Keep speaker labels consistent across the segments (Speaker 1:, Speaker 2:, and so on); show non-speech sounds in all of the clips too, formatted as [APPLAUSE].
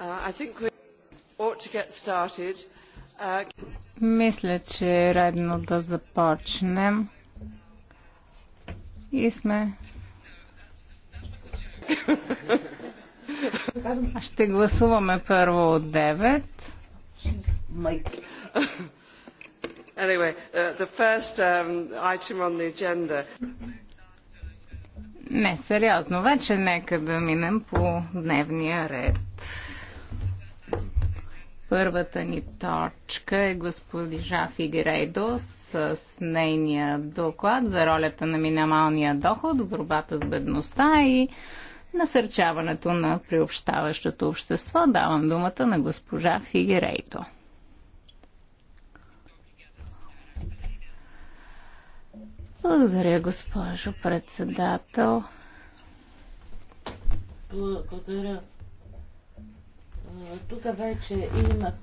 Speaker 1: Uh, I think we ought to get started. Uh,
Speaker 2: Мисля, че е редно да започнем. И сме. Ще гласуваме първо от 9.
Speaker 1: Anyway, uh, the first um, item on the agenda.
Speaker 2: Не, сериозно, вече нека да минем по дневния ред. Първата ни точка е госпожа Фигерейдо с нейния доклад за ролята на минималния доход борбата с бедността и насърчаването на приобщаващото общество. Давам думата на госпожа Фигерейдо. Благодаря, госпожо председател.
Speaker 3: Благодаря. Тук вече, имах,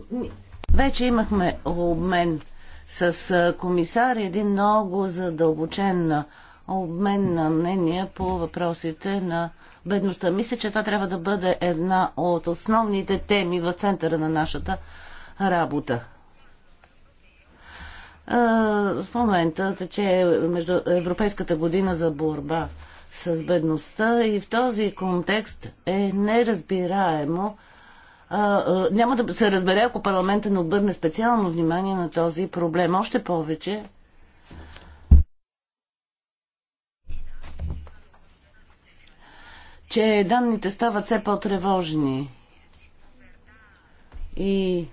Speaker 3: вече имахме обмен с комисар един много задълбочен обмен на мнения по въпросите на бедността. Мисля, че това трябва да бъде една от основните теми в центъра на нашата работа. В момента тече между Европейската година за борба с бедността и в този контекст е неразбираемо, няма да се разбере, ако парламента не обърне специално внимание на този проблем. Още повече, че данните стават все по-тревожни. И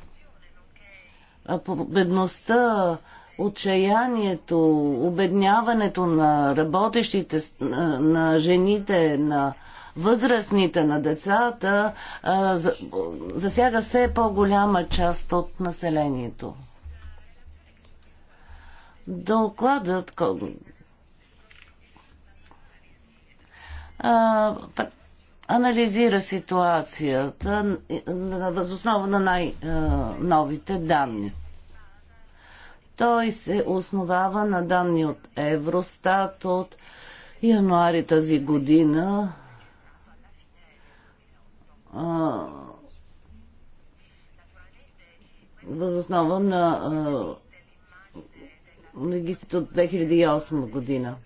Speaker 3: бедността, отчаянието, обедняването на работещите, на жените, на възрастните, на децата, засяга все по-голяма част от населението. Докладът анализира ситуацията възоснова на най-новите данни. Той се основава на данни от Евростат от януари тази година възоснова на легистите от 2008 година.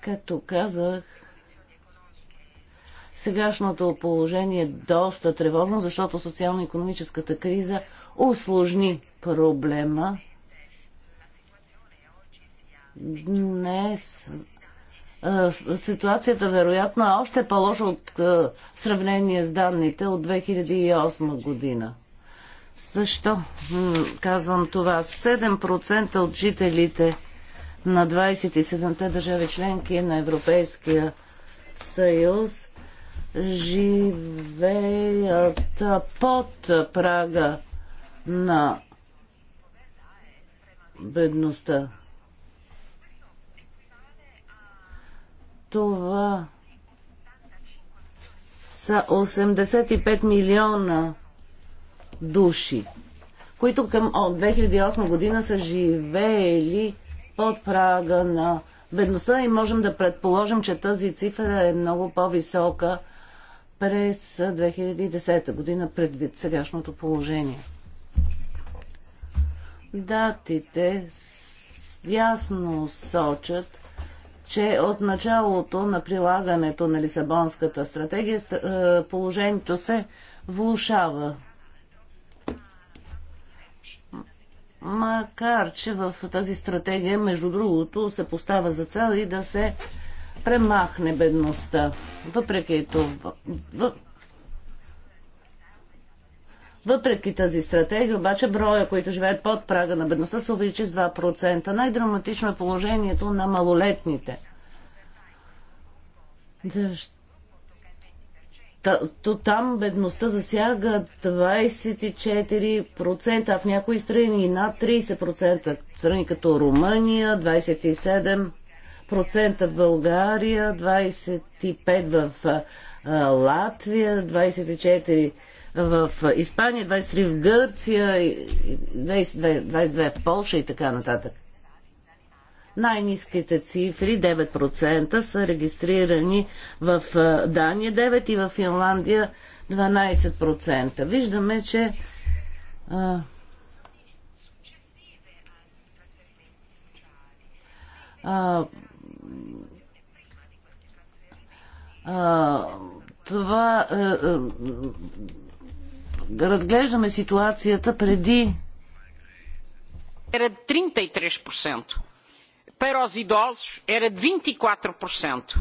Speaker 3: Като казах, сегашното положение е доста тревожно, защото социално-економическата криза усложни проблема. Днес е, ситуацията вероятно е още по-лоша от е, в сравнение с данните от 2008 година. Защо казвам това? 7% от жителите на 27-те държави членки на Европейския съюз живеят под прага на бедността. Това са 85 милиона души, които към от 2008 година са живеели под прага на бедността и можем да предположим, че тази цифра е много по-висока през 2010 година предвид сегашното положение. Датите ясно сочат, че от началото на прилагането на Лисабонската стратегия е, положението се влушава. Макар, че в тази стратегия, между другото, се поставя за цел и да се премахне бедността. Въпреки това, въпреки тази стратегия, обаче броя, които живеят под прага на бедността, се увеличи с 2%. Най-драматично е положението на малолетните. То там бедността засяга 24%, а в някои страни и над 30%. Страни като Румъния, 27% в България, 25% в Латвия, 24% в Испания, 23 в Гърция, 22, 22 в Польша и така нататък. Най-низките цифри, 9%, са регистрирани в Дания, 9% и в Финландия 12%. Виждаме, че а, а, а, това а, разглеждаме ситуацията преди.
Speaker 2: Era de 33%. Para os idosos era de 24%. E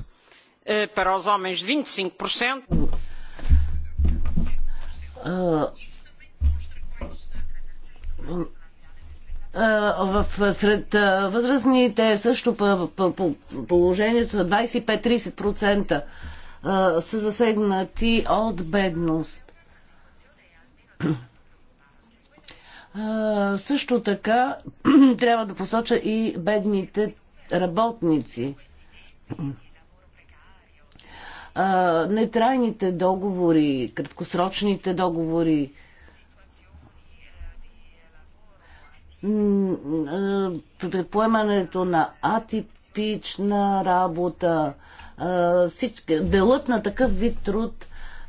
Speaker 2: eh, para os homens 25%. Uh, e
Speaker 3: в, сред възрастните също по, по, по, положението за 25-30% са засегнати от бедност. Също така [CLEARS THROAT] трябва да посоча и бедните работници. Нетрайните договори, краткосрочните договори, поемането на атипична работа, делът на такъв вид труд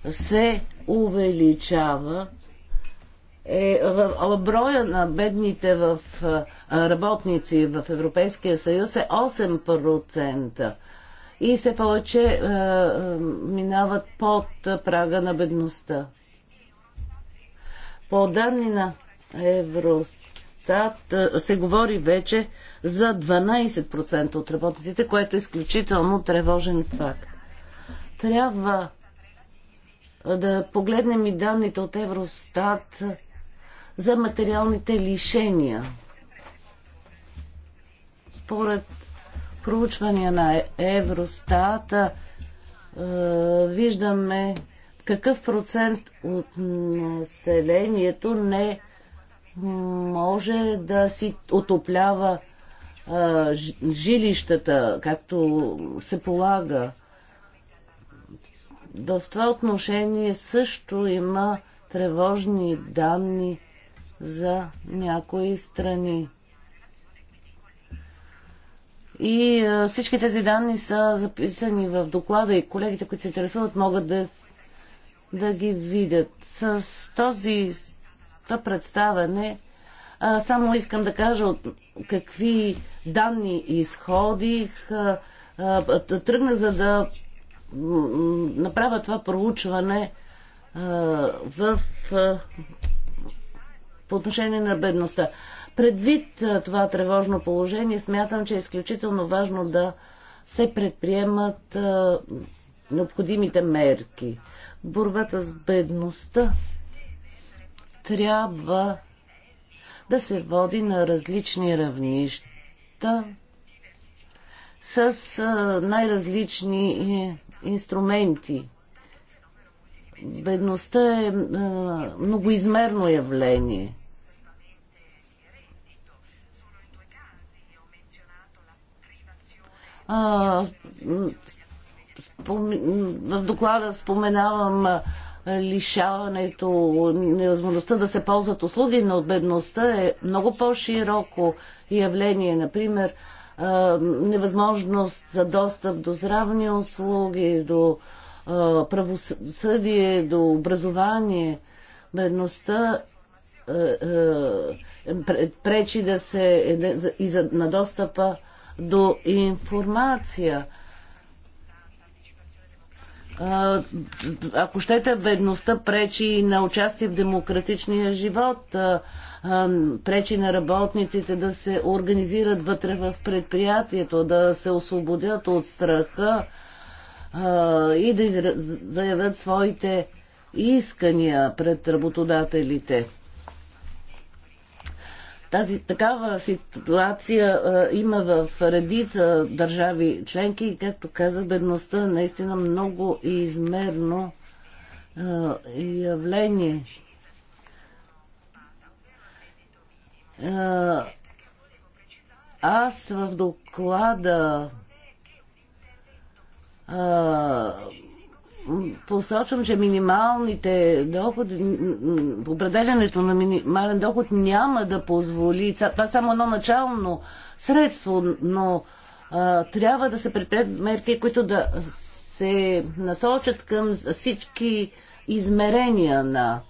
Speaker 3: се увеличава е, в, броя на бедните в работници в Европейския съюз е 8% и все повече е, минават под прага на бедността. По данни на Евростат се говори вече за 12% от работниците, което е изключително тревожен факт. Трябва да погледнем и данните от Евростат за материалните лишения. Според проучвания на Евростата виждаме какъв процент от населението не може да си отоплява жилищата, както се полага. В това отношение също има тревожни данни за някои страни. И а, всички тези данни са записани в доклада и колегите, които се интересуват, могат да, да ги видят. С този това представяне а, само искам да кажа от какви данни изходих. А, а, тръгна за да направя това проучване а, в а, по отношение на бедността. Предвид това тревожно положение, смятам, че е изключително важно да се предприемат необходимите мерки. Борбата с бедността трябва да се води на различни равнища с най-различни е, инструменти бедността е, е многоизмерно явление. А, в доклада споменавам лишаването, невъзможността да се ползват услуги, но бедността е много по-широко явление. Например, невъзможност за достъп до здравни услуги, до правосъдие, до образование, бедността пречи да се и за, на достъпа до информация. Ако щете, бедността пречи на участие в демократичния живот, пречи на работниците да се организират вътре в предприятието, да се освободят от страха, а, и да изра... заявят своите искания пред работодателите. Тази такава ситуация а, има в редица държави членки и, както каза, бедността наистина много измерно а, явление. А, аз в доклада посочвам, че минималните доходи, определянето на минимален доход няма да позволи. Това е само едно начално средство, но а, трябва да се предприемат мерки, които да се насочат към всички измерения на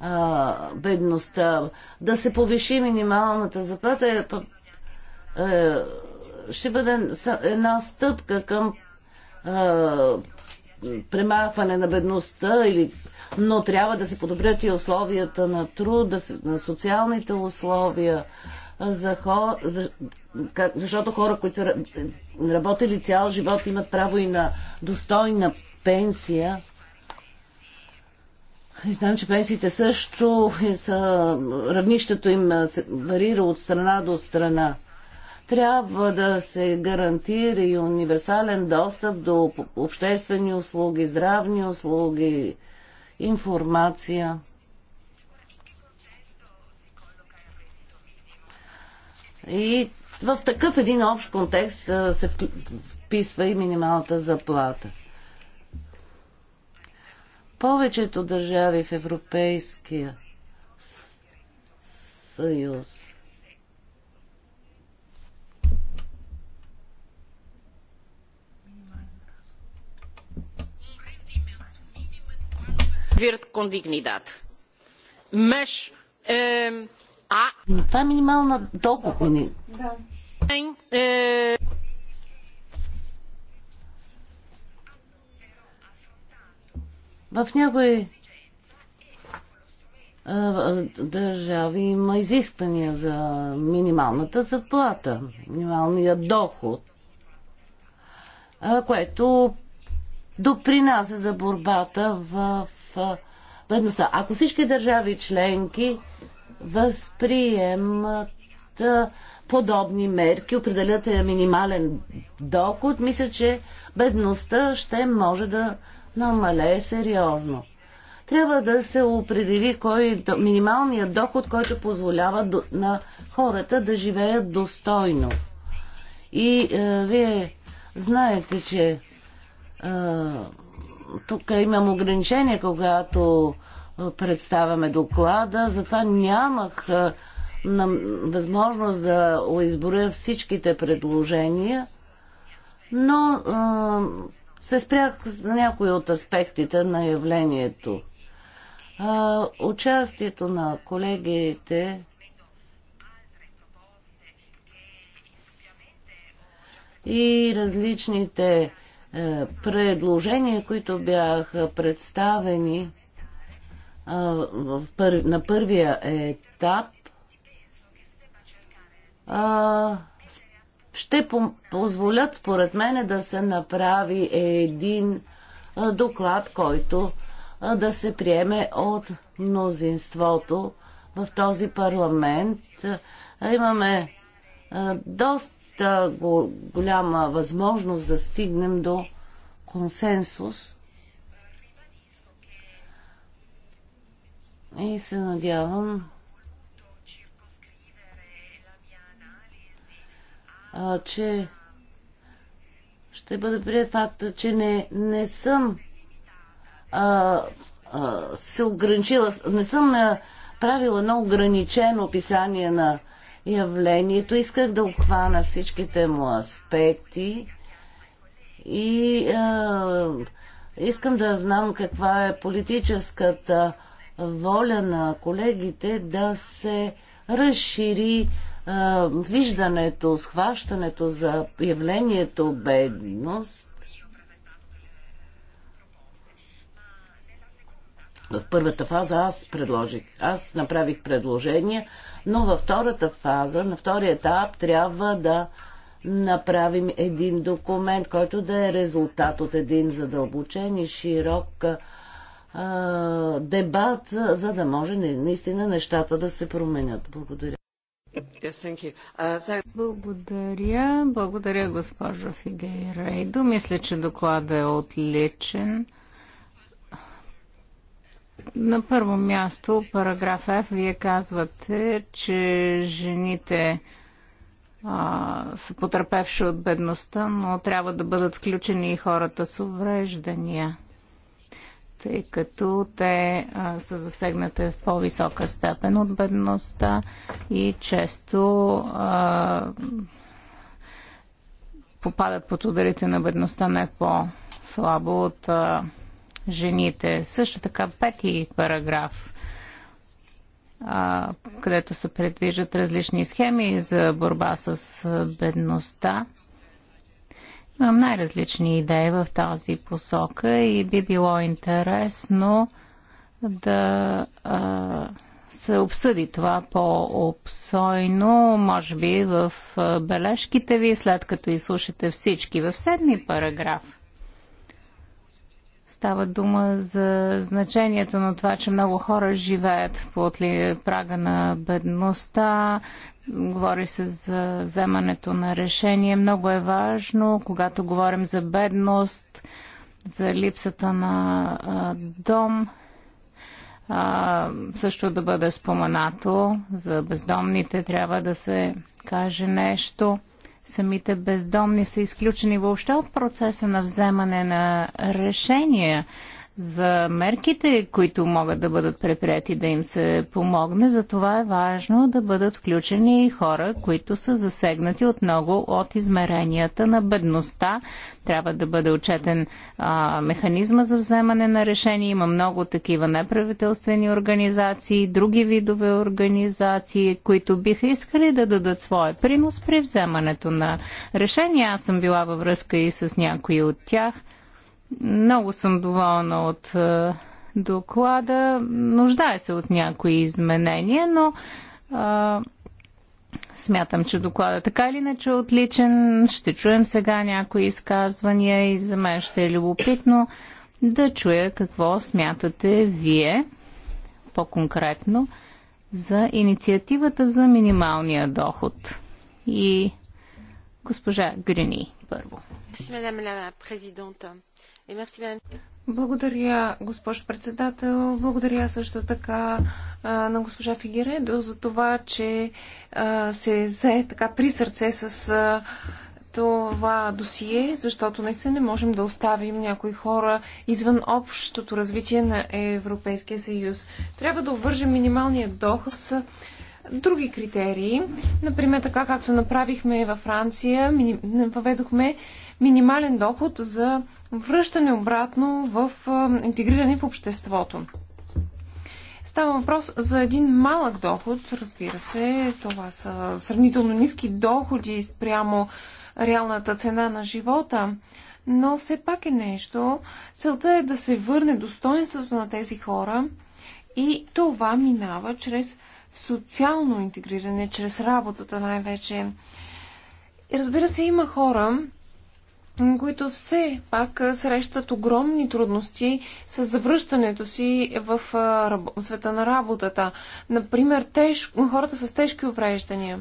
Speaker 3: а, бедността. Да се повиши минималната заплата е, е, ще бъде една стъпка към премахване на бедността или но трябва да се подобрят и условията на труд, на социалните условия, за хора, за, как, защото хора, които са работили цял живот, имат право и на достойна пенсия. И знам, че пенсиите също са, равнището им се варира от страна до страна. Трябва да се гарантира и универсален достъп до обществени услуги, здравни услуги, информация. И в такъв един общ контекст се вписва и минималната заплата. Повечето държави в Европейския съюз
Speaker 4: viver com dignidade.
Speaker 3: Mas há. Това е минимална доход.
Speaker 4: Е,
Speaker 3: в някои е, държави има изисквания за минималната заплата, минималния доход, което допринася за борбата в бедността. Ако всички държави членки възприемат подобни мерки, определят е, минимален доход, мисля, че бедността ще може да намалее сериозно. Трябва да се определи кой минималният доход, който позволява на хората да живеят достойно. И е, вие знаете, че е, тук имам ограничение, когато представяме доклада, затова нямах на възможност да изборя всичките предложения, но а, се спрях за някои от аспектите на явлението. А, участието на колегите и различните е, предложения, които бяха представени е, на първия етап, е, ще позволят, според мене, да се направи един доклад, който да се приеме от мнозинството в този парламент. Имаме доста доста го, голяма възможност да стигнем до консенсус. И се надявам, а, че ще бъде прият факта, че не, не съм а, а, се ограничила, не съм правила едно ограничено описание на явлението. Исках да обхвана всичките му аспекти и а, искам да знам каква е политическата воля на колегите да се разшири виждането, схващането за явлението бедност В първата фаза аз предложих, аз направих предложение, но във втората фаза, на втория етап, трябва да направим един документ, който да е резултат от един задълбочен и широк а, дебат, за да може наистина нещата да се променят. Благодаря.
Speaker 4: Yes,
Speaker 2: uh, Благодаря. Благодаря, госпожо Фигейрейдо. Мисля, че докладът е отличен. На първо място, параграф F, вие казвате, че жените а, са потърпевши от бедността, но трябва да бъдат включени и хората с увреждания, тъй като те а, са засегнати в по-висока степен от бедността и често а, попадат под ударите на бедността не по-слабо от а, жените. Също така пети параграф където се предвиждат различни схеми за борба с бедността. Имам най-различни идеи в тази посока и би било интересно да а, се обсъди това по-обсойно, може би в бележките ви, след като изслушате всички в седми параграф Става дума за значението на това, че много хора живеят под прага на бедността. Говори се за вземането на решение. Много е важно, когато говорим за бедност, за липсата на а, дом, а, също да бъде споменато за бездомните, трябва да се каже нещо – самите бездомни са изключени въобще от процеса на вземане на решения за мерките, които могат да бъдат предприяти да им се помогне. Затова е важно да бъдат включени и хора, които са засегнати от много от измеренията на бедността. Трябва да бъде отчетен а, механизма за вземане на решение. Има много такива неправителствени организации, други видове организации, които биха искали да дадат своя принос при вземането на решения. Аз съм била във връзка и с някои от тях – много съм доволна от е, доклада. Нуждае се от някои изменения, но а, е, смятам, че доклада е така или иначе е отличен. Ще чуем сега някои изказвания и за мен ще е любопитно да чуя какво смятате вие по-конкретно за инициативата за минималния доход. И госпожа Грини първо.
Speaker 4: Merci, madame благодаря, госпожо председател. Благодаря също така а, на госпожа Фигередо за това, че а, се зае така при сърце с а, това досие, защото наистина не можем да оставим някои хора извън общото развитие на Европейския съюз. Трябва да обвържем минималния доход с други критерии. Например, така както направихме във Франция, въведохме минимален доход за връщане обратно в интегриране в обществото. Става въпрос за един малък доход, разбира се. Това са сравнително ниски доходи спрямо реалната цена на живота, но все пак е нещо. Целта е да се върне достоинството на тези хора и това минава чрез социално интегриране, чрез работата най-вече. Разбира се, има хора, които все пак срещат огромни трудности с завръщането си в света на работата. Например, теж, хората с тежки увреждания.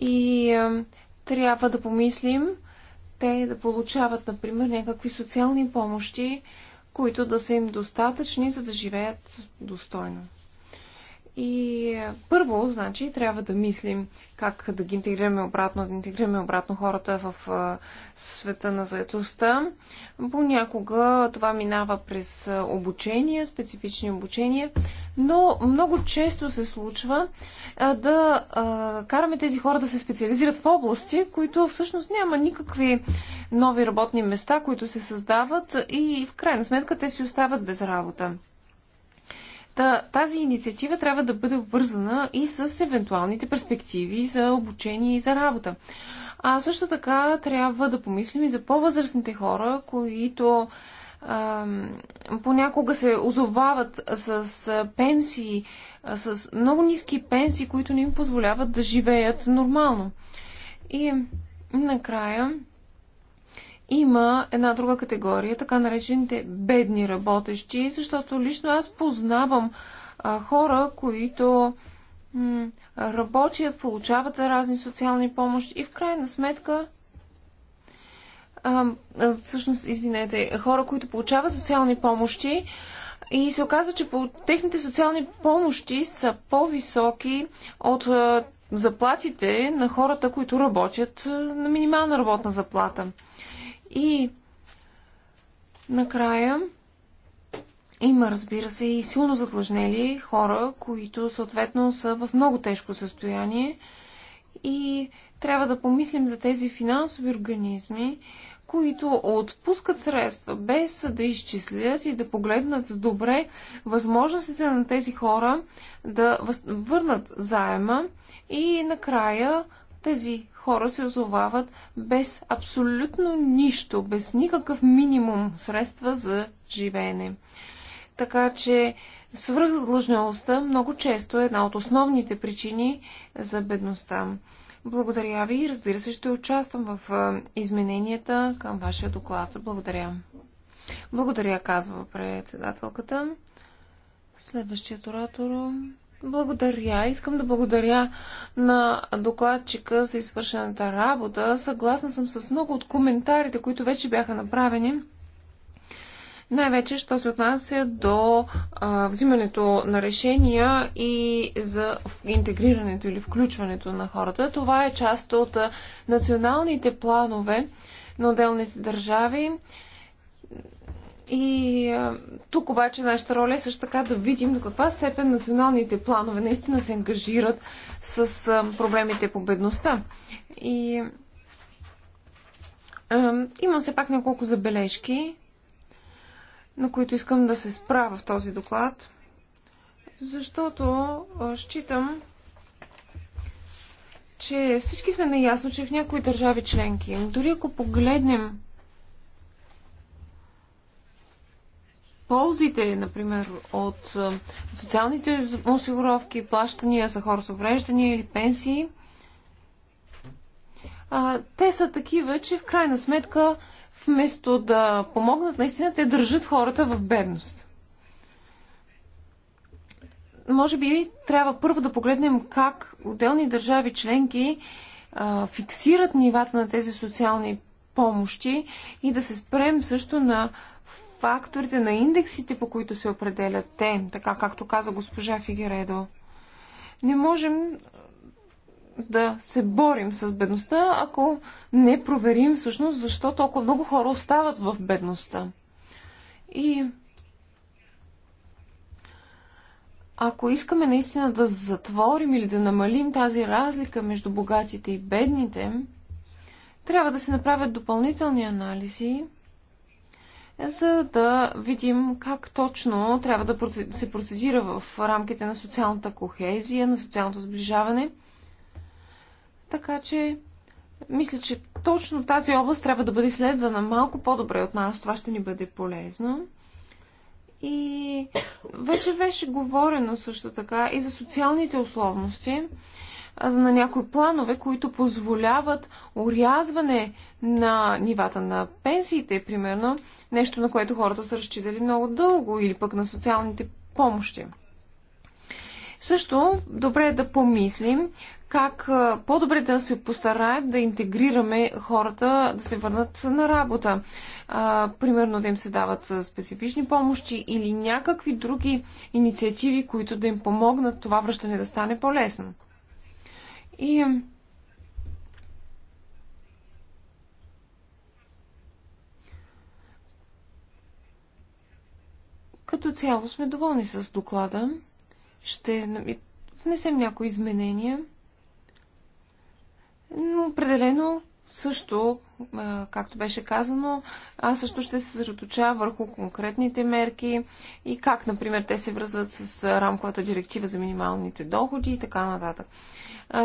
Speaker 4: И трябва да помислим те да получават, например, някакви социални помощи, които да са им достатъчни, за да живеят достойно. И е, първо, значи, трябва да мислим как да ги интегрираме обратно, да интегрираме обратно хората в е, света на заедостта. Понякога това минава през е, обучение, специфични обучения, но много често се случва да караме тези хора да се специализират в области, които всъщност няма никакви нови работни места, които се създават и в крайна сметка те си остават без работа. Та, тази инициатива трябва да бъде обвързана и с евентуалните перспективи за обучение и за работа. А също така трябва да помислим и за по-възрастните хора, които а, понякога се озовават с пенсии, с много ниски пенсии, които не им позволяват да живеят нормално. И накрая има една друга категория, така наречените бедни работещи, защото лично аз познавам а, хора, които работят, получават разни социални помощи и в крайна сметка а, всъщност, извинете, хора, които получават социални помощи и се оказва, че по техните социални помощи са по-високи от а, заплатите на хората, които работят а, на минимална работна заплата. И накрая има, разбира се, и силно задлъжнели хора, които съответно са в много тежко състояние и трябва да помислим за тези финансови организми, които отпускат средства без да изчислят и да погледнат добре възможностите на тези хора да върнат заема и накрая тези хора се озовават без абсолютно нищо, без никакъв минимум средства за живеене. Така че свръхзадлъжнялостта много често е една от основните причини за бедността. Благодаря ви и разбира се ще участвам в измененията към вашия доклад. Благодаря. Благодаря, казва председателката. Следващият оратор благодаря. Искам да благодаря на докладчика за извършената работа. Съгласна съм с много от коментарите, които вече бяха направени. Най-вече, що се отнася до а, взимането на решения и за интегрирането или включването на хората. Това е част от националните планове на отделните държави и а, тук обаче нашата роля е също така да видим до каква степен националните планове наистина се ангажират с а, проблемите по бедността. И а, имам все пак няколко забележки, на които искам да се справя в този доклад, защото а, считам, че всички сме наясно, че в някои държави членки, дори ако погледнем ползите, например, от социалните осигуровки, плащания за хора с увреждания или пенсии, те са такива, че в крайна сметка, вместо да помогнат, наистина те държат хората в бедност. Може би трябва първо да погледнем как отделни държави членки а, фиксират нивата на тези социални помощи и да се спрем също на факторите, на индексите, по които се определят те, така както каза госпожа Фигередо. Не можем да се борим с бедността, ако не проверим всъщност защо толкова много хора остават в бедността. И ако искаме наистина да затворим или да намалим тази разлика между богатите и бедните, трябва да се направят допълнителни анализи за да видим как точно трябва да се процедира в рамките на социалната кохезия, на социалното сближаване. Така че, мисля, че точно тази област трябва да бъде следвана малко по-добре от нас. Това ще ни бъде полезно. И вече беше говорено също така и за социалните условности на някои планове, които позволяват урязване на нивата на пенсиите, примерно, нещо на което хората са разчитали много дълго, или пък на социалните помощи. Също добре е да помислим как по-добре да се постараем да интегрираме хората да се върнат на работа. А, примерно да им се дават специфични помощи или някакви други инициативи, които да им помогнат това връщане да стане по-лесно. И като цяло сме доволни с доклада. Ще внесем някои изменения. Но определено също, както беше казано, аз също ще се съсредоточа върху конкретните мерки и как, например, те се връзват с рамковата директива за минималните доходи и така нататък.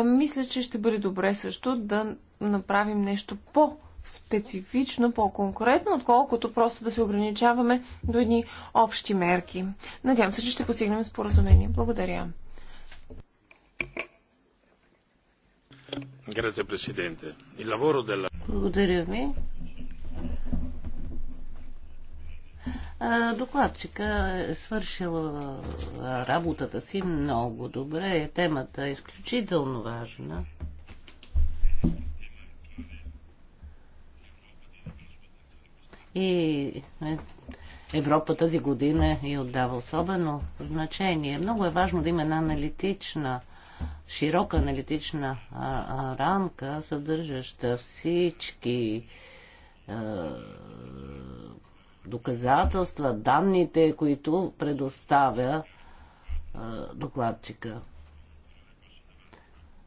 Speaker 4: Мисля, че ще бъде добре също да направим нещо по- специфично, по-конкретно, отколкото просто да се ограничаваме до едни общи мерки. Надявам се, че ще постигнем споразумение. Благодаря. Благодаря ви.
Speaker 3: Докладчика е свършила работата си много добре. Темата е изключително важна. И е, Европа тази година е и отдава особено значение. Много е важно да има една аналитична широка аналитична рамка, съдържаща всички доказателства, данните, които предоставя докладчика.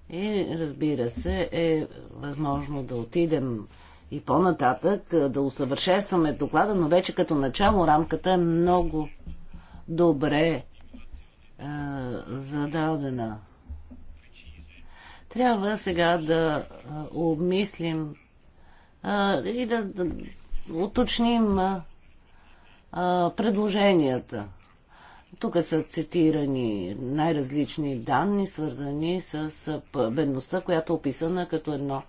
Speaker 3: И разбира се, е възможно да отидем и по-нататък, да усъвършенстваме доклада, но вече като начало рамката е много добре е, зададена. Трябва сега да обмислим и да, да уточним предложенията. Тук са цитирани най-различни данни, свързани с бедността, която е описана като едно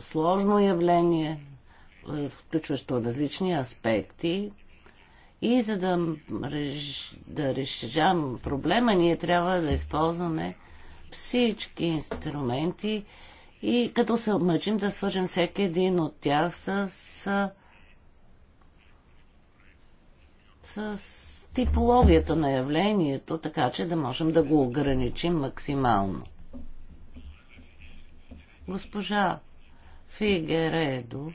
Speaker 3: сложно явление, включващо различни аспекти. И за да, реш... да решам проблема, ние трябва да използваме всички инструменти и като се мъчим да свържем всеки един от тях с, с типологията на явлението, така че да можем да го ограничим максимално. Госпожа Фигередо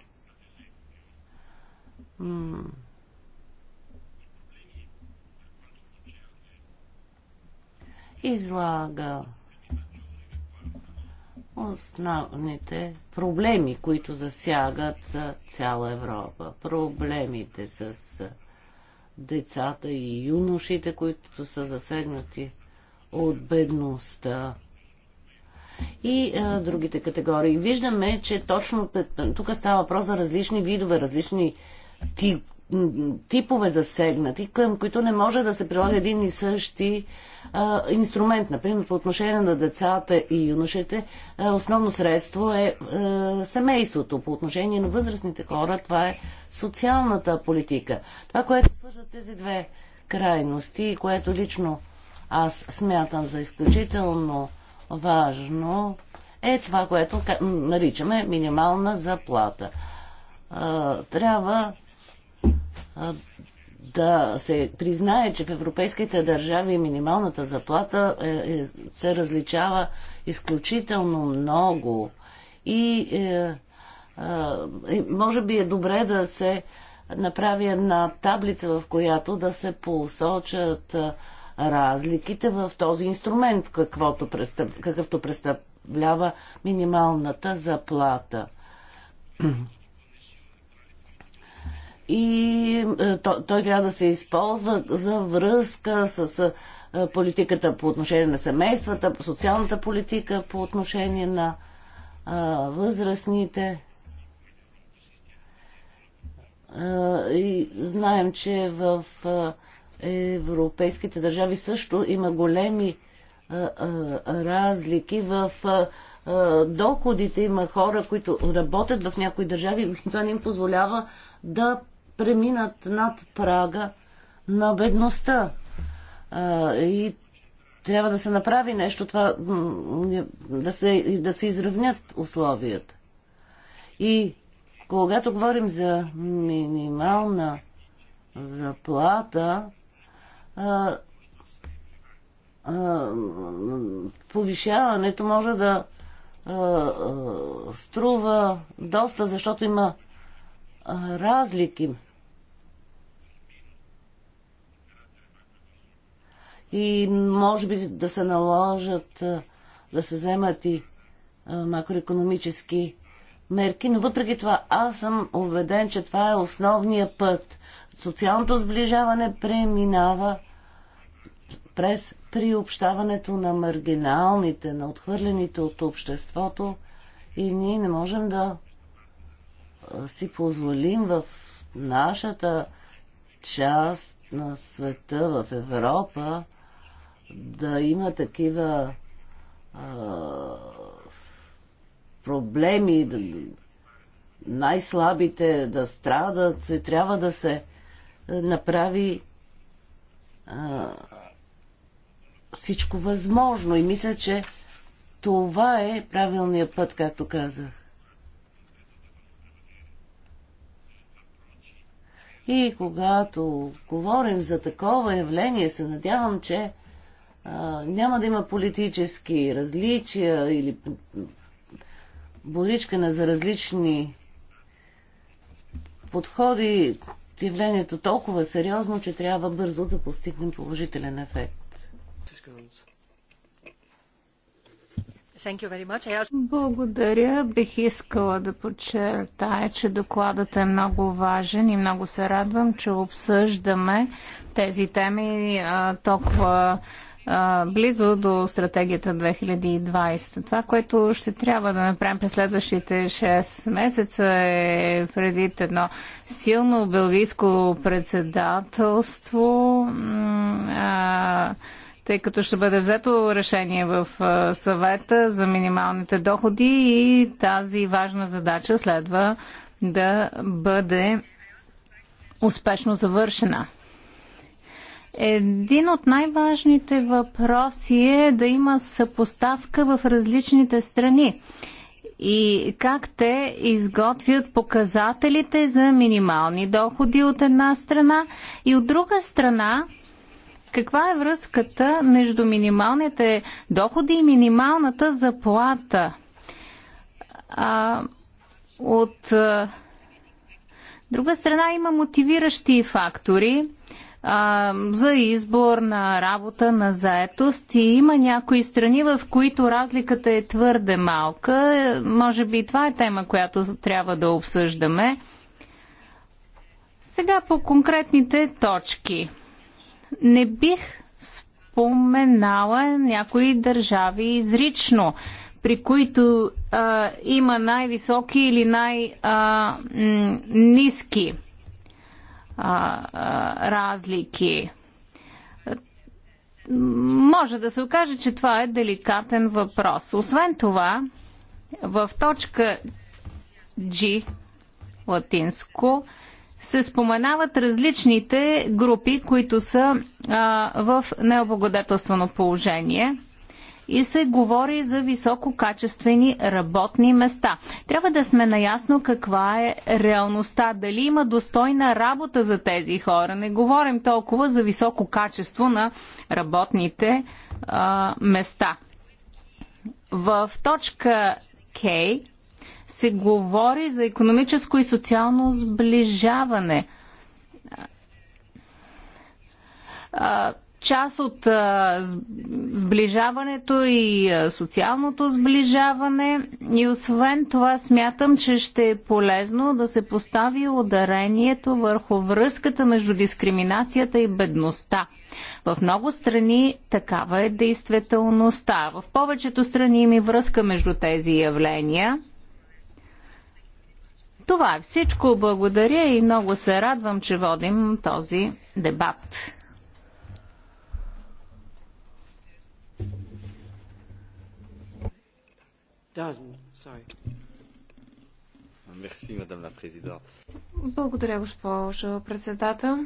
Speaker 3: излага основните проблеми, които засягат цяла Европа. Проблемите с децата и юношите, които са засегнати от бедността и а, другите категории. Виждаме, че точно тук става въпрос за различни видове, различни тип, типове засегнати, към които не може да се прилага един и същи а, инструмент. Например, по отношение на децата и юношите, а, основно средство е а, семейството. По отношение на възрастните хора, това е социалната политика. Това, което свържат тези две крайности и което лично аз смятам за изключително важно, е това, което наричаме минимална заплата. А, трябва да се признае, че в европейските държави минималната заплата е, е, се различава изключително много и е, е, може би е добре да се направи една таблица, в която да се посочат разликите в този инструмент, каквото какъвто представлява минималната заплата и е, той, той трябва да се използва за връзка с е, политиката по отношение на семействата, социалната политика по отношение на а, е, възрастните. А, и знаем, че в а, европейските държави също има големи а, а, разлики в а, доходите. Има хора, които работят в някои държави и това не им позволява да преминат над прага на бедността. И трябва да се направи нещо, това, да, се, да се изравнят условията. И когато говорим за минимална заплата, а, а, повишаването може да а, струва доста, защото има разлики и може би да се наложат да се вземат и макроекономически мерки, но въпреки това аз съм убеден, че това е основния път. Социалното сближаване преминава през приобщаването на маргиналните, на отхвърлените от обществото и ние не можем да си позволим в нашата част на света, в Европа, да има такива а, проблеми, да, най-слабите да страдат, трябва да се е, направи а, всичко възможно. И мисля, че това е правилният път, както казах. И когато говорим за такова явление, се надявам, че а, няма да има политически различия или боричкане за различни подходи явлението толкова сериозно, че трябва бързо да постигнем положителен ефект.
Speaker 2: Благодаря. Бих искала да подчертая, че докладът е много важен и много се радвам, че обсъждаме тези теми толкова близо до стратегията 2020. Това, което ще трябва да направим през следващите 6 месеца е преди едно силно белгийско председателство. тъй като ще бъде взето решение в съвета за минималните доходи и тази важна задача следва да бъде успешно завършена. Един от най-важните въпроси е да има съпоставка в различните страни и как те изготвят показателите за минимални доходи от една страна и от друга страна каква е връзката между минималните доходи и минималната заплата. А, от друга страна има мотивиращи фактори за избор на работа, на заетост и има някои страни, в които разликата е твърде малка. Може би това е тема, която трябва да обсъждаме. Сега по конкретните точки. Не бих споменала някои държави изрично, при които а, има най-високи или най-низки а, а, разлики. Може да се окаже, че това е деликатен въпрос. Освен това, в точка G латинско се споменават различните групи, които са а, в необлагодетелствено положение – и се говори за висококачествени работни места. Трябва да сме наясно каква е реалността, дали има достойна работа за тези хора. Не говорим толкова за високо качество на работните а, места. В точка К се говори за економическо и социално сближаване част от а, сближаването и а, социалното сближаване. И освен това смятам, че ще е полезно да се постави ударението върху връзката между дискриминацията и бедността. В много страни такава е действителността. В повечето страни има връзка между тези явления. Това е всичко. Благодаря и много се радвам, че водим този дебат.
Speaker 4: Благодаря, госпожо председател.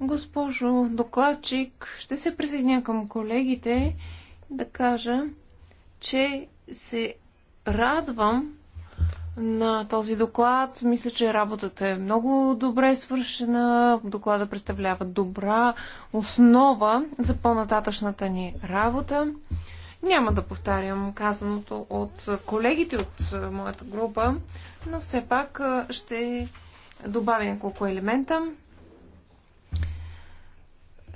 Speaker 4: Госпожо докладчик, ще се присъединя към колегите да кажа, че се радвам на този доклад. Мисля, че работата е много добре свършена. Доклада представлява добра основа за по-нататъчната ни работа. Няма да повтарям казаното от колегите от е, моята група, но все пак е, ще добавя няколко елемента.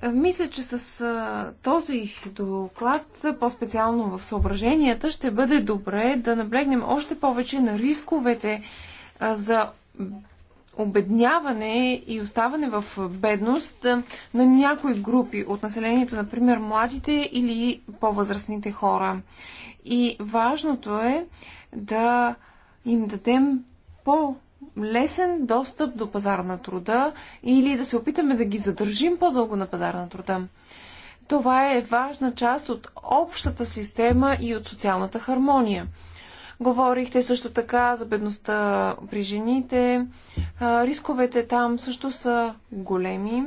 Speaker 4: Е, мисля, че с този доклад, по-специално в съображенията, ще бъде добре да наблегнем още повече на рисковете за обедняване и оставане в бедност на някои групи от населението, например младите или по-възрастните хора. И важното е да им дадем по-лесен достъп до пазара на труда или да се опитаме да ги задържим по-дълго на пазара на труда. Това е важна част от общата система и от социалната хармония. Говорихте също така за бедността при жените. Рисковете там също са големи,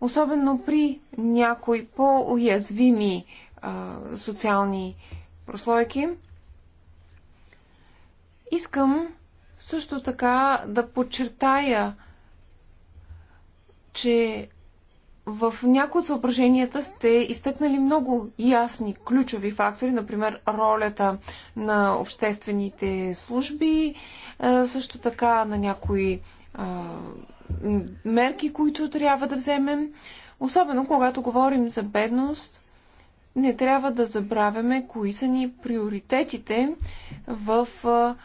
Speaker 4: особено при някои по-уязвими социални прослойки. Искам също така да подчертая, че в някои от съображенията сте изтъкнали много ясни ключови фактори, например ролята на обществените служби, е, също така на някои е, мерки, които трябва да вземем. Особено когато говорим за бедност, не трябва да забравяме кои са ни приоритетите в е,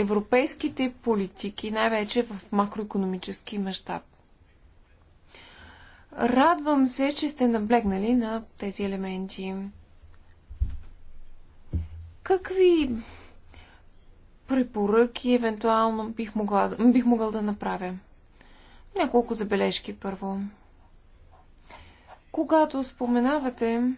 Speaker 4: европейските политики, най-вече в макроекономически мащаб. Радвам се, че сте наблегнали на тези елементи. Какви препоръки евентуално бих, могла, бих могъл да направя? Няколко забележки първо. Когато споменавате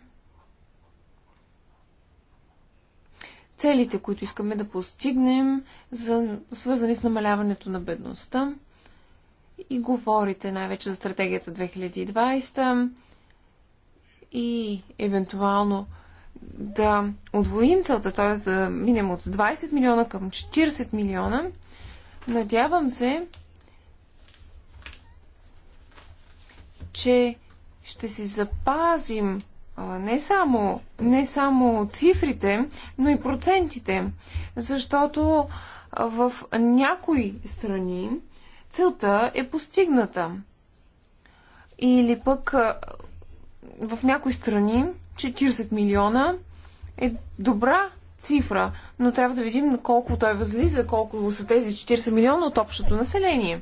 Speaker 4: целите, които искаме да постигнем, за, свързани с намаляването на бедността, и говорите най-вече за стратегията 2020 и евентуално да отвоим целта, т.е. да минем от 20 милиона към 40 милиона. Надявам се, че ще си запазим не само, не само цифрите, но и процентите, защото в някои страни целта е постигната. Или пък в някои страни 40 милиона е добра цифра, но трябва да видим на колко той възлиза, колко са тези 40 милиона от общото население.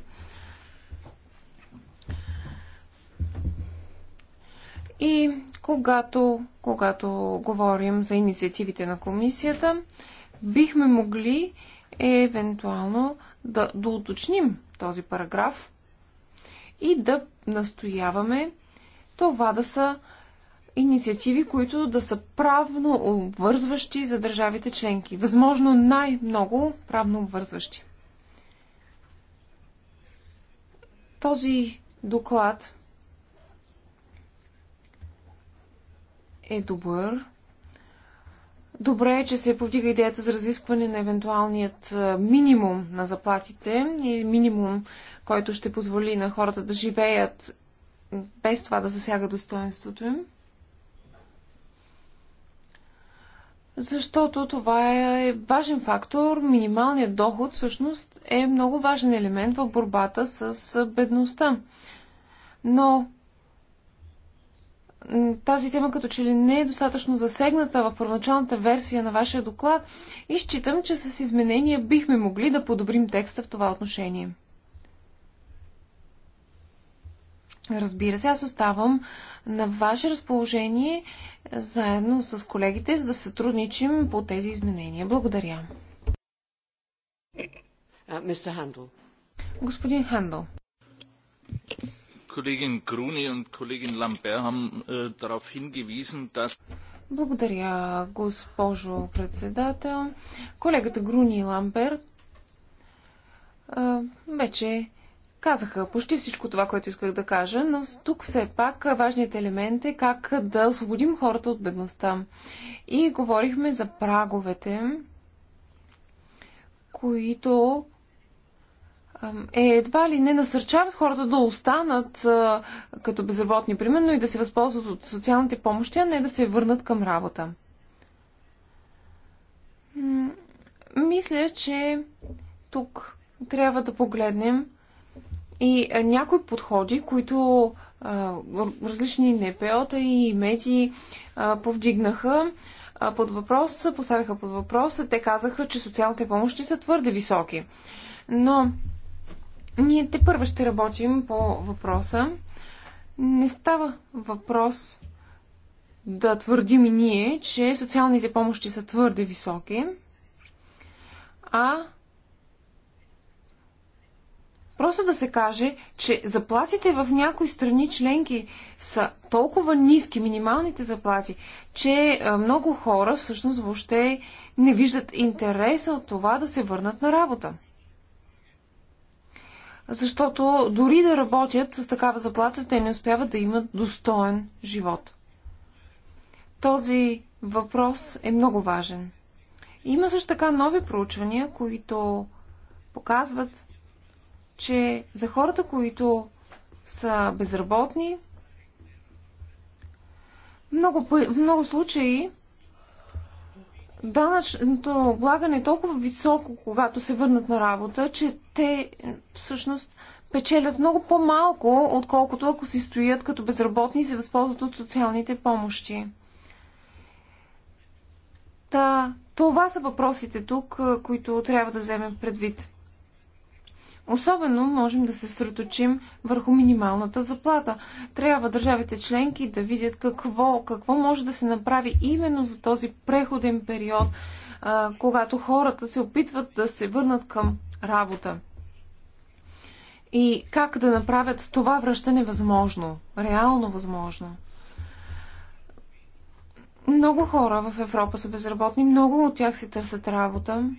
Speaker 4: И когато, когато говорим за инициативите на комисията, бихме могли евентуално да уточним този параграф и да настояваме това да са инициативи, които да са правно обвързващи за държавите членки. Възможно най-много правно обвързващи. Този доклад е добър. Добре е, че се повдига идеята за разискване на евентуалният минимум на заплатите и минимум, който ще позволи на хората да живеят без това да засяга достоинството им. Защото това е важен фактор. Минималният доход всъщност е много важен елемент в борбата с бедността. Но тази тема като че ли не е достатъчно засегната в първоначалната версия на вашия доклад и считам, че с изменения бихме могли да подобрим текста в това отношение. Разбира се, аз оставам на ваше разположение заедно с колегите, за да сътрудничим по тези изменения. Благодаря. Господин Хандл. Kollegin Gruni und Kollegin Lambert haben äh, darauf
Speaker 3: hingewiesen, dass
Speaker 4: Благодаря, госпожо председател. Колегата Груни и Ламбер вече казаха почти всичко това, което исках да кажа, но тук все пак важният елемент е как да освободим хората от бедността. И говорихме за праговете, които е едва ли не насърчават хората да останат като безработни, примерно, и да се възползват от социалните помощи, а не да се върнат към работа. мисля, че тук трябва да погледнем и някои подходи, които различни НПО-та и медии повдигнаха под въпрос, поставиха под въпрос. Те казаха, че социалните помощи са твърде високи. Но ние те първо ще работим по въпроса. Не става въпрос да твърдим и ние, че социалните помощи са твърде високи, а Просто да се каже, че заплатите в някои страни членки са толкова ниски, минималните заплати, че много хора всъщност въобще не виждат интереса от това да се върнат на работа защото дори да работят с такава заплата, те не успяват да имат достоен живот. Този въпрос е много важен. Има също така нови проучвания, които показват, че за хората, които са безработни, много, много случаи данъчното облагане е толкова високо, когато се върнат на работа, че те всъщност печелят много по-малко, отколкото ако си стоят като безработни и се възползват от социалните помощи. Та, това са въпросите тук, които трябва да вземем предвид. Особено можем да се сръточим върху минималната заплата. Трябва държавите членки да видят какво, какво може да се направи именно за този преходен период, а, когато хората се опитват да се върнат към работа. И как да направят това връщане възможно, реално възможно. Много хора в Европа са безработни, много от тях си търсят работа.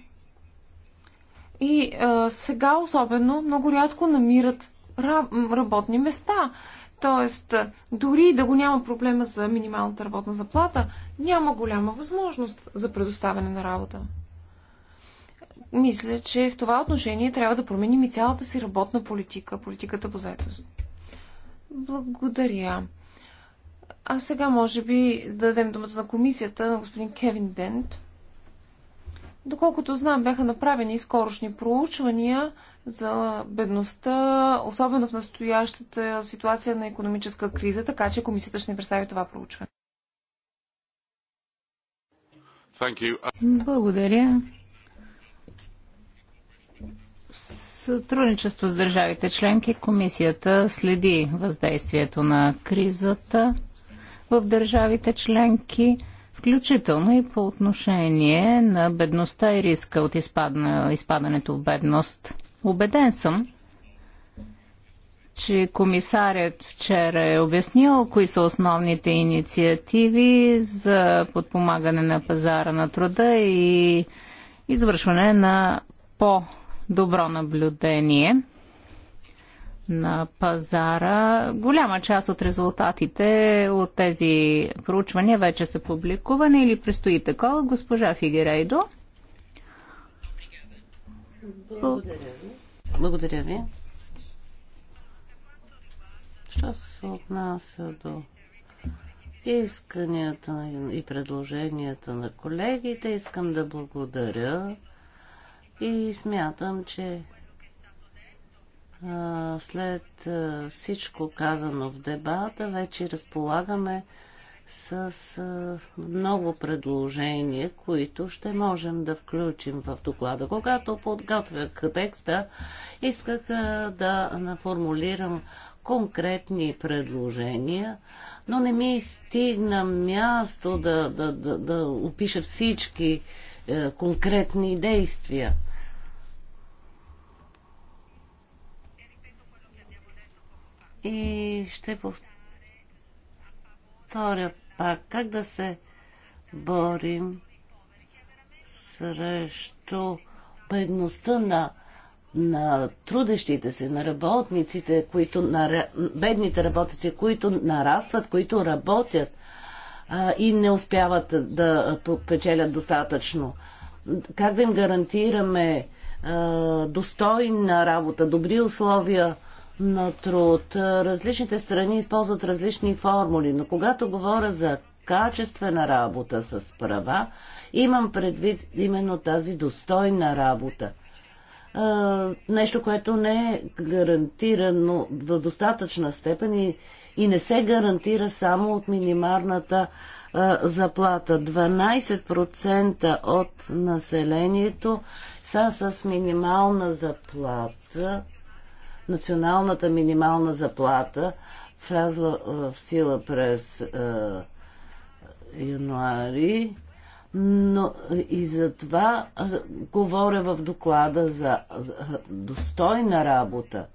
Speaker 4: И а, сега особено много рядко намират работни места. Тоест, дори да го няма проблема за минималната работна заплата, няма голяма възможност за предоставяне на работа. Мисля, че в това отношение трябва да променим и цялата си работна политика, политиката по заедост. Благодаря. А сега може би да дадем думата на комисията на господин Кевин Дент. Доколкото знам, бяха направени и скорошни проучвания за бедността, особено в настоящата ситуация на економическа криза, така че комисията ще ни представи това проучване. Благодаря.
Speaker 2: сътрудничество с държавите членки комисията следи въздействието на кризата в държавите членки включително и по отношение на бедността и риска от изпадна, изпадането в бедност. Обеден съм, че комисарят вчера е обяснил кои са основните инициативи за подпомагане на пазара на труда и извършване на по-добро наблюдение – на пазара. Голяма част от резултатите от тези проучвания вече са публикувани или предстои такова. Госпожа Фигерейдо.
Speaker 3: Благодаря ви. Благодаря ви. Що се отнася до исканията и предложенията на колегите, искам да благодаря и смятам, че след всичко казано в дебата, вече разполагаме с много предложения, които ще можем да включим в доклада. Когато подготвях текста, исках да наформулирам конкретни предложения, но не ми стигна място да, да, да, да опиша всички е, конкретни действия. И ще повторя пак как да се борим срещу бедността на, на трудещите се, на работниците, които на, бедните работници, които нарастват, които работят а, и не успяват да печелят достатъчно. Как да им гарантираме а, достойна работа, добри условия на труд. Различните страни използват различни формули, но когато говоря за качествена работа с права, имам предвид именно тази достойна работа. Нещо, което не е гарантирано в достатъчна степен и, и не се гарантира само от минимарната заплата. 12% от населението са с минимална заплата националната минимална заплата, влязла в сила през е, януари, но и затова е, говоря в доклада за е, достойна работа.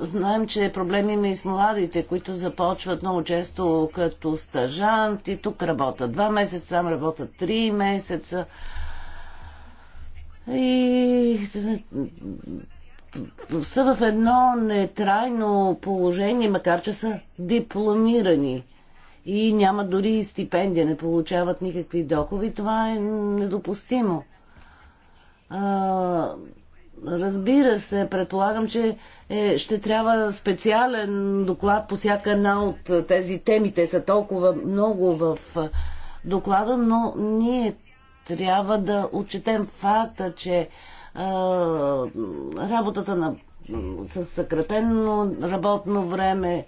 Speaker 3: Знаем, че проблеми има и с младите, които започват много често като стажанти. Тук работят два месеца, там работят три месеца. И са в едно нетрайно положение, макар че са дипломирани и няма дори и стипендия, не получават никакви доходи. Това е недопустимо. Разбира се, предполагам, че е, ще трябва специален доклад по всяка една от е, тези теми. Те са толкова много в е, доклада, но ние трябва да отчетем факта, че е, работата на, с съкратено работно време, е,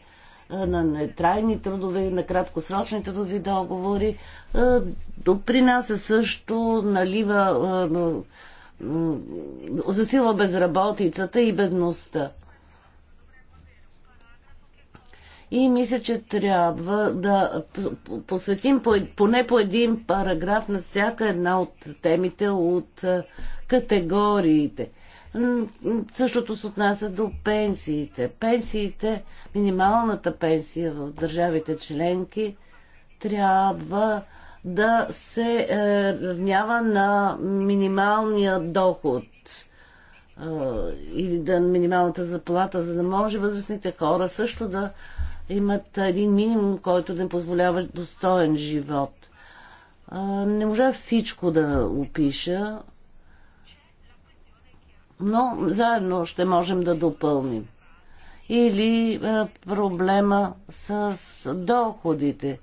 Speaker 3: на нетрайни трудови, на краткосрочни трудови договори, е, допринася също, налива. Е, засилва безработицата и бедността. И мисля, че трябва да посветим поне по един параграф на всяка една от темите от категориите. Същото се отнася до пенсиите. Пенсиите, минималната пенсия в държавите членки трябва да се е, равнява на минималния доход е, или да минималната заплата, за да може възрастните хора също да имат един минимум, който да им позволява достоен живот. Е, не можах всичко да опиша, но заедно ще можем да допълним. Или проблема с доходите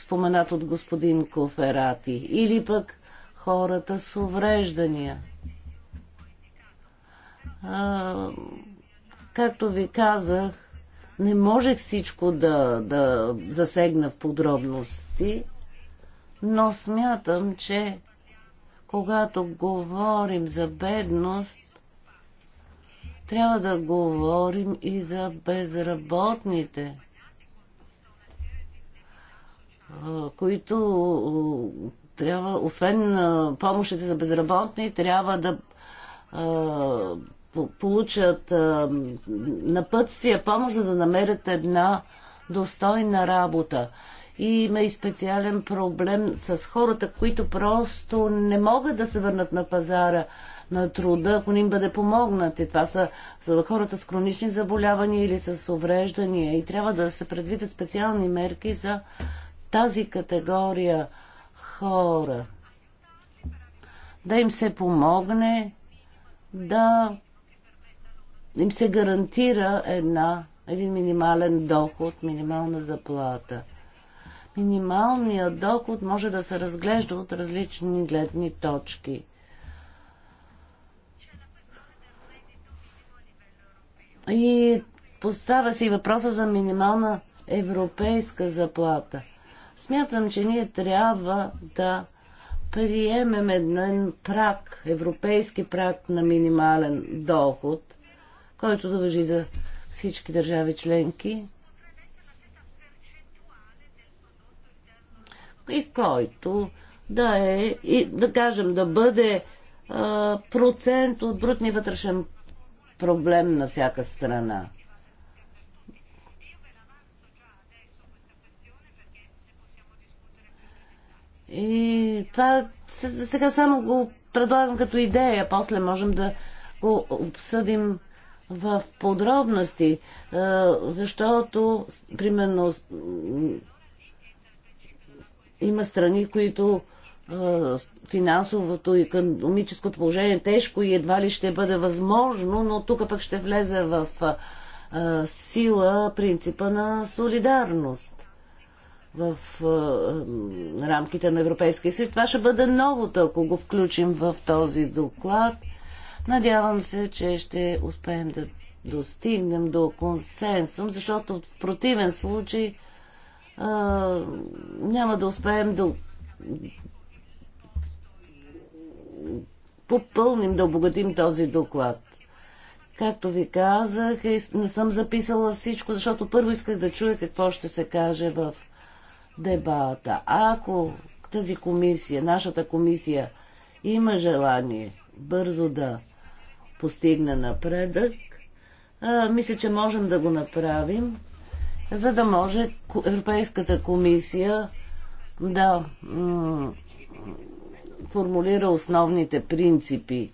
Speaker 3: споменат от господин Коферати, или пък хората с увреждания. А, както ви казах, не можех всичко да, да засегна в подробности, но смятам, че когато говорим за бедност, трябва да говорим и за безработните които трябва, освен помощите за безработни, трябва да получат напътствия, помощ, за да намерят една достойна работа. И има и специален проблем с хората, които просто не могат да се върнат на пазара на труда, ако не им бъде помогнат. И това са, са хората с хронични заболявания или с увреждания. И трябва да се предвидят специални мерки за тази категория хора. Да им се помогне да им се гарантира една, един минимален доход, минимална заплата. Минималният доход може да се разглежда от различни гледни точки. И поставя се и въпроса за минимална европейска заплата – Смятам, че ние трябва да приемем един прак, европейски прак на минимален доход, който да въжи за всички държави членки и който да е, и, да кажем, да бъде а, процент от брутния вътрешен проблем на всяка страна. И това сега само го предлагам като идея, после можем да го обсъдим в подробности, е, защото, примерно, има страни, които е, финансовото и економическото положение е тежко и едва ли ще бъде възможно, но тук пък ще влезе в е, сила принципа на солидарност в рамките на Европейския съюз. Това ще бъде новото, ако го включим в този доклад. Надявам се, че ще успеем да достигнем до консенсум, защото в противен случай а, няма да успеем да попълним, да обогатим този доклад. Както ви казах, е, не съм записала всичко, защото първо исках да чуя какво ще се каже в дебата. Ако тази комисия, нашата комисия има желание бързо да постигне напредък, а, мисля, че можем да го направим, за да може Европейската комисия да формулира основните принципи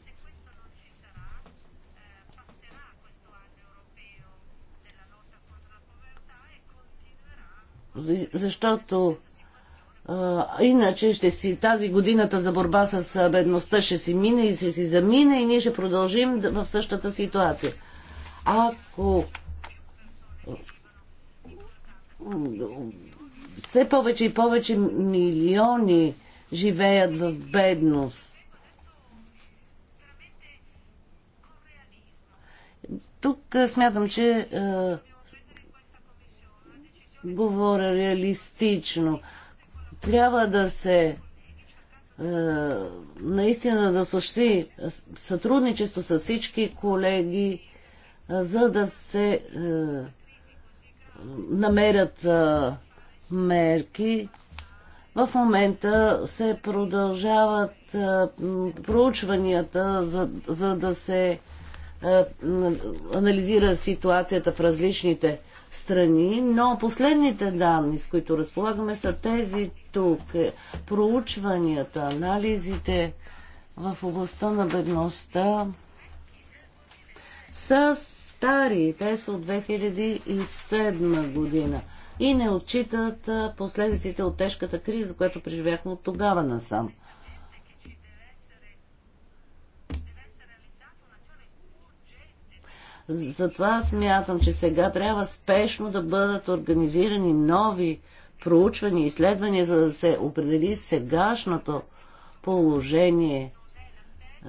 Speaker 3: Защото а, иначе ще си тази годината за борба с бедността ще си мине и ще си замине и ние ще продължим в същата ситуация. Ако все повече и повече милиони живеят в бедност, тук смятам, че говоря реалистично. Трябва да се е, наистина да съществи сътрудничество с всички колеги, е, за да се е, намерят мерки. В момента се продължават проучванията, за, за да се анализира ситуацията в различните страни, но последните данни, с които разполагаме, са тези тук. Проучванията, анализите в областта на бедността са стари. Те са от 2007 година и не отчитат последиците от тежката криза, която преживяхме от тогава насам. Затова смятам, че сега трябва спешно да бъдат организирани нови проучвания, и изследвания, за да се определи сегашното положение.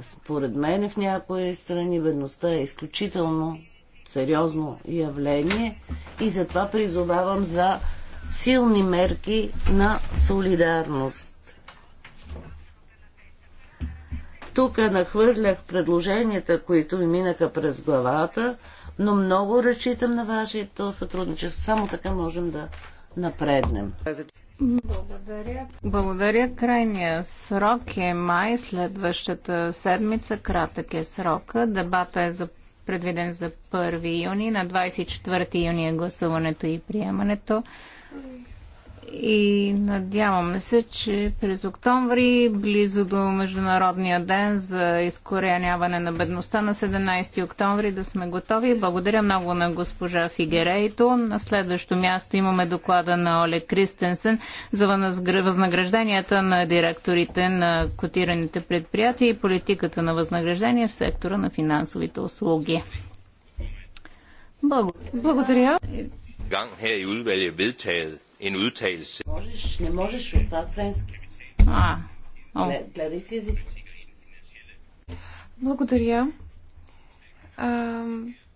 Speaker 3: Според мен в някои страни бедността е изключително сериозно явление и затова призовавам за силни мерки на солидарност. Тук нахвърлях предложенията, които ми минаха през главата, но много разчитам на вашето сътрудничество. Само така можем да напреднем.
Speaker 2: Благодаря. Благодаря. Крайния срок е май, следващата седмица. Кратък е срока. Дебата е за предвиден за 1 юни. На 24 юни е гласуването и приемането и надяваме се, че през октомври, близо до Международния ден за изкореняване на бедността на 17 октомври, да сме готови. Благодаря много на госпожа Фигерейто. На следващо място имаме доклада на Оле Кристенсен за възнагражденията на директорите на котираните предприятия и политиката на възнаграждение в сектора на финансовите услуги. Благодаря. Благодаря en udtalelse. Можеш,
Speaker 3: не можеш, това френски. А, о. гледай си
Speaker 4: Благодаря. А,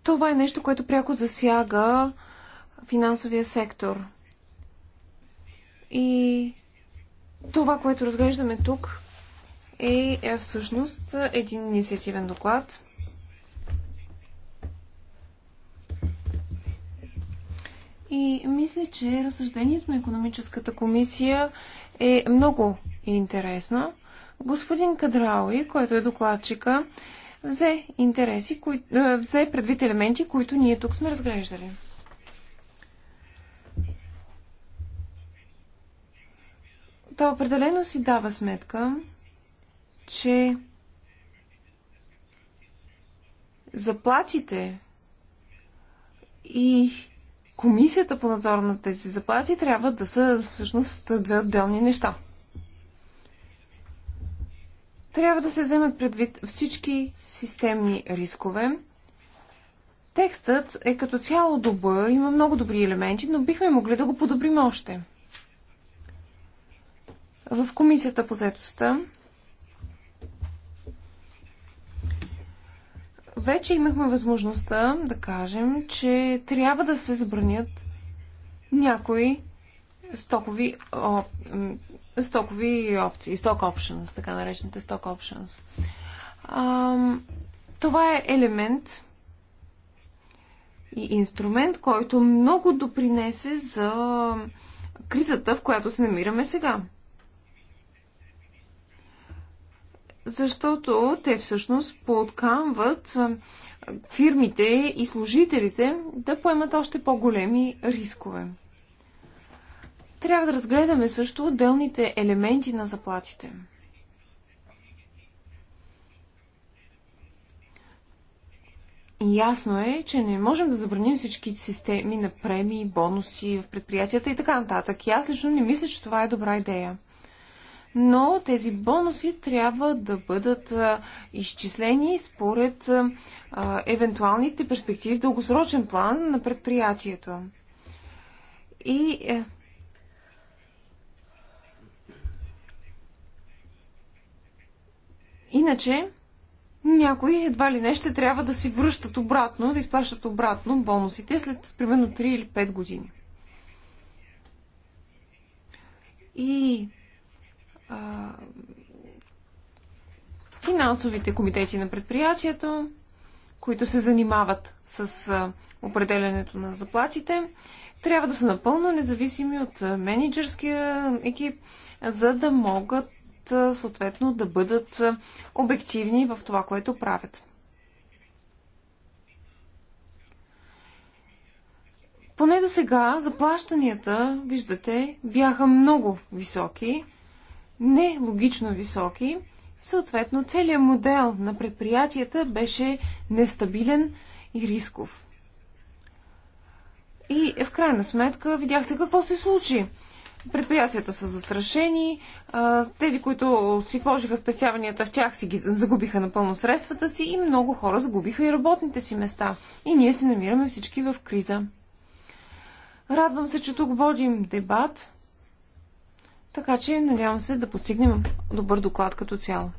Speaker 4: това е нещо, което пряко засяга финансовия сектор. И това, което разглеждаме тук, е, е всъщност един инициативен доклад, И мисля, че разсъждението на економическата комисия е много интересно. Господин Кадрауи, който е докладчика, взе, интереси, кои, е, взе предвид елементи, които ние тук сме разглеждали. Та определено си дава сметка, че заплатите и комисията по надзор на тези заплати трябва да са всъщност две отделни неща. Трябва да се вземат предвид всички системни рискове. Текстът е като цяло добър, има много добри елементи, но бихме могли да го подобрим още. В комисията по заедостта Вече имахме възможността да кажем, че трябва да се забранят някои стокови, о, стокови опции, сток options, така наречените сток options. А, това е елемент и инструмент, който много допринесе за кризата, в която се намираме сега. защото те всъщност подкамват фирмите и служителите да поемат още по-големи рискове. Трябва да разгледаме също отделните елементи на заплатите. Ясно е, че не можем да забраним всички системи на премии, бонуси в предприятията и така нататък. И аз лично не мисля, че това е добра идея но тези бонуси трябва да бъдат изчислени според евентуалните перспективи в дългосрочен план на предприятието. И е, Иначе, някои едва ли не ще трябва да си връщат обратно, да изплащат обратно бонусите след примерно 3 или 5 години. И а, финансовите комитети на предприятието, които се занимават с а, определенето на заплатите, трябва да са напълно независими от менеджерския екип, за да могат съответно да бъдат обективни в това, което правят. Поне до сега заплащанията, виждате, бяха много високи нелогично високи. Съответно, целият модел на предприятията беше нестабилен и рисков. И е, в крайна сметка видяхте какво се случи. Предприятията са застрашени, тези, които си вложиха спестяванията в тях, си ги загубиха напълно средствата си и много хора загубиха и работните си места. И ние се намираме всички в криза. Радвам се, че тук водим дебат така че надявам се да постигнем добър доклад като цяло.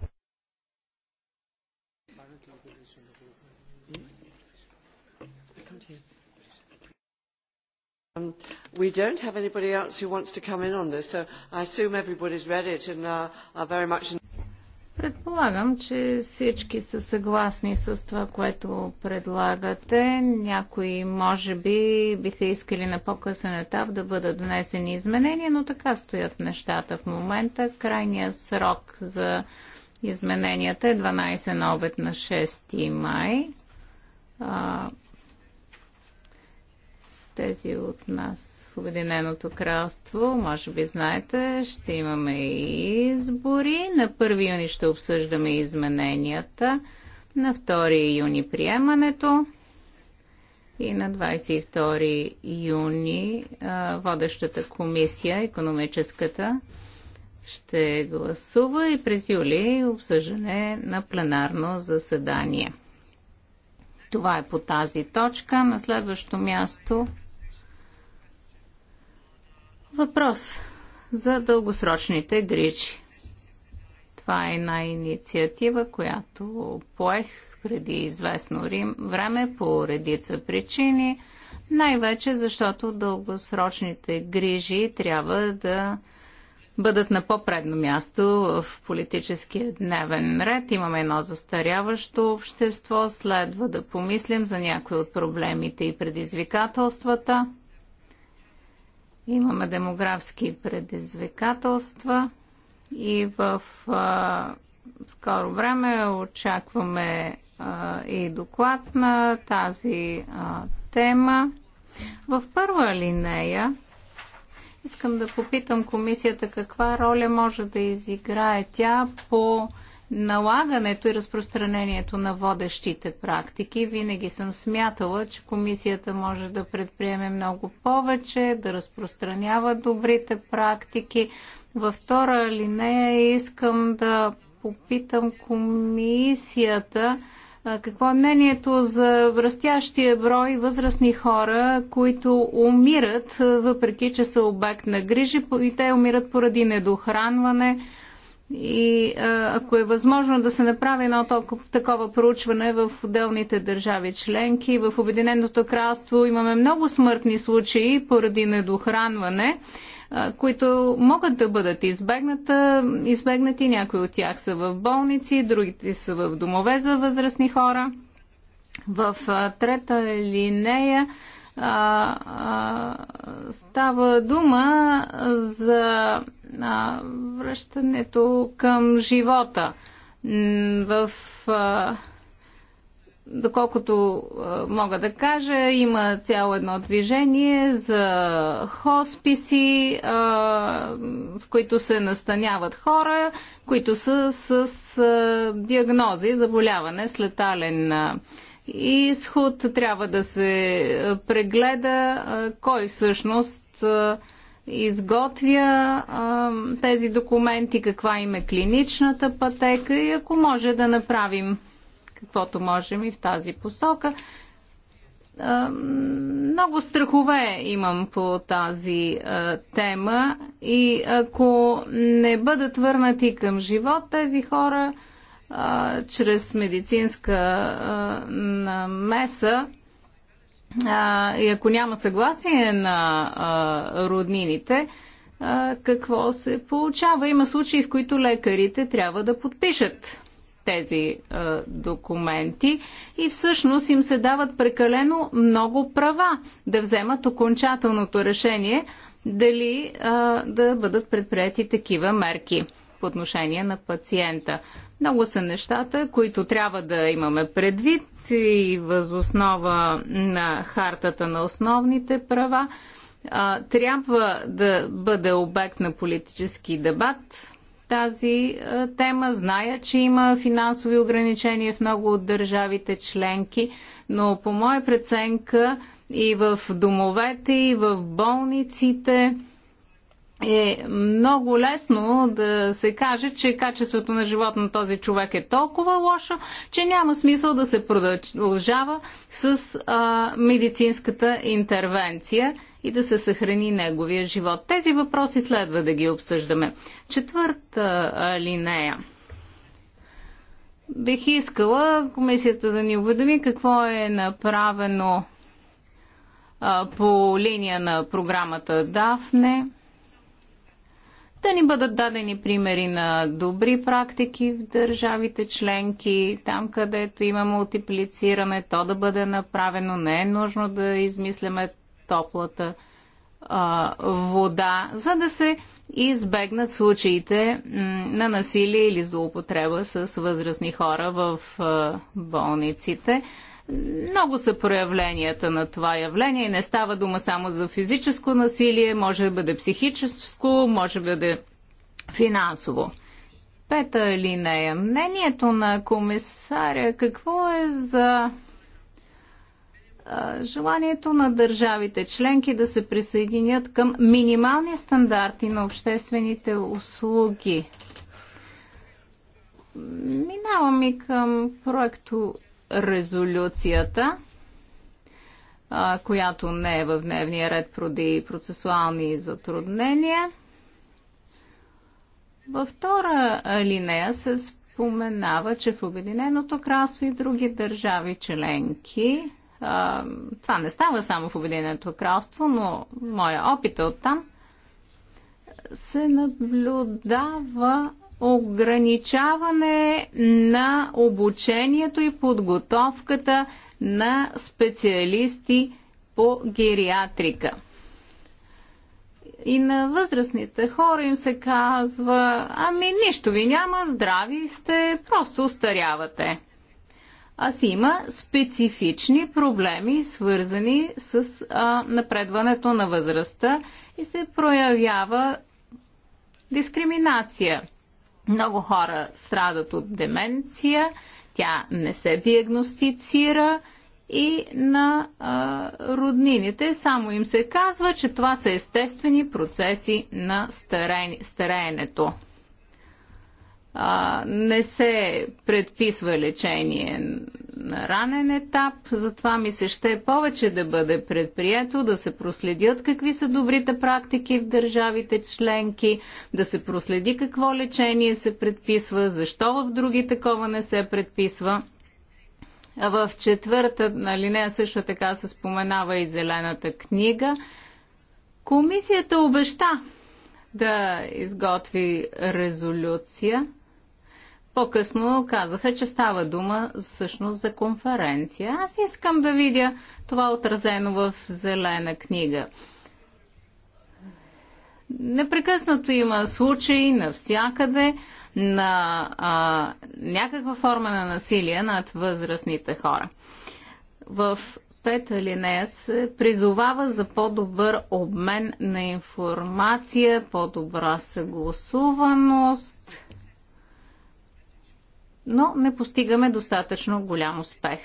Speaker 1: We don't have anybody else who wants to come in on this, so I assume everybody's read it and uh, are very much in
Speaker 2: Предполагам, че всички са съгласни с това, което предлагате. Някои, може би, биха искали на по-късен етап да бъдат внесени изменения, но така стоят нещата в момента. Крайният срок за измененията е 12 на обед на 6 май тези от нас в Обединеното кралство, може би знаете, ще имаме и избори. На 1 юни ще обсъждаме измененията, на 2 юни приемането и на 22 юни водещата комисия, економическата, ще гласува и през юли обсъждане на пленарно заседание. Това е по тази точка. На следващо място Въпрос за дългосрочните грижи. Това е една инициатива, която поех преди известно време по редица причини, най-вече защото дългосрочните грижи трябва да бъдат на по-предно място в политическия дневен ред. Имаме едно застаряващо общество, следва да помислим за някои от проблемите и предизвикателствата. Имаме демографски предизвикателства и в а, скоро време очакваме а, и доклад на тази а, тема. В първа линея искам да попитам комисията каква роля може да изиграе тя по налагането и разпространението на водещите практики. Винаги съм смятала, че комисията може да предприеме много повече, да разпространява добрите практики. Във втора линея искам да попитам комисията какво е мнението за растящия брой възрастни хора, които умират, въпреки че са обект на грижи и те умират поради недохранване, и ако е възможно да се направи едно толкова, такова проучване в отделните държави членки, в Обединеното кралство имаме много смъртни случаи поради недохранване, които могат да бъдат избегната, избегнати. Някои от тях са в болници, другите са в домове за възрастни хора. В трета линея а, а, става дума за а, връщането към живота. В, а, доколкото а, мога да кажа, има цяло едно движение за хосписи, а, в които се настаняват хора, които са с а, диагнози, заболяване, слетален. А, и сход Трябва да се е, прегледа е, кой всъщност е, изготвя тези документи, каква им е клиничната пътека и ако може да направим каквото можем и в тази посока. много страхове имам по тази тема и ако не бъдат върнати към живот тези хора, а, чрез медицинска а, намеса а, и ако няма съгласие на а, роднините, а, какво се получава? Има случаи, в които лекарите трябва да подпишат тези а, документи и всъщност им се дават прекалено много права да вземат окончателното решение дали а, да бъдат предприяти такива мерки по отношение на пациента. Много са нещата, които трябва да имаме предвид и възоснова на хартата на основните права. Трябва да бъде обект на политически дебат тази тема. Зная, че има финансови ограничения в много от държавите членки, но по моя преценка и в домовете, и в болниците – е много лесно да се каже, че качеството на живот на този човек е толкова лошо, че няма смисъл да се продължава с а, медицинската интервенция и да се съхрани неговия живот. Тези въпроси следва да ги обсъждаме. Четвърта линея. Бих искала комисията да ни уведоми какво е направено а, по линия на програмата Дафне да ни бъдат дадени примери на добри практики в държавите членки, там където има мултиплициране, то да бъде направено. Не е нужно да измисляме топлата а, вода, за да се избегнат случаите на насилие или злоупотреба с възрастни хора в а, болниците. Много са проявленията на това явление. Не става дума само за физическо насилие, може да бъде психическо, може да бъде финансово. Пета линия. Мнението на комисаря какво е за желанието на държавите членки да се присъединят към минимални стандарти на обществените услуги. Минавам и към проекто резолюцията, която не е в дневния ред проди процесуални затруднения. Във втора линия се споменава, че в Обединеното кралство и други държави членки, това не става само в Обединеното кралство, но моя опит е оттам, се наблюдава ограничаване на обучението и подготовката на специалисти по гериатрика. И на възрастните хора им се казва, ами нищо ви няма, здрави сте, просто устарявате. А си има специфични проблеми, свързани с а, напредването на възрастта и се проявява дискриминация – много хора страдат от деменция, тя не се диагностицира и на а, роднините само им се казва, че това са естествени процеси на стареенето. не се предписва лечение на ранен етап, затова ми се ще повече да бъде предприето, да се проследят какви са добрите практики в държавите членки, да се проследи какво лечение се предписва, защо в други такова не се предписва. В четвърта алинея също така се споменава и зелената книга. Комисията обеща да изготви резолюция по-късно казаха, че става дума всъщност за конференция. Аз искам да видя това отразено в зелена книга. Непрекъснато има случаи навсякъде на а, някаква форма на насилие над възрастните хора. В пета линия се призовава за по-добър обмен на информация, по-добра съгласуваност но не постигаме достатъчно голям успех.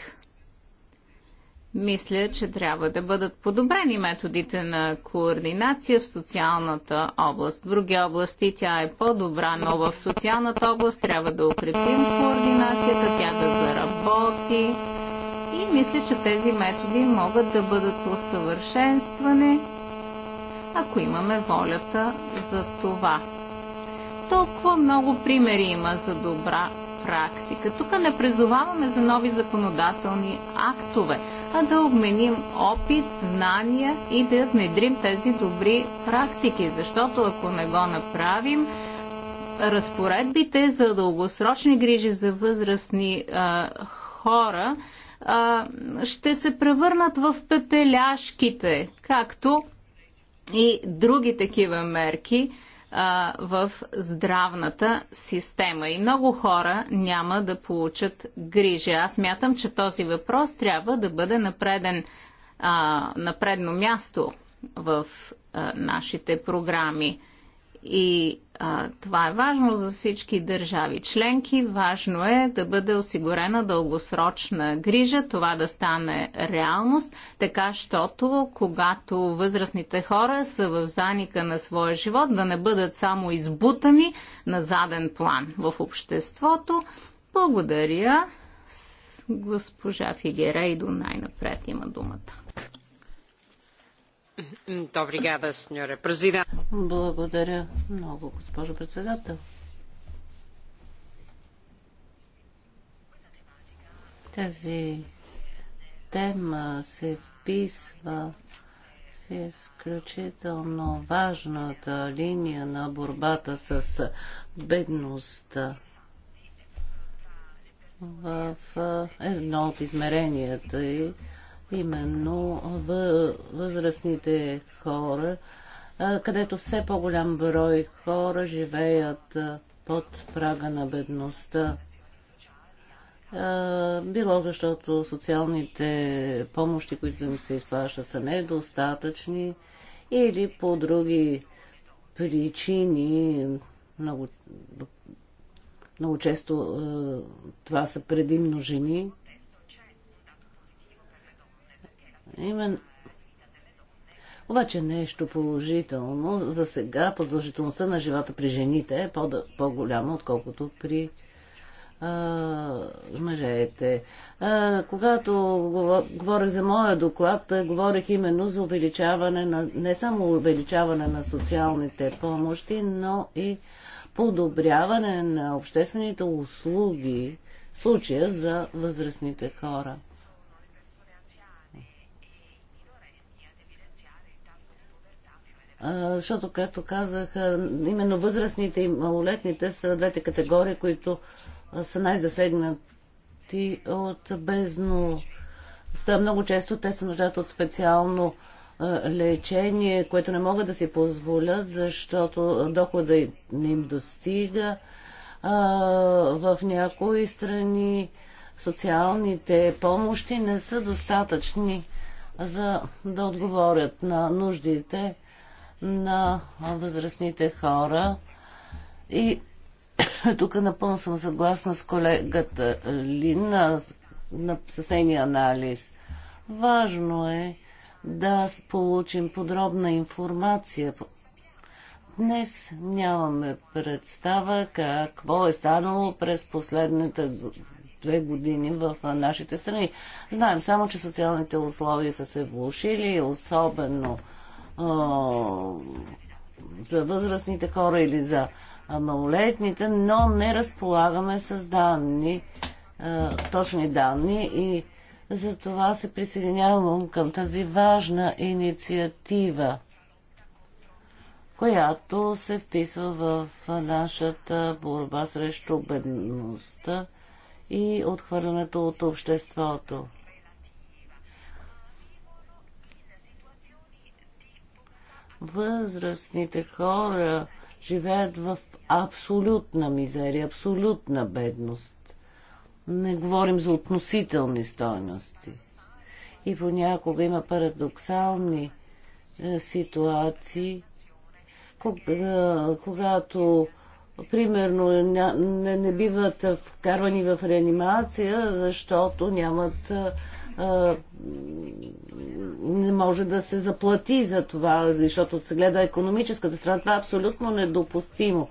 Speaker 2: Мисля, че трябва да бъдат подобрени методите на координация в социалната област. В други области тя е по-добра, но в социалната област трябва да укрепим координацията, тя да заработи. И мисля, че тези методи могат да бъдат усъвършенствани, ако имаме волята за това. Толкова много примери има за добра практика. Тук не призоваваме за нови законодателни актове, а да обменим опит, знания и да внедрим тези добри практики, защото ако не го направим, разпоредбите за дългосрочни грижи за възрастни а, хора а, ще се превърнат в пепеляшките, както и други такива мерки, а, в здравната система. И много хора няма да получат грижи. Аз мятам, че този въпрос трябва да бъде напреден, а, на предно място в а, нашите програми. И а, това е важно за всички държави членки. Важно е да бъде осигурена дългосрочна грижа, това да стане реалност, така щото когато възрастните хора са в заника на своя живот, да не бъдат само избутани на заден план в обществото. Благодаря. Госпожа Фигера и до най-напред има думата. Благодаря много, госпожо председател.
Speaker 3: Тази тема се вписва в изключително важната линия на борбата с бедността в едно от измеренията и именно възрастните хора, където все по-голям брой хора живеят под прага на бедността. Било защото социалните помощи, които им се изплащат, са недостатъчни или по други причини. Много, много често това са предимно жени, Именно обаче нещо положително. За сега продължителността на живота при жените е по-голяма, отколкото при а, мъжете. А, когато говорех за моя доклад, говорих именно за увеличаване на, не само увеличаване на социалните помощи, но и подобряване на обществените услуги, в случая за възрастните хора. защото, както казах, именно възрастните и малолетните са двете категории, които са най-засегнати от бездно. Много често те се нуждаят от специално лечение, което не могат да си позволят, защото дохода не им достига. В някои страни социалните помощи не са достатъчни за да отговорят на нуждите на възрастните хора. И [COUGHS] тук напълно съм съгласна с колегата Лина с нейния анализ. Важно е да получим подробна информация. Днес нямаме представа какво е станало през последните две години в нашите страни. Знаем само, че социалните условия са се влушили, особено за възрастните хора или за малолетните, но не разполагаме с данни, точни данни и за това се присъединявам към тази важна инициатива, която се вписва в нашата борба срещу бедността и отхвърлянето от обществото. Възрастните хора живеят в абсолютна мизерия, абсолютна бедност. Не говорим за относителни стойности. И понякога има парадоксални е, ситуации, е, когато примерно е, не, не биват вкарвани в реанимация, защото нямат не може да се заплати за това, защото се гледа економическата страна. Това е абсолютно недопустимо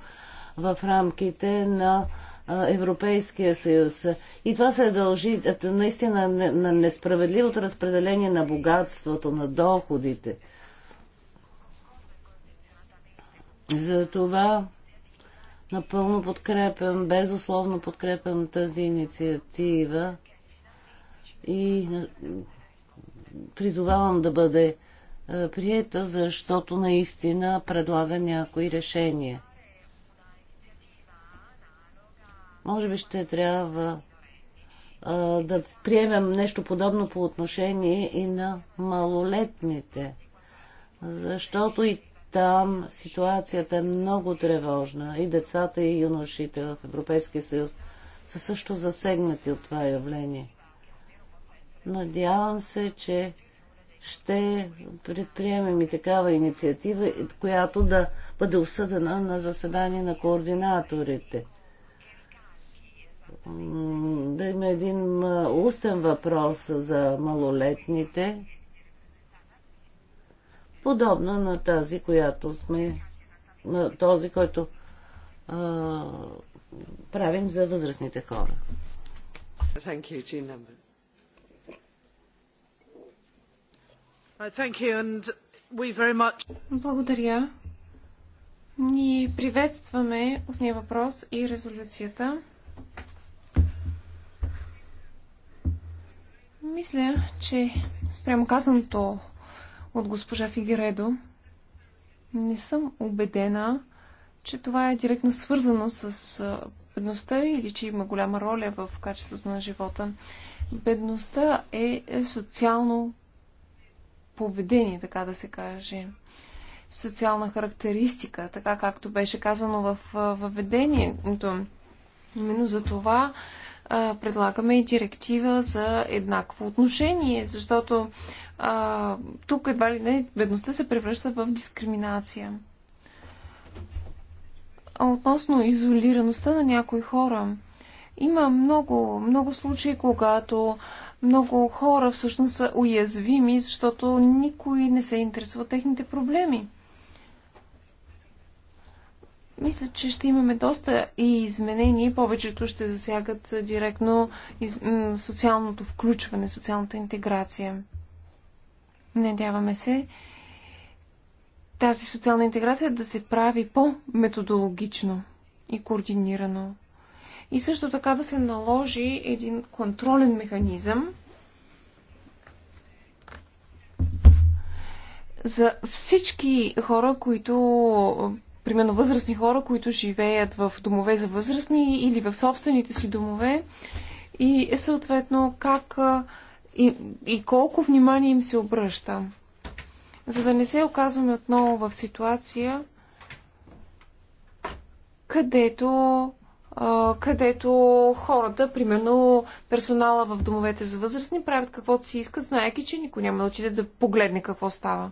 Speaker 3: в рамките на Европейския съюз. И това се дължи е, наистина на несправедливото разпределение на богатството, на доходите. За това напълно подкрепям, безусловно подкрепям тази инициатива и призовавам да бъде е, приета, защото наистина предлага някои решения. Може би ще трябва а, е, да приемем нещо подобно по отношение и на малолетните, защото и там ситуацията е много тревожна. И децата, и юношите в Европейския съюз са също засегнати от това явление. Надявам се, че ще предприемем и такава инициатива, която да бъде осъдена на заседание на координаторите. Да има един устен въпрос за малолетните, подобна на тази, която сме, на този, който а, правим за възрастните хора. Thank you, Uh,
Speaker 4: Благодаря. Ние приветстваме устния въпрос и резолюцията. Мисля, че спрямо казаното от госпожа Фигередо, не съм убедена, че това е директно свързано с бедността или че има голяма роля в качеството на живота. Бедността е, е социално поведение, така да се каже, социална характеристика, така както беше казано в въведението. Именно за това а, предлагаме и директива за еднакво отношение, защото а, тук едва ли не бедността се превръща в дискриминация. Относно изолираността на някои хора, има много, много случаи, когато а, много хора всъщност са уязвими, защото никой не се интересува от техните проблеми. Мисля, че ще имаме доста и изменения. Повечето ще засягат директно социалното включване, социалната интеграция. Надяваме се тази социална интеграция да се прави по-методологично и координирано и също така да се наложи един контролен механизъм за всички хора, които примерно възрастни хора, които живеят в домове за възрастни или в собствените си домове и е съответно как и, и колко внимание им се обръща. За да не се оказваме отново в ситуация, където където хората, примерно персонала в домовете за възрастни, правят каквото си искат, знаеки, че никой няма да отиде да погледне какво става.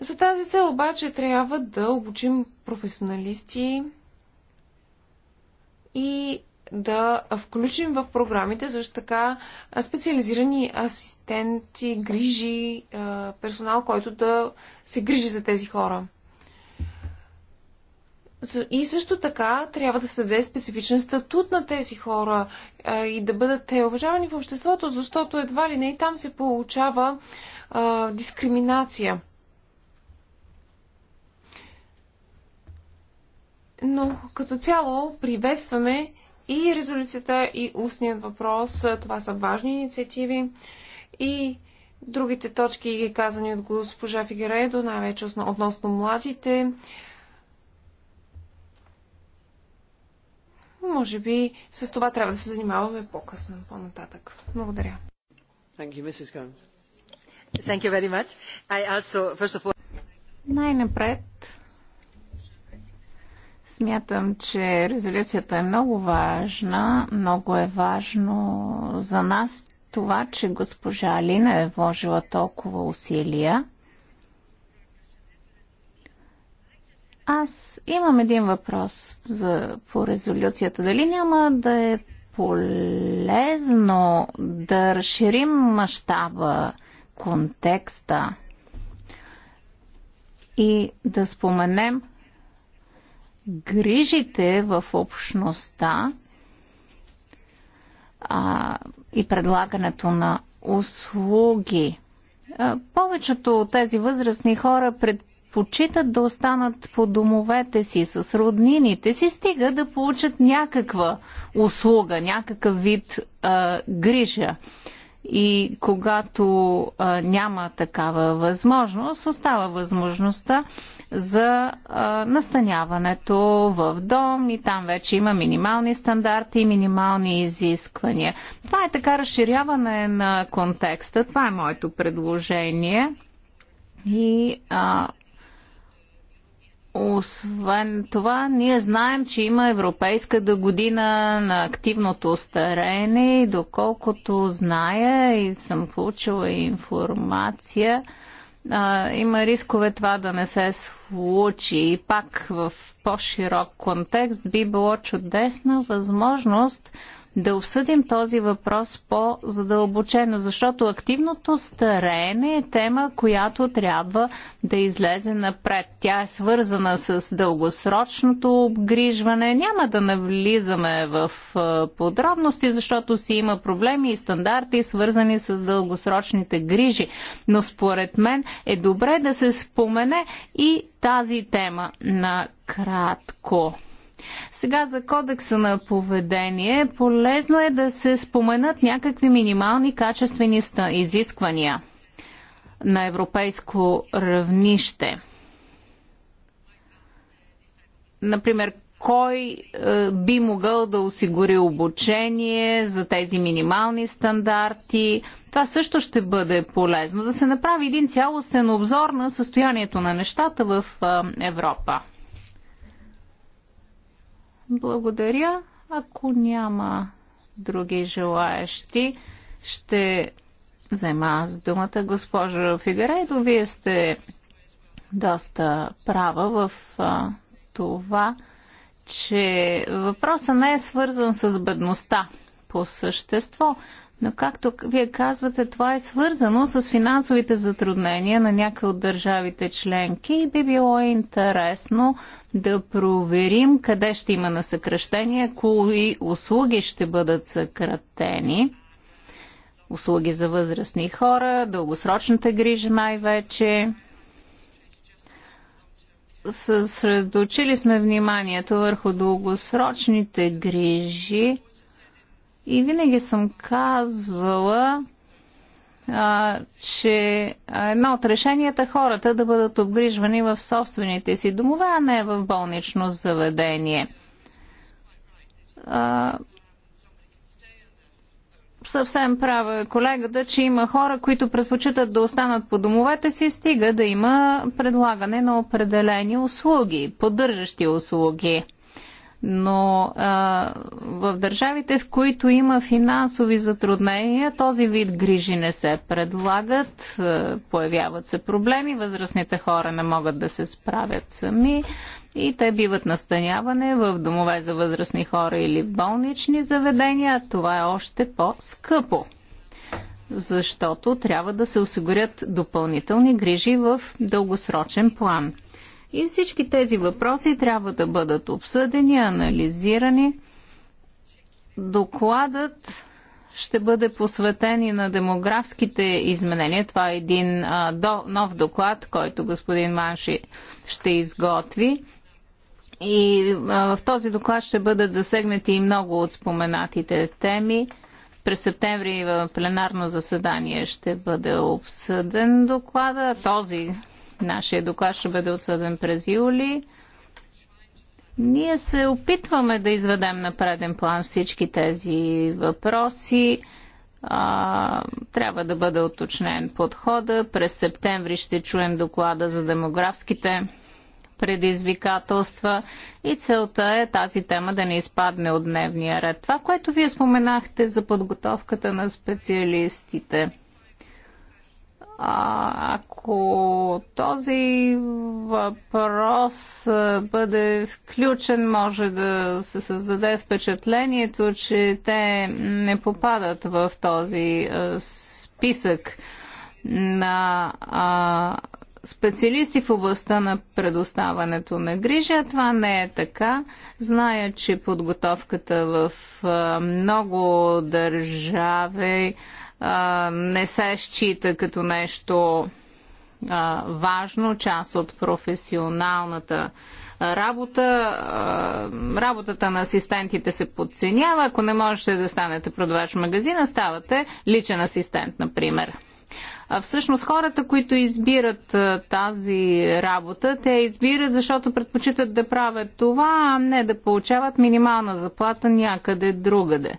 Speaker 4: За тази цел обаче трябва да обучим професионалисти и да включим в програмите също така специализирани асистенти, грижи, персонал, който да се грижи за тези хора. И също така трябва да се даде специфичен статут на тези хора а, и да бъдат те уважавани в обществото, защото едва ли не и там се получава а, дискриминация. Но като цяло приветстваме и резолюцията, и устният въпрос. Това са важни инициативи. И другите точки, казани от госпожа Фигередо, най-вече относно младите, Може би с това трябва да се занимаваме по-късно, по-нататък. Благодаря. All...
Speaker 2: Най-напред Смятам, че резолюцията е много важна. Много е важно за нас това, че госпожа Алина е вложила толкова усилия. Аз имам един въпрос за, по резолюцията. Дали няма да е полезно да разширим мащаба, контекста и да споменем грижите в общността а, и предлагането на услуги. А, повечето от тези възрастни хора предприемат предпочитат да останат по домовете си с роднините си, стига да получат някаква услуга, някакъв вид а, грижа. И когато а, няма такава възможност, остава възможността за а, настаняването в дом и там вече има минимални стандарти и минимални изисквания. Това е така разширяване на контекста. Това е моето предложение. И а, освен това, ние знаем, че има Европейската година на активното старение. и доколкото зная и съм получила информация, а, има рискове това да не се случи. И пак в по-широк контекст би било чудесна възможност да обсъдим този въпрос по-задълбочено, защото активното стареене е тема, която трябва да излезе напред. Тя е свързана с дългосрочното обгрижване. Няма да навлизаме в подробности, защото си има проблеми и стандарти, свързани с дългосрочните грижи. Но според мен е добре да се спомене и тази тема на кратко. Сега за кодекса на поведение полезно е да се споменат някакви минимални качествени изисквания на европейско равнище. Например, кой е, би могъл да осигури обучение за тези минимални стандарти. Това също ще бъде полезно да се направи един цялостен обзор на състоянието на нещата в е, Европа. Благодаря. Ако няма други желаящи, ще взема аз думата. Госпожо Фигарейдо, вие сте доста права в а, това, че въпросът не е свързан с бедността по същество, но както вие казвате, това е свързано с финансовите затруднения на някои от държавите членки и би било интересно да проверим къде ще има на съкръщение, кои услуги ще бъдат съкратени. Услуги за възрастни хора, дългосрочната грижа най-вече. Съсредочили сме вниманието върху дългосрочните грижи и винаги съм казвала, а, че едно от решенията е хората да бъдат обгрижвани в собствените си домове, а не в болнично заведение. А, съвсем права е колегата, че има хора, които предпочитат да останат по домовете си, стига да има предлагане на определени услуги, поддържащи услуги но а, в държавите, в които има финансови затруднения, този вид грижи не се предлагат, а, появяват се проблеми, възрастните хора не могат да се справят сами и те биват настаняване в домове за възрастни хора или в болнични заведения. Това е още по-скъпо, защото трябва да се осигурят допълнителни грижи в дългосрочен план. И всички тези въпроси трябва да бъдат обсъдени, анализирани. Докладът ще бъде посветен и на демографските изменения. Това е един а, до, нов доклад, който господин Манши ще изготви. И а, в този доклад ще бъдат засегнати и много от споменатите теми. През септември в пленарно заседание ще бъде обсъден доклада. Този Нашия доклад ще бъде отсъден през юли. Ние се опитваме да изведем на преден план всички тези въпроси. А, трябва да бъде уточнен подхода. През септември ще чуем доклада за демографските предизвикателства и целта е тази тема да не изпадне от дневния ред. Това, което вие споменахте за подготовката на специалистите – а, ако този въпрос бъде включен, може да се създаде впечатлението, че те не попадат в този списък на а, специалисти в областта на предоставането на грижа. Това не е така. Зная, че подготовката в много държави не се счита като нещо а, важно, част от професионалната работа. А, работата на асистентите се подценява. Ако не можете да станете продавач в магазина, ставате личен асистент, например. А всъщност хората, които избират тази работа, те избират, защото предпочитат да правят това, а не да получават минимална заплата някъде другаде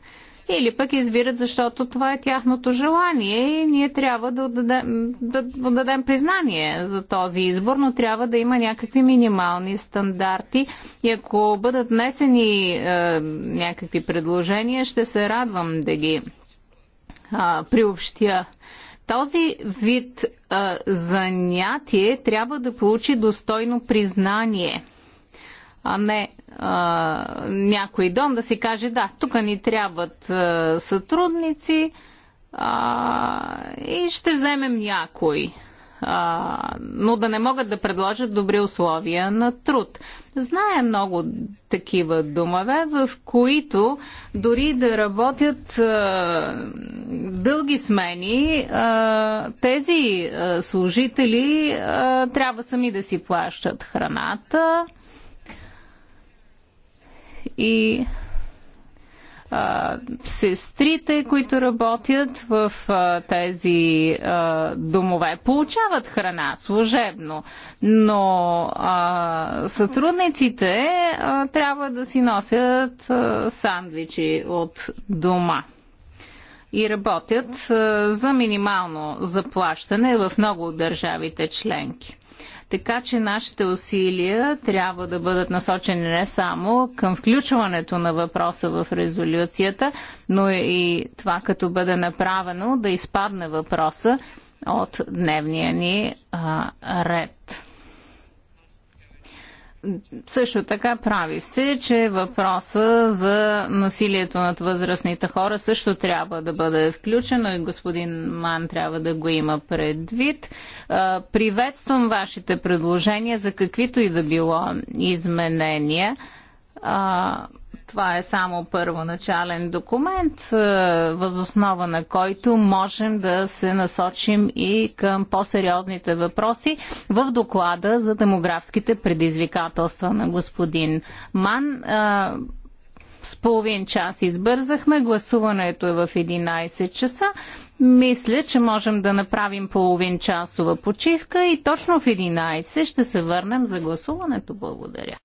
Speaker 2: или пък избират, защото това е тяхното желание и ние трябва да отдадем, да отдадем признание за този избор, но трябва да има някакви минимални стандарти и ако бъдат внесени е, някакви предложения, ще се радвам да ги е, приобщя. Този вид е, занятие трябва да получи достойно признание, а не а, някой дом да си каже, да, тук ни трябват а, сътрудници а, и ще вземем някой. А, но да не могат да предложат добри условия на труд. Знае много такива домове, в които дори да работят а, дълги смени, а, тези а, служители а, трябва сами да си плащат храната. А, и а, сестрите, които работят в а, тези а, домове, получават храна служебно, но а, сътрудниците а, трябва да си носят а, сандвичи от дома и работят а, за минимално заплащане в много от държавите членки. Така че нашите усилия трябва да бъдат насочени не само към включването на въпроса в резолюцията, но и това като бъде направено да изпадне въпроса от дневния ни а, ред също така прави сте, че въпроса за насилието над възрастните хора също трябва да бъде включено и господин Ман трябва да го има предвид. Приветствам вашите предложения за каквито и да било изменения. А, това е само първоначален документ, възоснова на който можем да се насочим и към по-сериозните въпроси в доклада за демографските предизвикателства на господин Ман. С половин час избързахме, гласуването е в 11 часа. Мисля, че можем да направим половин часова почивка и точно в 11 ще се върнем за гласуването. Благодаря.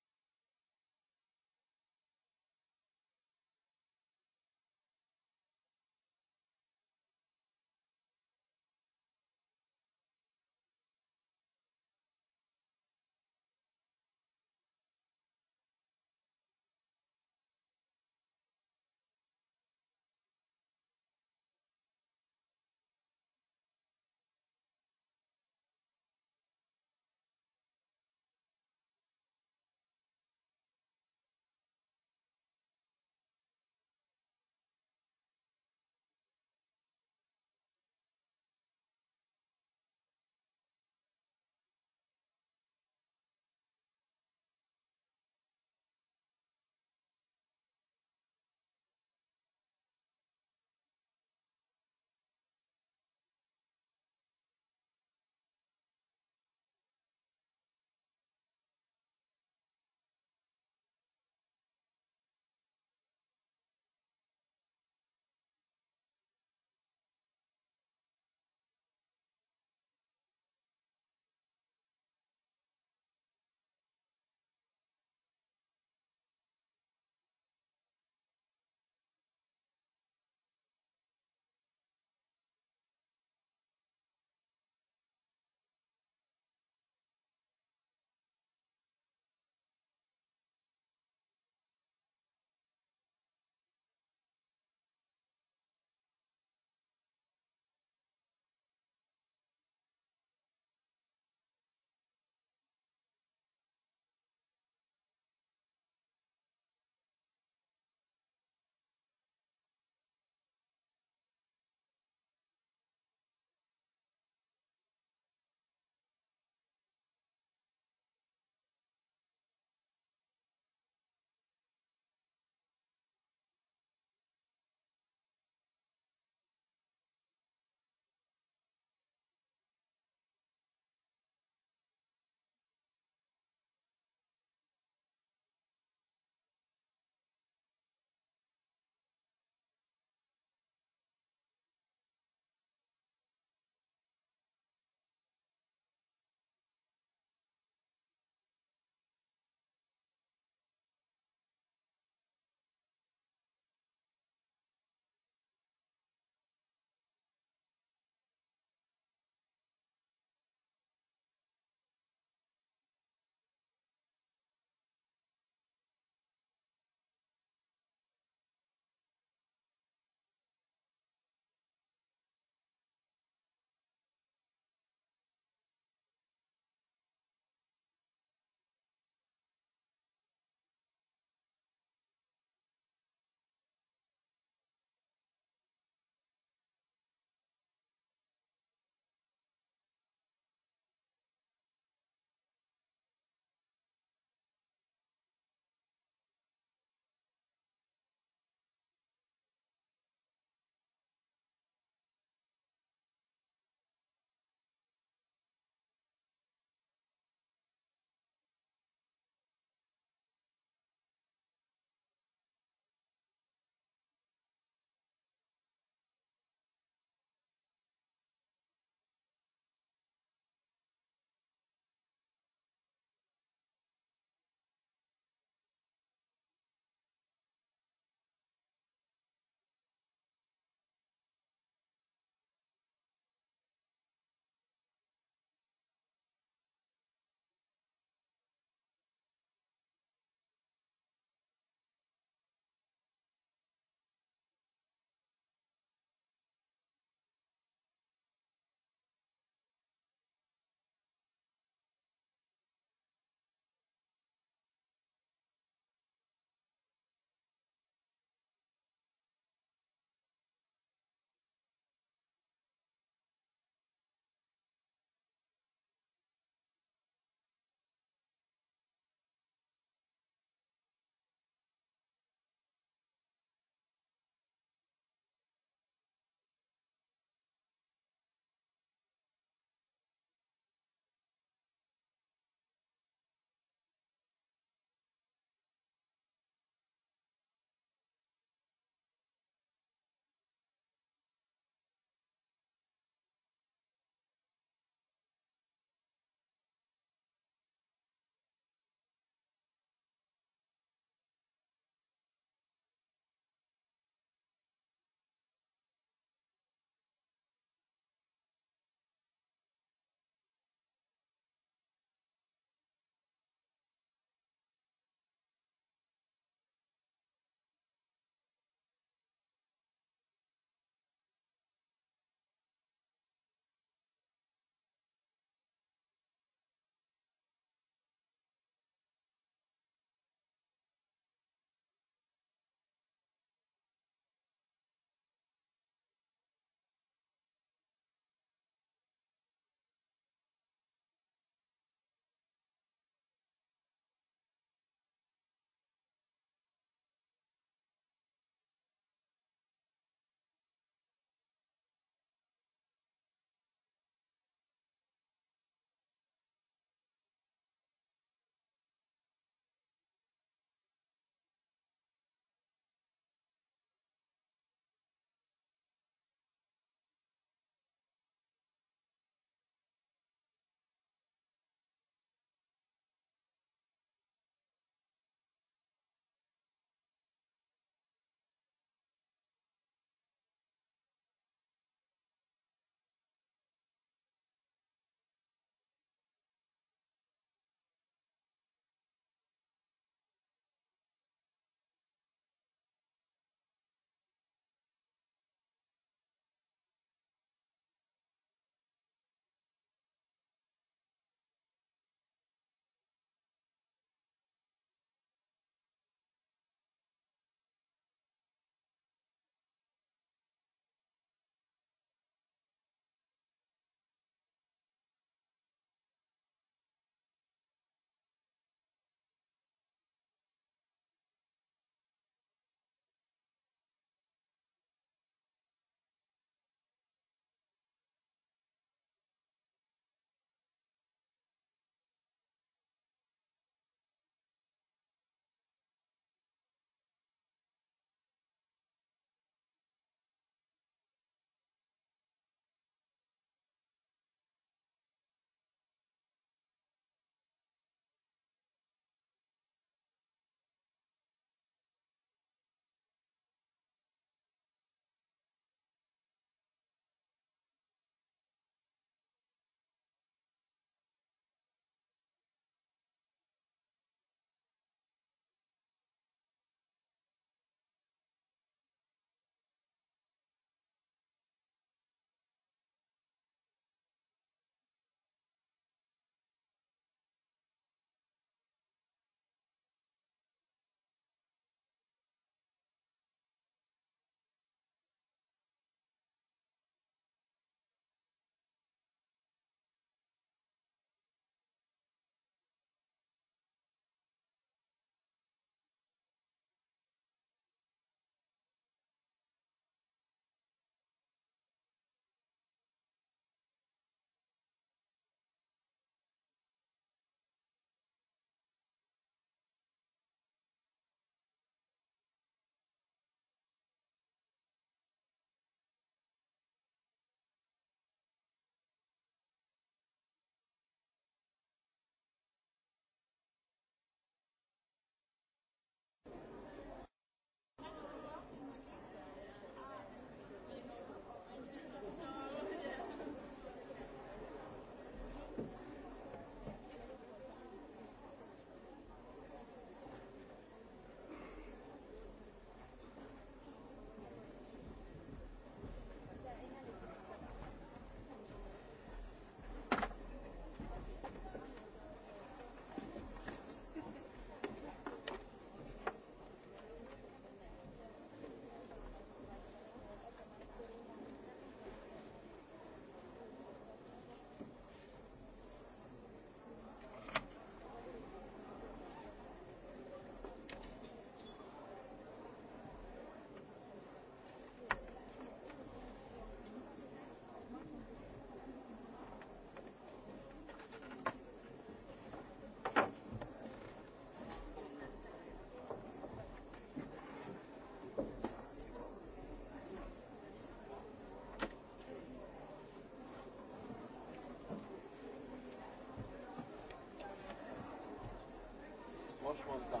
Speaker 4: започвам там.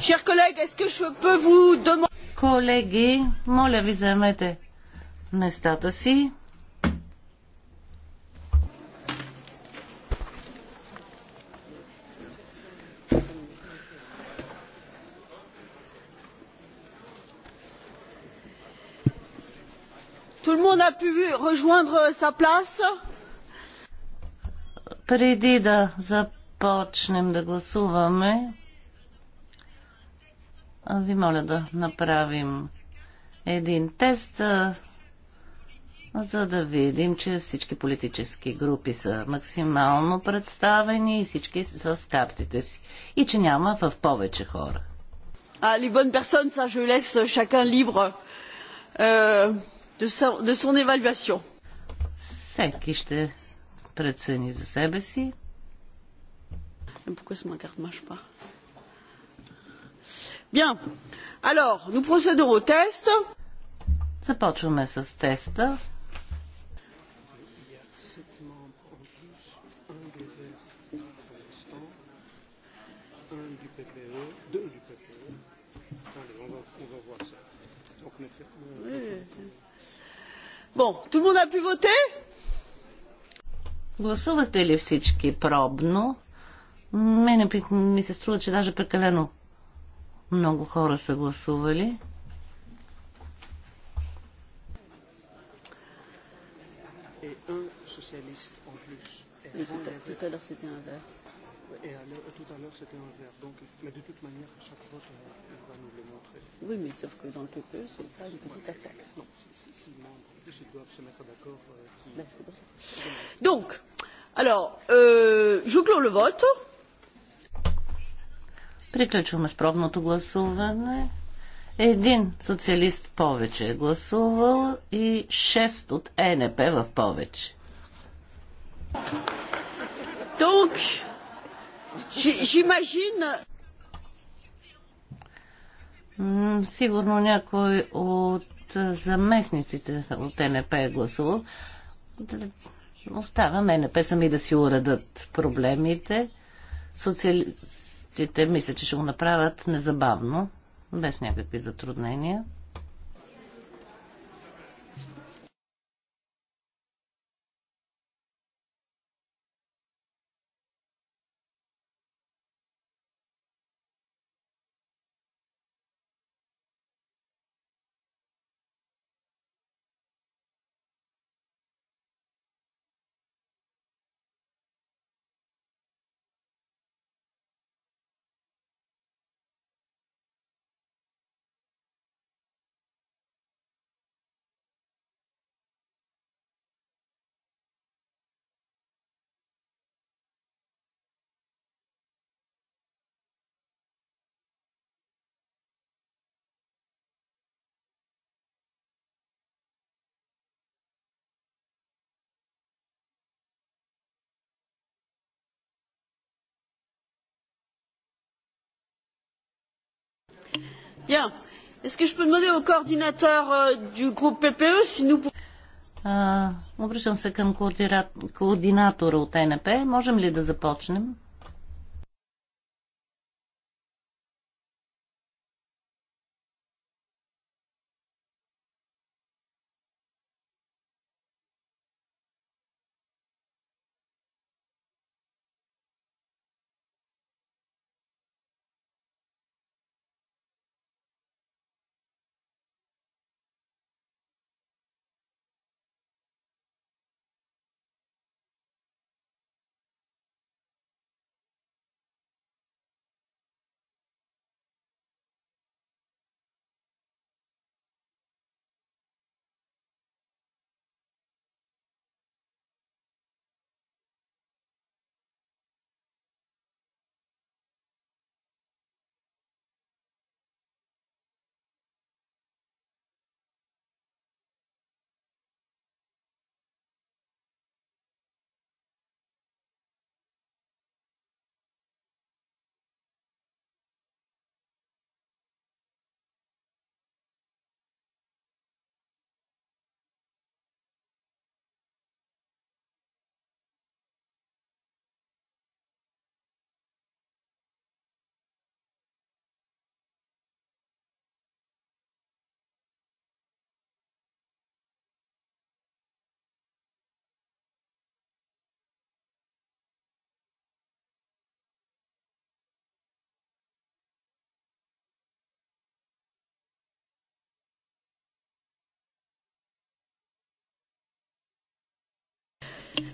Speaker 1: Chers collègues, est-ce que je peux vous demander... Колеги, моля
Speaker 3: ви заемете местата си.
Speaker 1: Tout le monde a pu rejoindre sa place
Speaker 3: Преди да започнем да гласуваме, ви моля да направим един тест, за да видим, че всички политически групи са максимално представени и всички с картите си. И че няма в повече хора.
Speaker 1: А, les bonnes personnes, ça je laisse chacun libre euh, de, son, de son Всеки ще прецени за себе си. Pourquoi ce ma carte marche pas? Bien. Alors, nous procédons au test. Започваме с теста. Bon, tout le monde a pu voter?
Speaker 3: Гласувате ли всички пробно? Мене ми се струва, че даже прекалено много хора са гласували.
Speaker 1: Tout à l'heure, c'était un vert. mais de toute manière, chaque vote va nous le montrer. Oui, mais sauf que dans pas une petite attaque. Donc, alors, euh, je clôt le vote.
Speaker 3: Приключваме с пробното гласуване. Един социалист повече е гласувал и 6 от ЕНП в повече.
Speaker 1: Donc, j'imagine...
Speaker 3: Сигурно някой от заместниците от НП е гласувал. Оставаме НП сами да си уредат проблемите. Социалист те мисля, че ще го направят незабавно, без някакви затруднения.
Speaker 1: Bien. Est-ce que je peux demander au coordinateur
Speaker 3: du groupe PPE si nous Обръщам се към координатора от НП. Можем ли да започнем?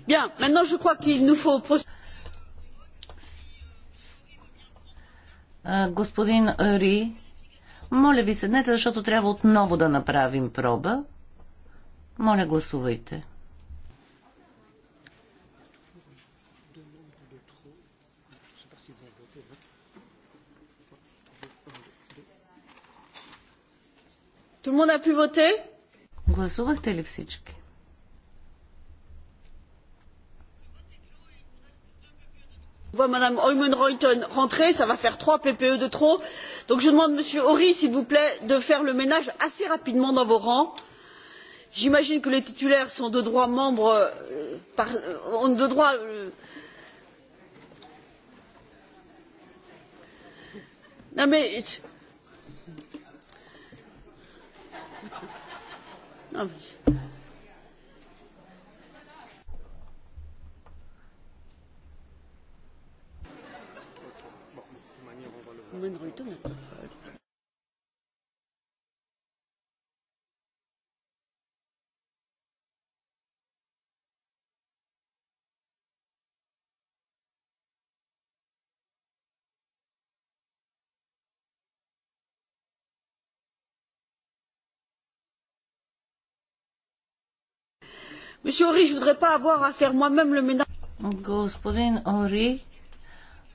Speaker 1: Bien, maintenant je crois qu'il nous faut
Speaker 3: Господин Ри, моля ви седнете, защото трябва отново да направим проба. Моля, гласувайте.
Speaker 1: Tout le monde a pu voter? Гласувахте ли всички? Je vois Mme Oymen Reuten rentrer, ça va faire trois PPE de trop. Donc je demande Monsieur Horry, s'il vous plaît, de faire le ménage assez rapidement dans vos rangs. J'imagine que les titulaires sont de droit membres, ont de droit. Non mais. Non mais. kommen heute noch. Monsieur Horry, je ne voudrais pas avoir à faire moi-même le ménage.
Speaker 3: Господин Ори,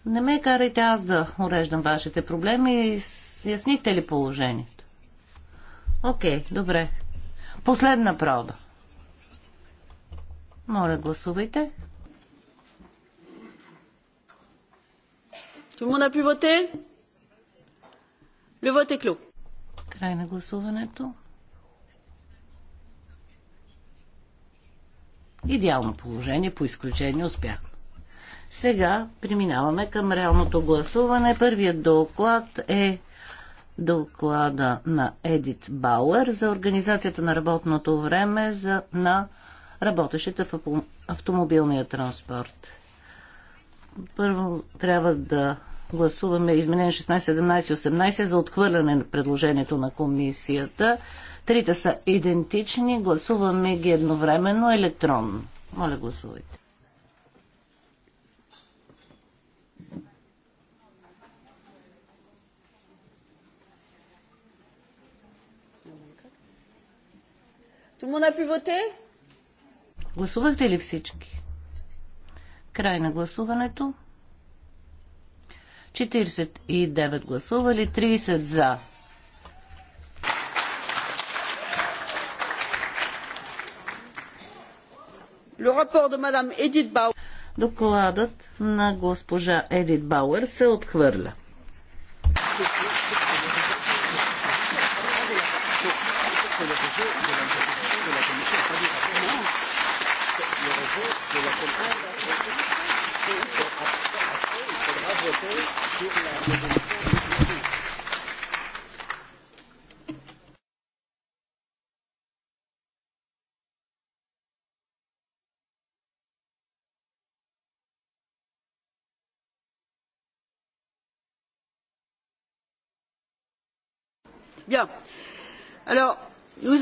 Speaker 3: не ме карайте аз да уреждам вашите проблеми и ясните ли положението? Окей, добре. Последна проба. Моля, гласувайте.
Speaker 1: Тому le monde a pu Край на гласуването.
Speaker 3: Идеално положение, по изключение успях. Сега преминаваме към реалното гласуване. Първият доклад е доклада на Едит Бауер за организацията на работното време за, на работещите в автомобилния транспорт. Първо трябва да гласуваме изменение 16, 17 18 за отхвърляне на предложението на комисията. Трите са идентични. Гласуваме ги едновременно електронно. Моля, гласувайте.
Speaker 1: Tout le monde a pu voter? Гласувахте ли всички?
Speaker 3: Край на гласуването. 49 гласували, 30 за. Докладът на госпожа Едит Бауер се отхвърля.
Speaker 1: Bien. Alors, nous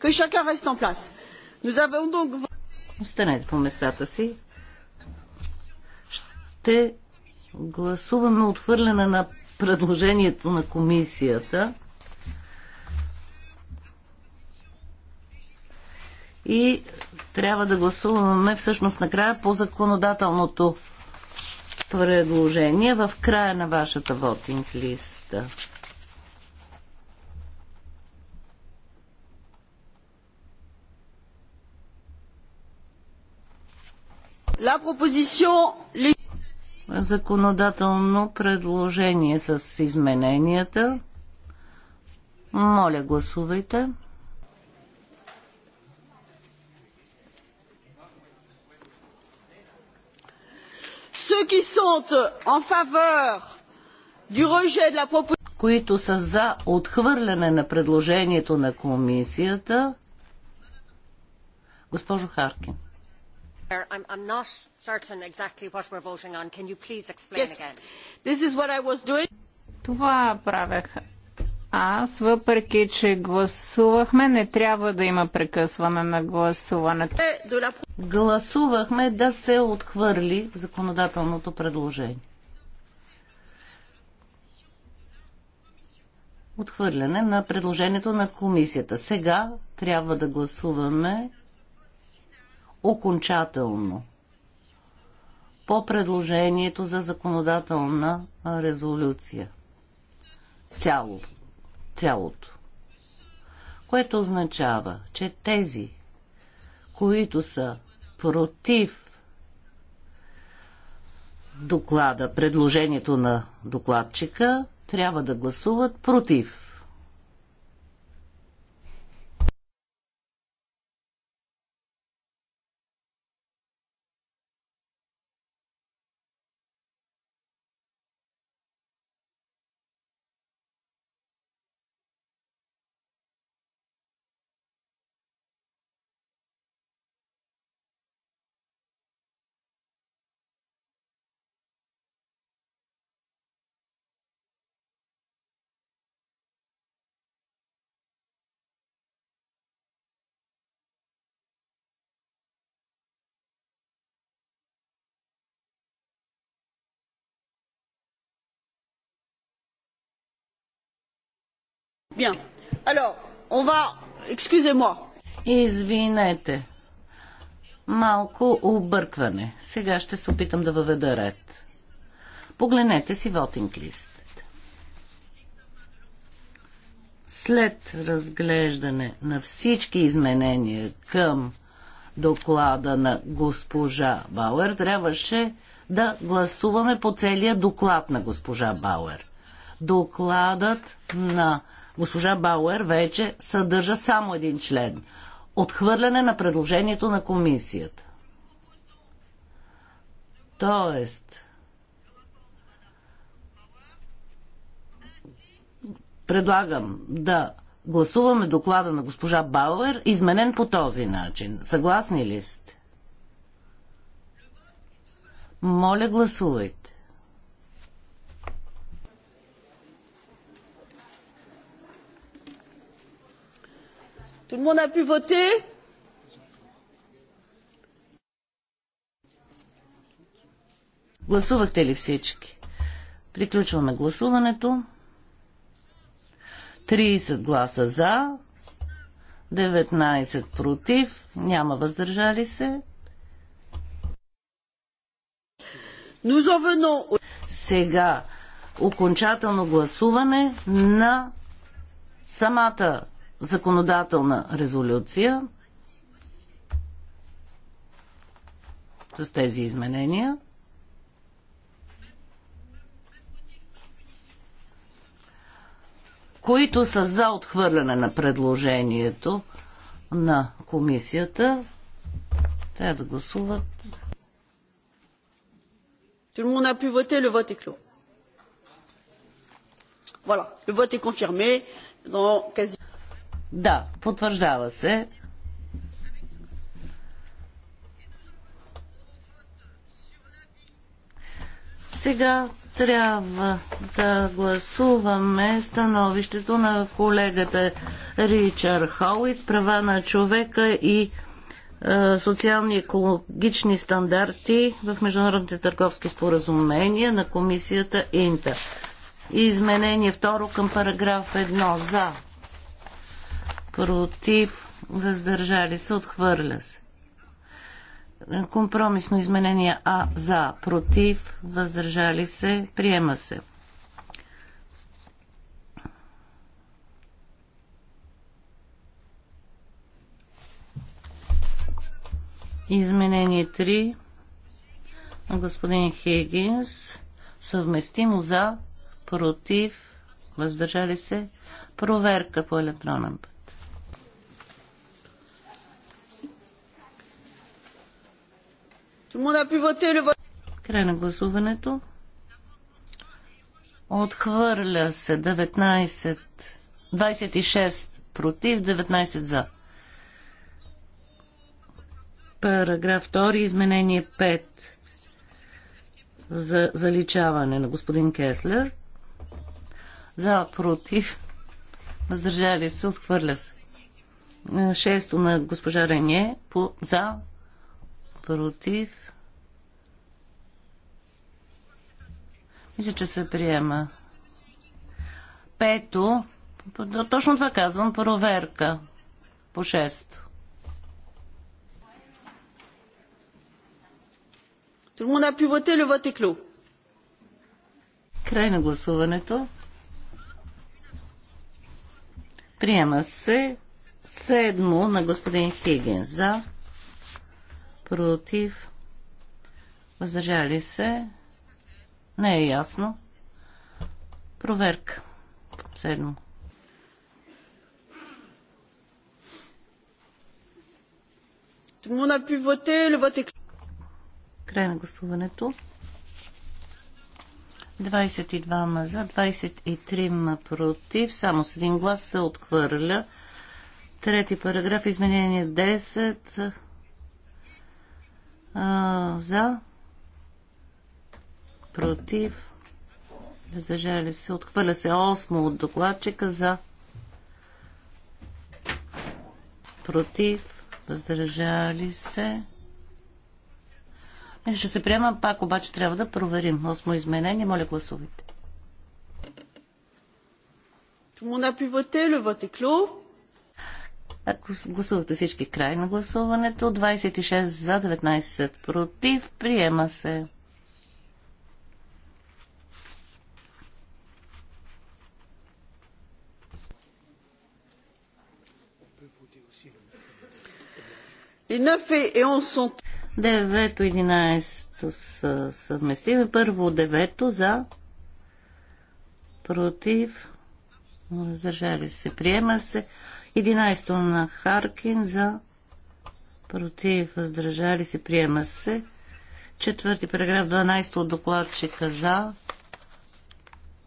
Speaker 1: que chacun reste en place. Nous avons donc. Останете
Speaker 3: по местата си. Ще гласуваме отхвърляне на предложението на комисията. И трябва да гласуваме всъщност накрая по законодателното предложение в края на вашата вотинг листа. Законодателно предложение с измененията. Моля, гласувайте.
Speaker 1: Ceux qui sont en faveur
Speaker 3: du rejet de la proposition които са за отхвърляне на предложението на комисията. Госпожо Харкин.
Speaker 1: I'm, I'm not certain exactly what we're voting on. Can you please explain yes. again? This is what I was doing.
Speaker 2: Това правех аз, въпреки че гласувахме, не трябва да има прекъсване на гласуването. Гласувахме да
Speaker 3: се отхвърли законодателното предложение. Отхвърляне на предложението на комисията. Сега трябва да гласуваме окончателно по предложението за законодателна резолюция. Цяло, цялото. Което означава, че тези, които са против доклада, предложението на докладчика, трябва да гласуват против
Speaker 1: Bien. Alors, on va...
Speaker 3: Excusez-moi. Извинете. Малко объркване. Сега ще се опитам да въведа ред. Погледнете си вотинг лист. След разглеждане на всички изменения към доклада на госпожа Бауер, трябваше да гласуваме по целия доклад на госпожа Бауер. Докладът на госпожа Бауер вече съдържа само един член. Отхвърляне на предложението на комисията. Тоест, предлагам да гласуваме доклада на госпожа Бауер, изменен по този начин. Съгласни ли сте? Моля, гласувайте.
Speaker 1: Tout le monde a pu voter
Speaker 3: Гласувахте ли всички? Приключваме гласуването. 30 гласа за, 19 против, няма въздържали се. Сега окончателно гласуване на самата законодателна резолюция с тези изменения. които са за отхвърляне на предложението
Speaker 1: на комисията. Трябва да гласуват. Tout le monde a pu voter, le vote est clos. Voilà, le vote est confirmé dans quasi... Да, потвърждава се.
Speaker 3: Сега трябва да гласуваме становището на колегата Ричард Хоуит, права на човека и е, социални и екологични стандарти в международните търговски споразумения на комисията Инта. Изменение второ към параграф 1 за против, въздържали се, отхвърля се. Компромисно изменение А за, против, въздържали се, приема се. Изменение 3 господин Хигинс. Съвместимо за, против, въздържали се. Проверка по електронен път. Край на гласуването. Отхвърля се 19, 26 против, 19 за. Параграф 2, изменение 5 за заличаване на господин Кеслер. За, против, въздържали се, отхвърля се. Шесто на госпожа Рене по, за, против. Мисля, че се приема. Пето. Точно това казвам. Проверка. По шесто.
Speaker 1: Tout le monde a
Speaker 3: Край на гласуването. Приема се седмо на господин Хигин за против, въздържали се, не е ясно.
Speaker 1: Проверка. Седмо.
Speaker 3: Край на гласуването. 22 ма за, 23 ма против, само с един глас се отхвърля. Трети параграф, изменение 10 за. Против. Въздържали се. Отхвърля се 8 от докладчика за. Против. Въздържали се. Мисля, че се приема пак, обаче трябва да проверим. Осмо изменение, моля гласувайте.
Speaker 1: Tout le monde a pu voter, le vote est clos.
Speaker 3: Ако гласувате всички край на гласуването, 26 за 19 против, приема се. И 9 и 11 са... 9 и 11 са съвместими. Първо 9 за против, въздържали се, приема се. 11 на Харкин за против, въздържали се, приема се. Четвърти параграф 12 от докладчика за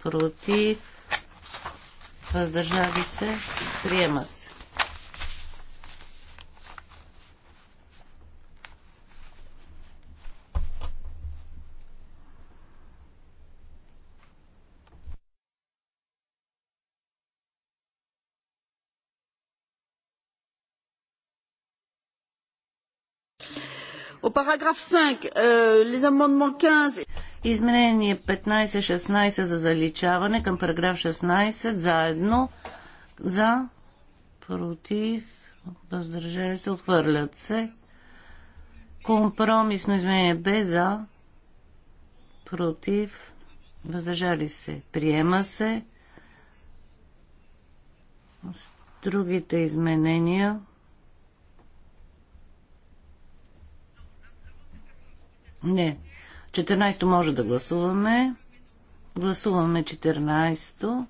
Speaker 3: против, въздържали се, приема се.
Speaker 1: Параграф 5,
Speaker 3: euh, les amendements 15... Изменение 15-16 за заличаване към параграф 16 заедно за против въздържали се отхвърлят се компромисно изменение Б за против въздържали се приема се с другите изменения Не. 14-то може да гласуваме. Гласуваме 14-то.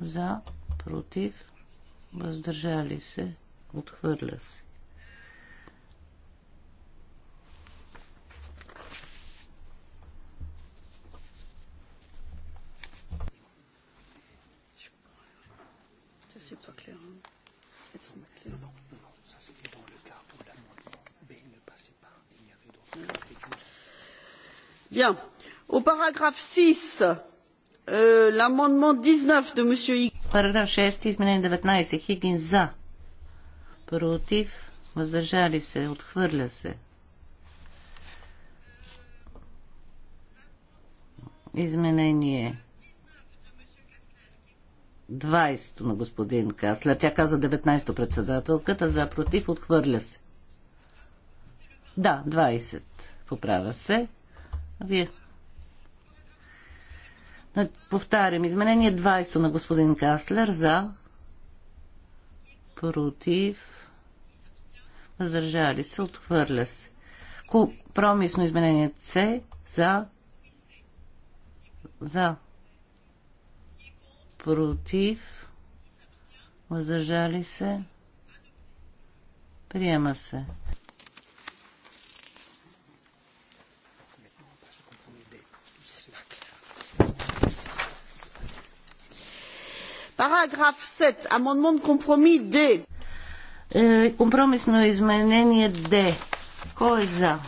Speaker 3: За, против, въздържали се, отхвърля се.
Speaker 1: au paragraphe six euh, l'amendement dix neuf de monsieur Параграф 6, изменение 19. Хигин за.
Speaker 3: Против. Въздържали се. Отхвърля се. Изменение 20 на господин Каслер. Тя каза 19-то председателката. За. Против. Отхвърля се. Да, 20. Поправя се. Вие. Повтарям, изменение 20 на господин Каслер за против въздържали се, отхвърля се. Компромисно изменение С за за против въздържали се приема се.
Speaker 1: Параграф 7, амонмон компромис Д.
Speaker 3: Е, компромисно изменение Д. Кой е за?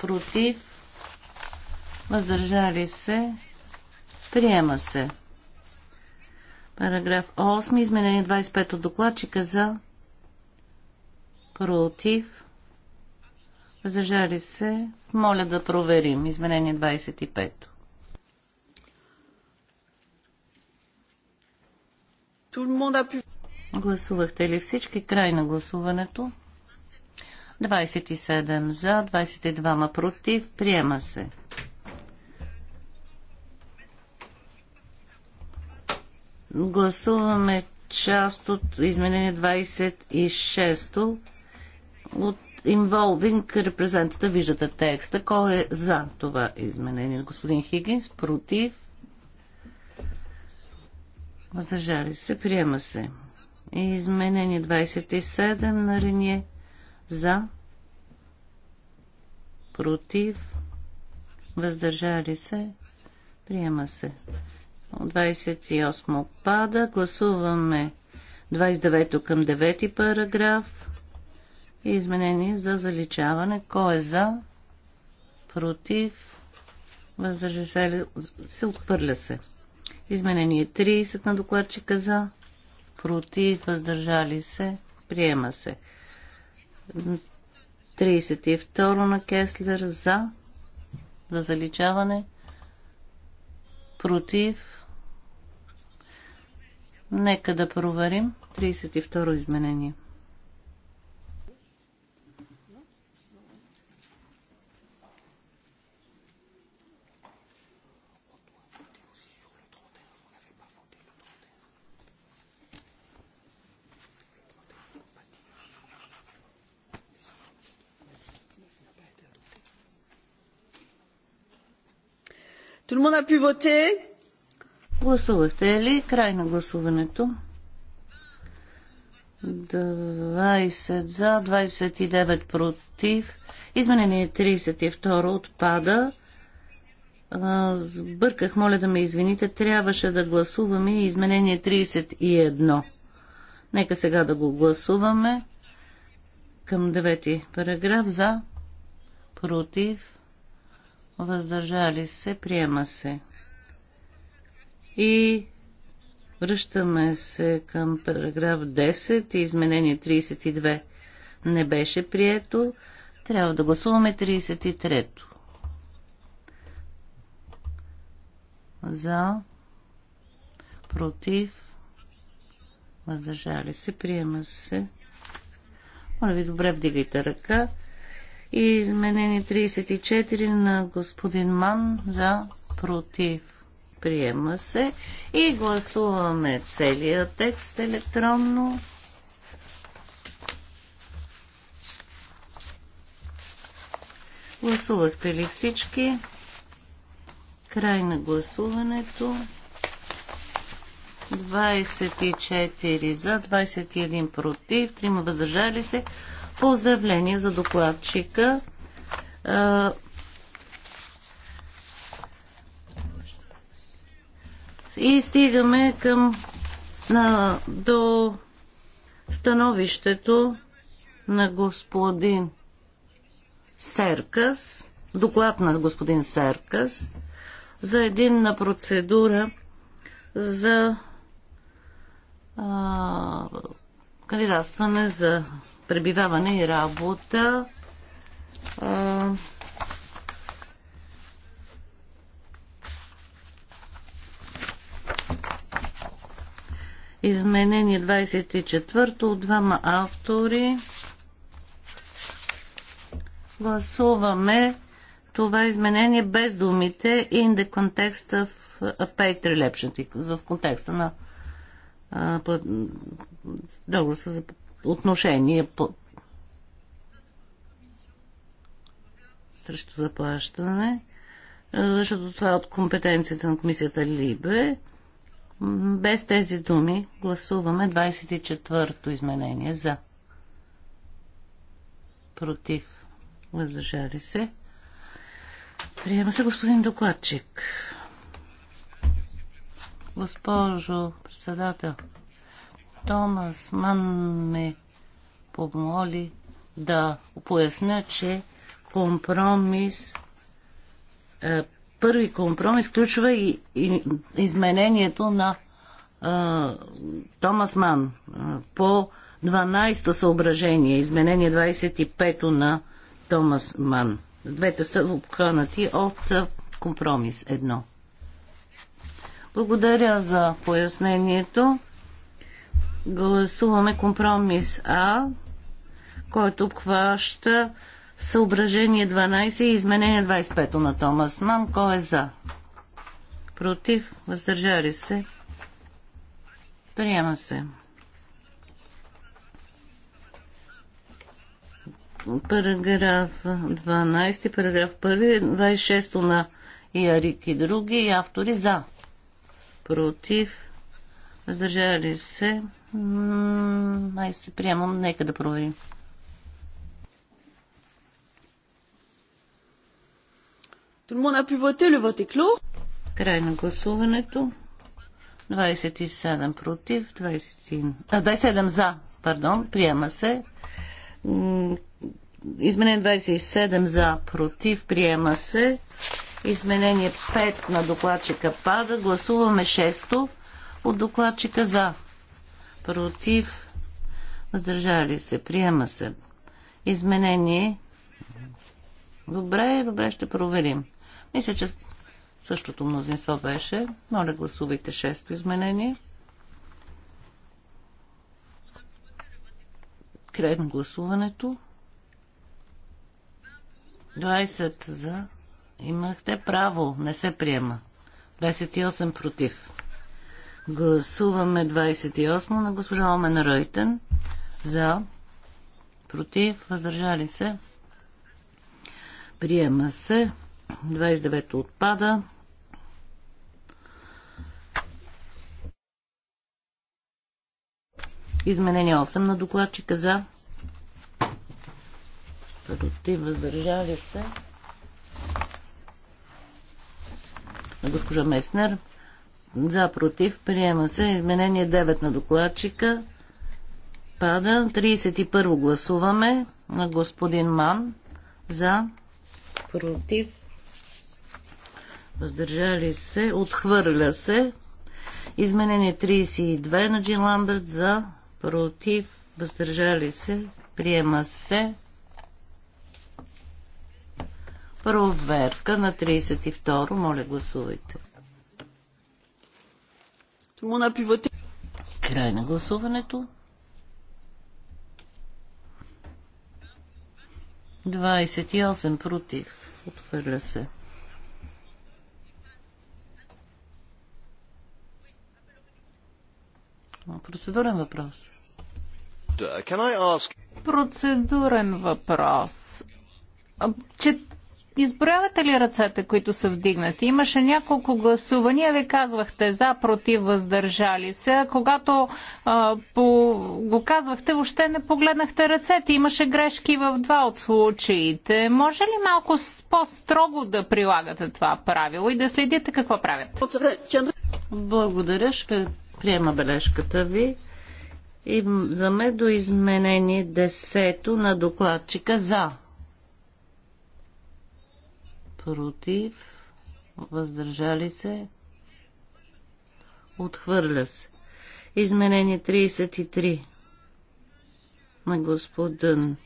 Speaker 3: Против? Въздържали се? Приема се. Параграф 8. Изменение 25 от докладчика за против. Въздържали се. Моля да проверим. Изменение 25. Гласувахте ли всички? Край на гласуването. 27 за, 22 ма против. Приема се. Гласуваме част от изменение 26 от Involving Representative. Виждате текста. Кой е за това изменение? Господин Хигинс, против? Въздържали се. Приема се. И изменение 27 на Рене За. Против. Въздържали се. Приема се. 28 отпада. Гласуваме 29 към 9 параграф. И изменение за заличаване. Кой е за? Против. Въздържа се. Се отхвърля се. Изменение 30 на докладчика за. Против. Въздържали се. Приема се. 32 на Кеслер за. За заличаване. Против. Нека да проверим 32 изменение. 32.
Speaker 1: Tout le monde a pu voter?
Speaker 3: Гласувахте ли? Край на гласуването. 20 за, 29 против. Изменение 32 отпада. Сбърках, моля да ме извините. Трябваше да гласуваме изменение 31. Нека сега да го гласуваме. Към 9 параграф за, против въздържали се, приема се. И връщаме се към параграф 10 и изменение 32 не беше прието. Трябва да гласуваме 33-то. За, против, въздържали се, приема се. Моля ви, добре вдигайте ръка. И изменение 34 на господин Ман за против. Приема се. И гласуваме целия текст електронно. Гласувахте ли всички? Край на гласуването. 24 за, 21 против, 3 въздържали се. Поздравление за докладчика. И стигаме към на, до становището на господин Серкас, доклад на господин Серкас за единна процедура за а, кандидатстване за пребиваване и работа. А, Изменение 24 от двама автори. Гласуваме това изменение без думите in the context of paid в контекста на договор за отношение по... срещу заплащане, защото това е от компетенцията на комисията Либе. Без тези думи гласуваме 24-то изменение за. Против. Въздържали се. Приема се господин докладчик. Госпожо председател, Томас Ман ме помоли да поясня, че компромис е, първи компромис включва и, изменението на е, Томас Ман е, по 12-то съображение, изменение 25-то на Томас Ман. Двете са обхванати от компромис едно. Благодаря за пояснението. Гласуваме компромис А, който обхваща съображение 12 и изменение 25 на Томас Ман. Кой е за? Против? Въздържали се? Приема се. Параграф 12, параграф 1, 26 на Ярик и други автори за. Против? Въздържали се? Май се приемам. Нека да проверим. Tout le
Speaker 1: monde
Speaker 3: a pu Край на гласуването. 27 против, 20... а, 27 за, пардон, приема се. Изменение 27 за, против, приема се. Изменение 5 на докладчика пада. Гласуваме 6 от докладчика за, против, въздържали се, приема се. Изменение. Добре, добре, ще проверим. Мисля, че същото мнозинство беше. Моля, гласувайте шесто изменение. Крем гласуването. 20 за. Имахте право. Не се приема. 28 против. Гласуваме 28 на госпожа Омен Ройтен. За. Против. Въздържали се. Приема се. 29 отпада. Изменение 8 на докладчика за. Против. Въздържали се. На госпожа Меснер? За, против, приема се. Изменение 9 на докладчика. Пада. 31 гласуваме на господин Ман. За, против, въздържали се, отхвърля се. Изменение 32 на Джин Ламберт за, против, въздържали се, приема се. Проверка на 32. Моля, гласувайте. Tout le monde Край на гласуването. 28 против. Отхвърля се.
Speaker 2: Процедурен въпрос. Can I ask... Процедурен въпрос. Че Избравате ли ръцете, които са вдигнати? Имаше няколко гласувания, ви казвахте за, против, въздържали се. А когато а, по, го казвахте, въобще не погледнахте ръцете. Имаше грешки в два от случаите. Може ли малко по-строго да прилагате това правило и да следите какво правят?
Speaker 3: Благодаря, ще приема бележката ви. И за ме до изменение 10 на докладчика за против, въздържали се, отхвърля се. Изменение 33 на господин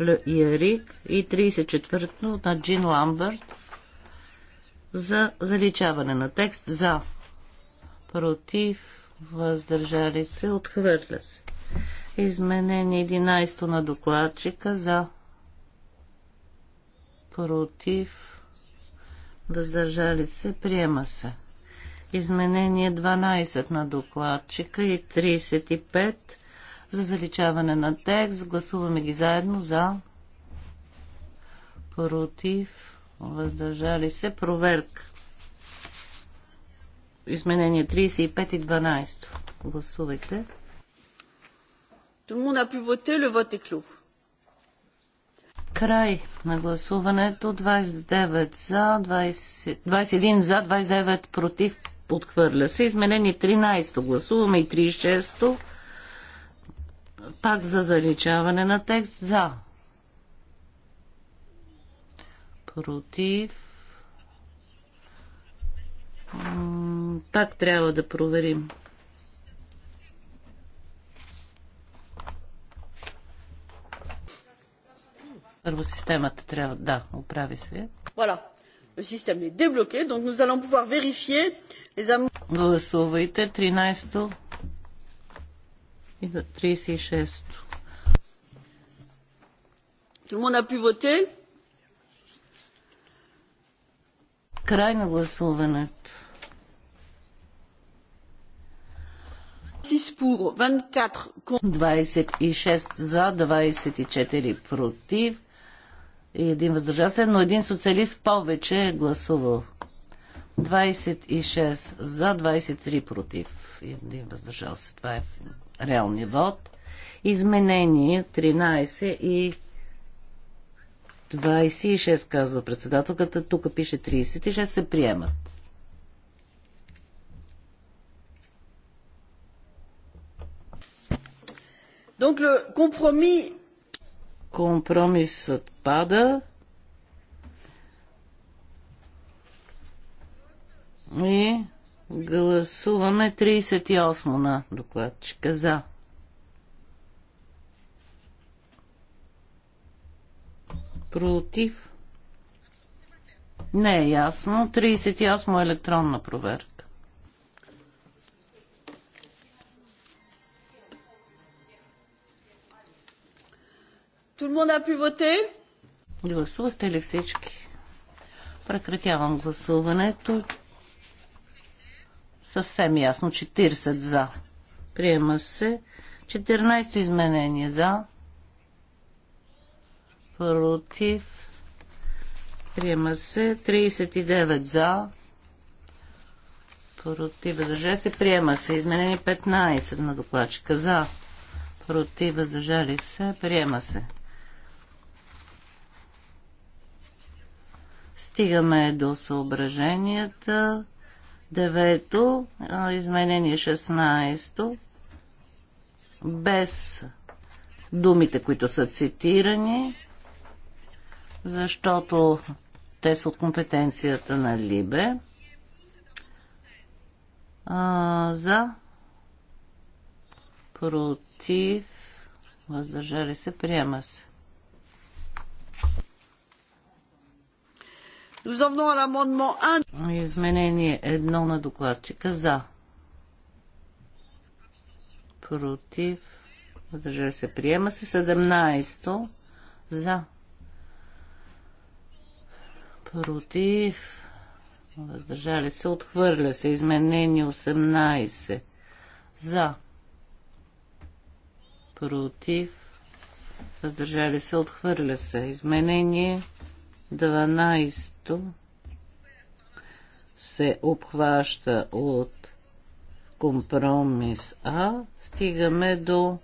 Speaker 3: Л. Ярик и 34-то на Джин Ламбърт за заличаване на текст за против, въздържали се, отхвърля се. Изменение 11 на докладчика за против, въздържали се, приема се. Изменение 12 на докладчика и 35 за заличаване на текст. Гласуваме ги заедно за против, въздържали се, проверка. Изменение 35 и 12. Гласувайте.
Speaker 1: Tout le monde a pu voter, le vote est clos.
Speaker 3: Край на гласуването. 29 за, 20, 21 за, 29 против. Подхвърля се. Изменени 13. Гласуваме и 36. Пак за заличаване на текст. За. Против. Пак трябва да проверим. Първо системата трябва да оправи се.
Speaker 1: Voilà. Le système est débloqué, donc nous allons pouvoir vérifier les amendements. Гласувайте 13-то
Speaker 3: и 36-то.
Speaker 1: Tout le monde a pu voter?
Speaker 3: Край на гласуването.
Speaker 1: 26
Speaker 3: за, 24 против и един въздържал се, но един социалист повече е гласувал. 26 за, 23 против и един въздържал се. Това е реалния вод. Изменение 13 и 26, казва председателката. Тук пише 36, се приемат.
Speaker 1: Donc le compromis...
Speaker 3: Компромисът пада. И гласуваме 38 на докладчика за. Против. Не е ясно. 38 електронна проверка.
Speaker 1: Tout le monde a pu voter
Speaker 3: Гласувахте ли всички? Прекратявам гласуването. Съвсем ясно. 40 за. Приема се. 14 изменение за. Против. Приема се. 39 за. Против. Въздържа се. Приема се. Изменение 15 на докладчика за. Против. Въздържали се. Приема се. Стигаме до съображенията. Девето, изменение 16, без думите, които са цитирани, защото те са от компетенцията на Либе. А, за, против, въздържали се, приема се. Nous en venons à l'amendement 1. Изменение 1 на докладчика за. Против. Въздържали се. Приема се 17 за. Против. Въздържали се. Отхвърля се. Изменение 18 за. Против. Въздържали се. Отхвърля се. Изменение 12 се обхваща от компромис А, стигаме до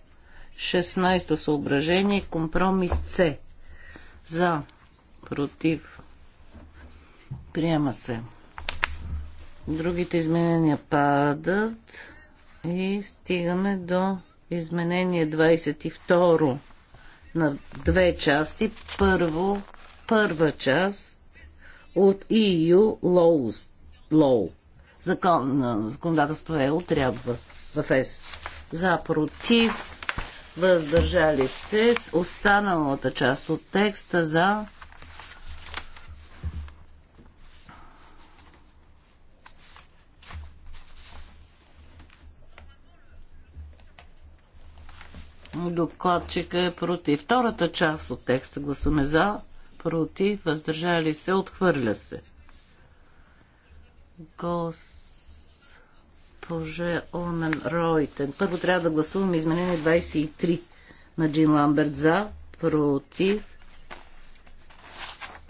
Speaker 3: 16-то съображение, компромис С. За, против, приема се. Другите изменения падат и стигаме до изменение 22 на две части. Първо първа част от EU Laws, Law. Закон, законодателство е трябва в ЕС. За против, въздържали се, останалата част от текста за Докладчика е против. Втората част от текста гласуваме за против, въздържали се, отхвърля се. Госпоже Омен Ройтен. Първо трябва да гласуваме изменение 23 на Джин Ламберт за, против.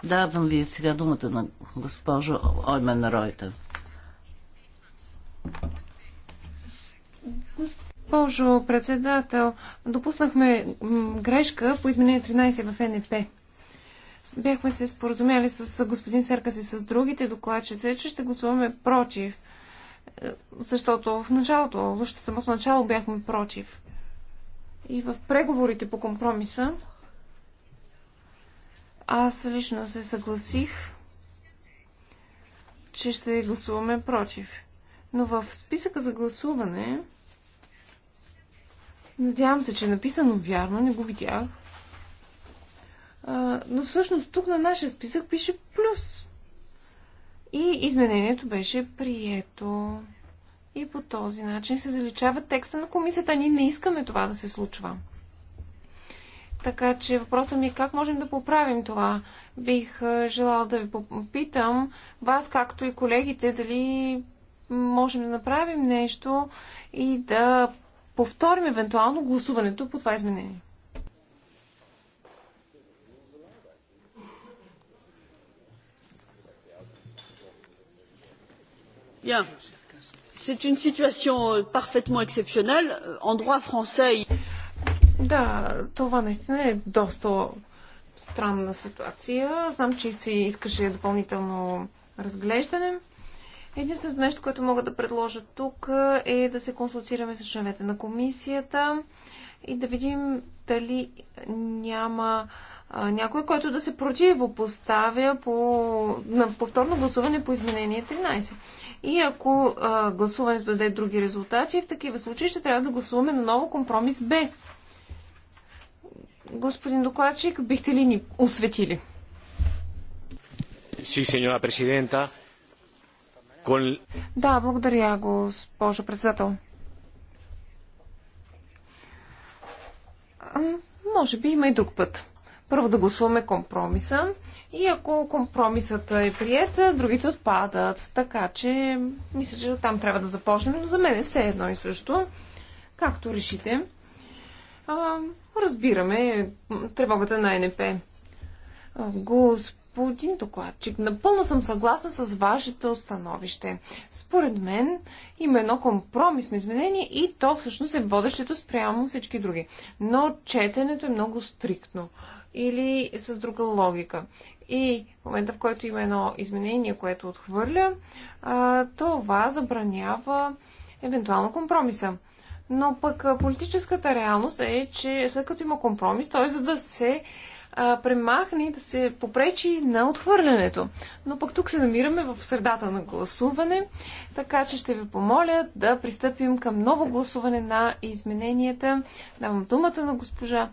Speaker 3: Давам ви сега думата на госпожа Оймен Ройтен.
Speaker 4: Госпожо председател, допуснахме грешка по изменение 13 в НП бяхме се споразумяли с господин Серкас и с другите докладчици, че ще гласуваме против. Е, защото в началото, в самото начало бяхме против. И в преговорите по компромиса аз лично се съгласих, че ще гласуваме против. Но в списъка за гласуване, надявам се, че е написано вярно, не го видях, а, но всъщност тук на нашия списък пише плюс. И изменението беше прието. И по този начин се заличава текста на комисията. Ние не искаме това да се случва. Така че въпросът ми е как можем да поправим това. Бих желала да ви попитам вас, както и колегите, дали можем да направим нещо и да повторим евентуално гласуването по това изменение.
Speaker 1: C'est une situation euh, parfaitement exceptionnelle. En droit français.
Speaker 4: Да, това наистина е доста странна ситуация. Знам, че си искаше допълнително разглеждане. Единственото нещо, което мога да предложа тук е да се консултираме с членовете на комисията и да видим дали няма някой, който да се противопоставя по, на повторно гласуване по изменение 13. И ако а, гласуването даде други резултати, в такива случаи ще трябва да гласуваме на ново компромис Б. Господин докладчик, бихте ли ни осветили?
Speaker 1: Sí, Con...
Speaker 4: Да, благодаря, госпожо председател. Може би има и друг път. Първо да гласуваме компромиса и ако компромисът е прият, другите отпадат. Така че, мисля, че там трябва да започнем, но за мен е все едно и също. Както решите. А, разбираме тревогата на НП. Господин докладчик, напълно съм съгласна с вашето становище. Според мен има едно компромисно изменение и то всъщност е водещето спрямо всички други. Но четенето е много стриктно или с друга логика. И в момента, в който има едно изменение, което отхвърля, това забранява евентуално компромиса. Но пък политическата реалност е, че след като има компромис, той за да се премахне и да се попречи на отхвърлянето. Но пък тук се намираме в средата на гласуване, така че ще ви помоля да пристъпим към ново гласуване на измененията. Давам думата на госпожа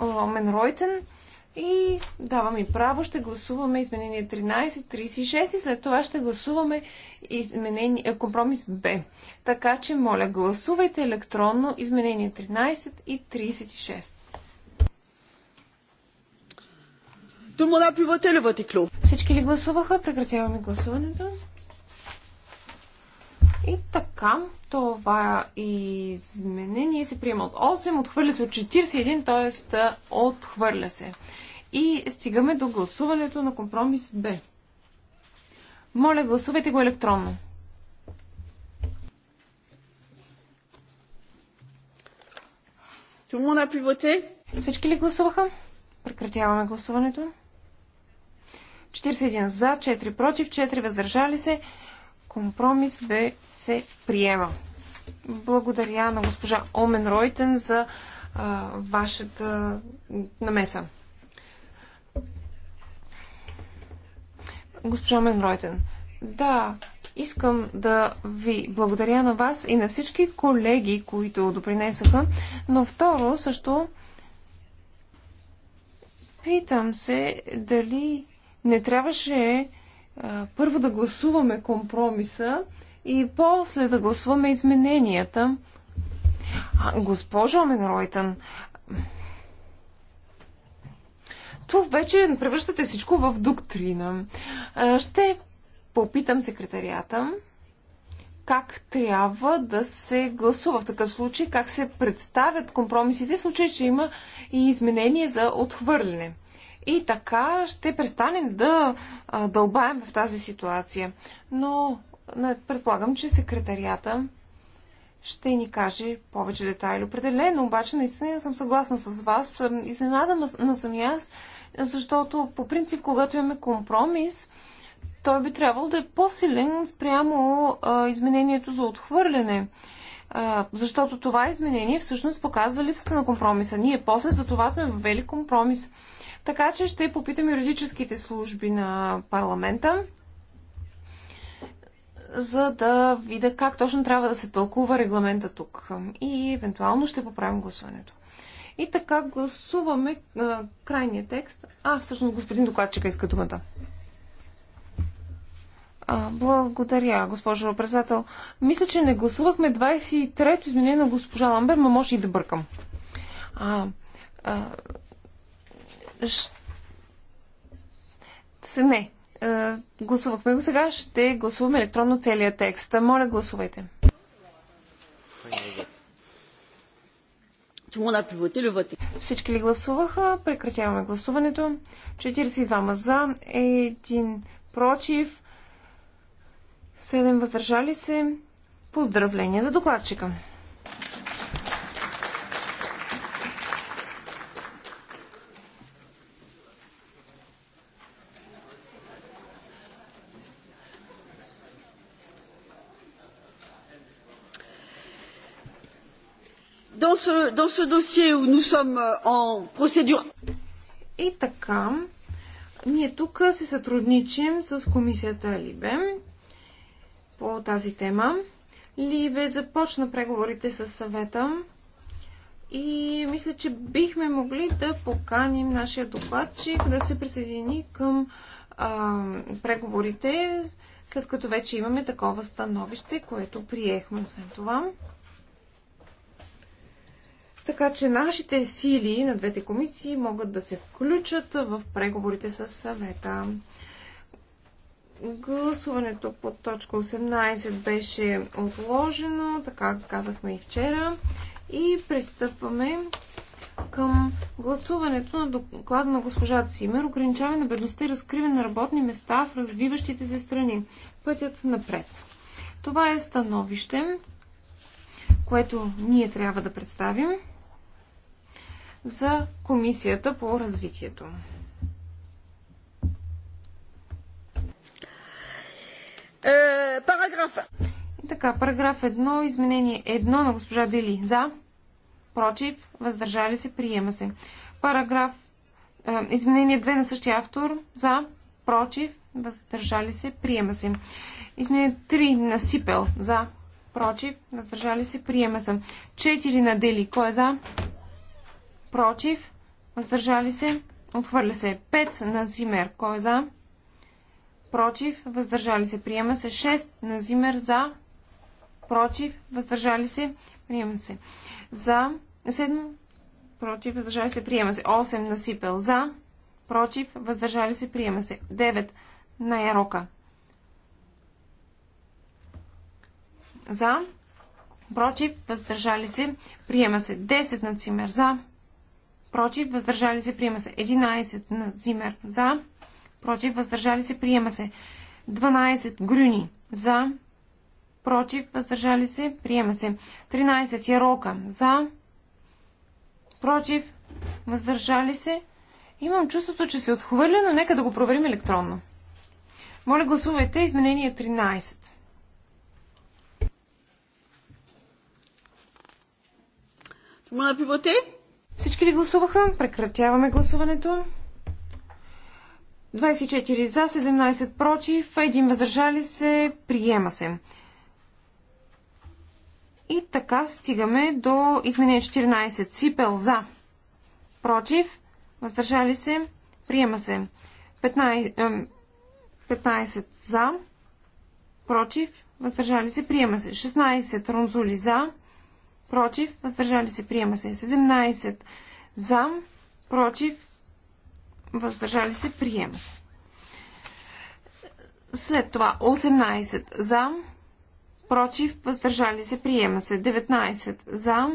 Speaker 4: Омен Ройтен. И давам и право, ще гласуваме изменение 13, 36 и след това ще гласуваме изменение, е, компромис Б. Така че, моля, гласувайте електронно изменение 13 и 36. Всички ли гласуваха? Прекратяваме гласуването. И така, това изменение се приема от 8, отхвърля се от 41, т.е. отхвърля се. И стигаме до гласуването на компромис Б. Моля, гласувайте го електронно. Тому на пивоте. Всички ли гласуваха? Прекратяваме гласуването. 41 за, 4 против, 4 въздържали се. Компромис бе се приема. Благодаря на госпожа Омен Ройтен за а, вашата намеса. Госпожа Омен Ройтен, да, искам да ви благодаря на вас и на всички колеги, които допринесаха, но второ също питам се дали не трябваше първо да гласуваме компромиса и после да гласуваме измененията. А, госпожо Аменройтън, тук вече превръщате всичко в доктрина. Ще попитам секретарията как трябва да се гласува в такъв случай, как се представят компромисите в случай, че има и изменение за отхвърляне. И така ще престанем да дълбаем в тази ситуация. Но предполагам, че секретарията ще ни каже повече детайли. Определено, обаче, наистина съм съгласна с вас. Изненада съм и аз, защото по принцип, когато имаме компромис, той би трябвало да е по-силен спрямо а, изменението за отхвърляне. А, защото това изменение всъщност показва липсата на компромиса. Ние после за това сме въвели компромис. Така че ще попитам юридическите служби на парламента, за да видя как точно трябва да се тълкува регламента тук. И евентуално ще поправим гласуването. И така гласуваме а, крайния текст. А, всъщност господин докладчика иска думата. А, благодаря, госпожо председател. Мисля, че не гласувахме 23-то изменение на госпожа Ламбер, но може и да бъркам. А, а, ще... Не. Е, гласувахме го сега. Ще гласуваме електронно целият текст. Моля, гласувайте. Всички ли гласуваха? Прекратяваме гласуването. 42 за, 1 против, 7 въздържали се. Поздравления за докладчика! dans ce dossier où nous sommes euh, en procédure. И така, ние тук се сътрудничим с комисията Либе по тази тема. Либе започна преговорите с съвета и мисля, че бихме могли да поканим нашия докладчик да се присъедини към а, преговорите, след като вече имаме такова становище, което приехме след това. Така че нашите сили на двете комисии могат да се включат в преговорите с съвета. Гласуването по точка 18 беше отложено, така казахме и вчера. И пристъпваме към гласуването на доклада на госпожа Цимер, ограничаване на бедността и разкриване на работни места в развиващите се страни. Пътят напред. Това е становище, което ние трябва да представим за Комисията по развитието. Е, параграф. така, параграф 1, изменение 1 на госпожа Дели. За, против, въздържали се, приема се. Параграф, е, изменение 2 на същия автор. За, против, въздържали се, приема се. Изменение 3 на Сипел. За, против, въздържали се, приема се. 4 на Дели. Кой е за? против, въздържали се, отхвърля се 5 на Зимер, кой е за, против, въздържали се, приема се 6 на Зимер, за, против, въздържали се, приема се, за, 7, против, въздържали се, приема се, 8 на Сипел, за, против, въздържали се, приема се, 9 на Ярока, за, против, въздържали се, приема се 10 на Цимер за, против, въздържали се, приема се. 11 на Зимер, за, против, въздържали се, приема се. 12 Грюни, за, против, въздържали се, приема се. 13 Ярока, за, против, въздържали се. Имам чувството, че се отхвърля, но нека да го проверим електронно. Моля, гласувайте изменение 13. Tout le monde всички ли гласуваха? Прекратяваме гласуването. 24 за, 17 против, 1 въздържали се, приема се. И така стигаме до изменение 14. Сипел за, против, въздържали се, приема се. 15, 15 за, против, въздържали се, приема се. 16 ронзули за, против, въздържали се, приема се. 17 за, против, въздържали се, приема се. След това 18 за, против, въздържали се, приема се. 19 за,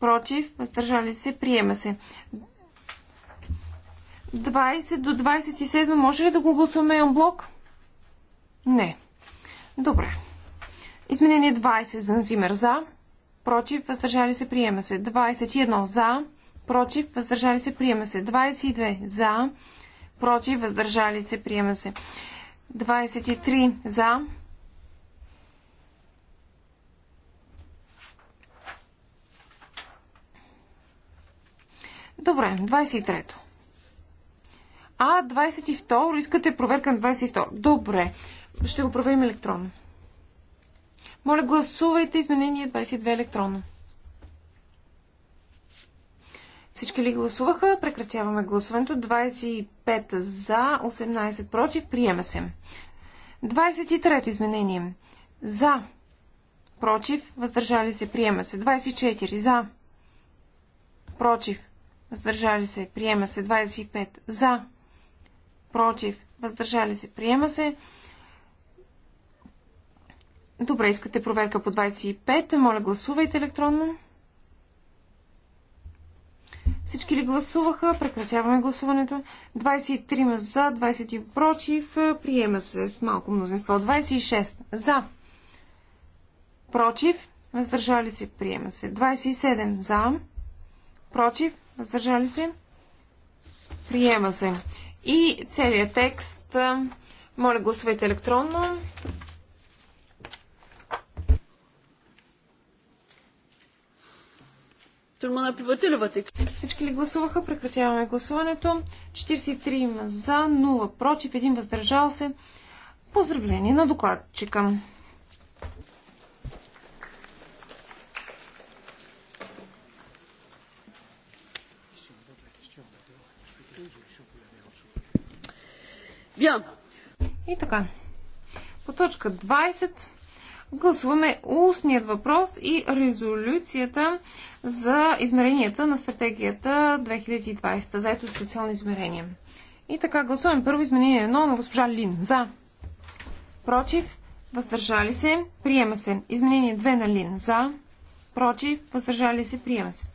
Speaker 4: против, въздържали се, приема се. 20 до 27 може ли да го гласуваме блок? Не. Добре. Изменение 20 за Зимер за, против, въздържали се, приема се. 21 за, против, въздържали се, приема се. 22 за, против, въздържали се, приема се. 23 за, Добре, 23-то. А, 22-ро, искате проверка на 22-ро. Добре, ще го проверим електронно. Моля, гласувайте изменение 22 електронно. Всички ли гласуваха? Прекратяваме гласуването. 25 за, 18 против. Приема се. 23-то изменение. За. Против. Въздържали се. Приема се. 24. За. Против. Въздържали се. Приема се. 25. За. Против. Въздържали се. Приема се. Добре, искате проверка по 25. Моля, гласувайте електронно. Всички ли гласуваха? Прекратяваме гласуването. 23 за, 20 против. Приема се с малко мнозинство. 26 за. Против. Въздържали се. Приема се. 27 за. Против. Въздържали се. Приема се. И целият текст. Моля, гласувайте електронно. Всички ли гласуваха? Прекратяваме гласуването. 43 има за, 0 против, 1 въздържал се. Поздравление на докладчика. И така. По точка 20 гласуваме устният въпрос и резолюцията за измеренията на стратегията 2020, заето социални измерения. И така, гласуваме първо изменение 1 на госпожа Лин. За. Против. Въздържали се. Приема се. Изменение 2 на Лин. За. Против. Въздържали се. Приема се.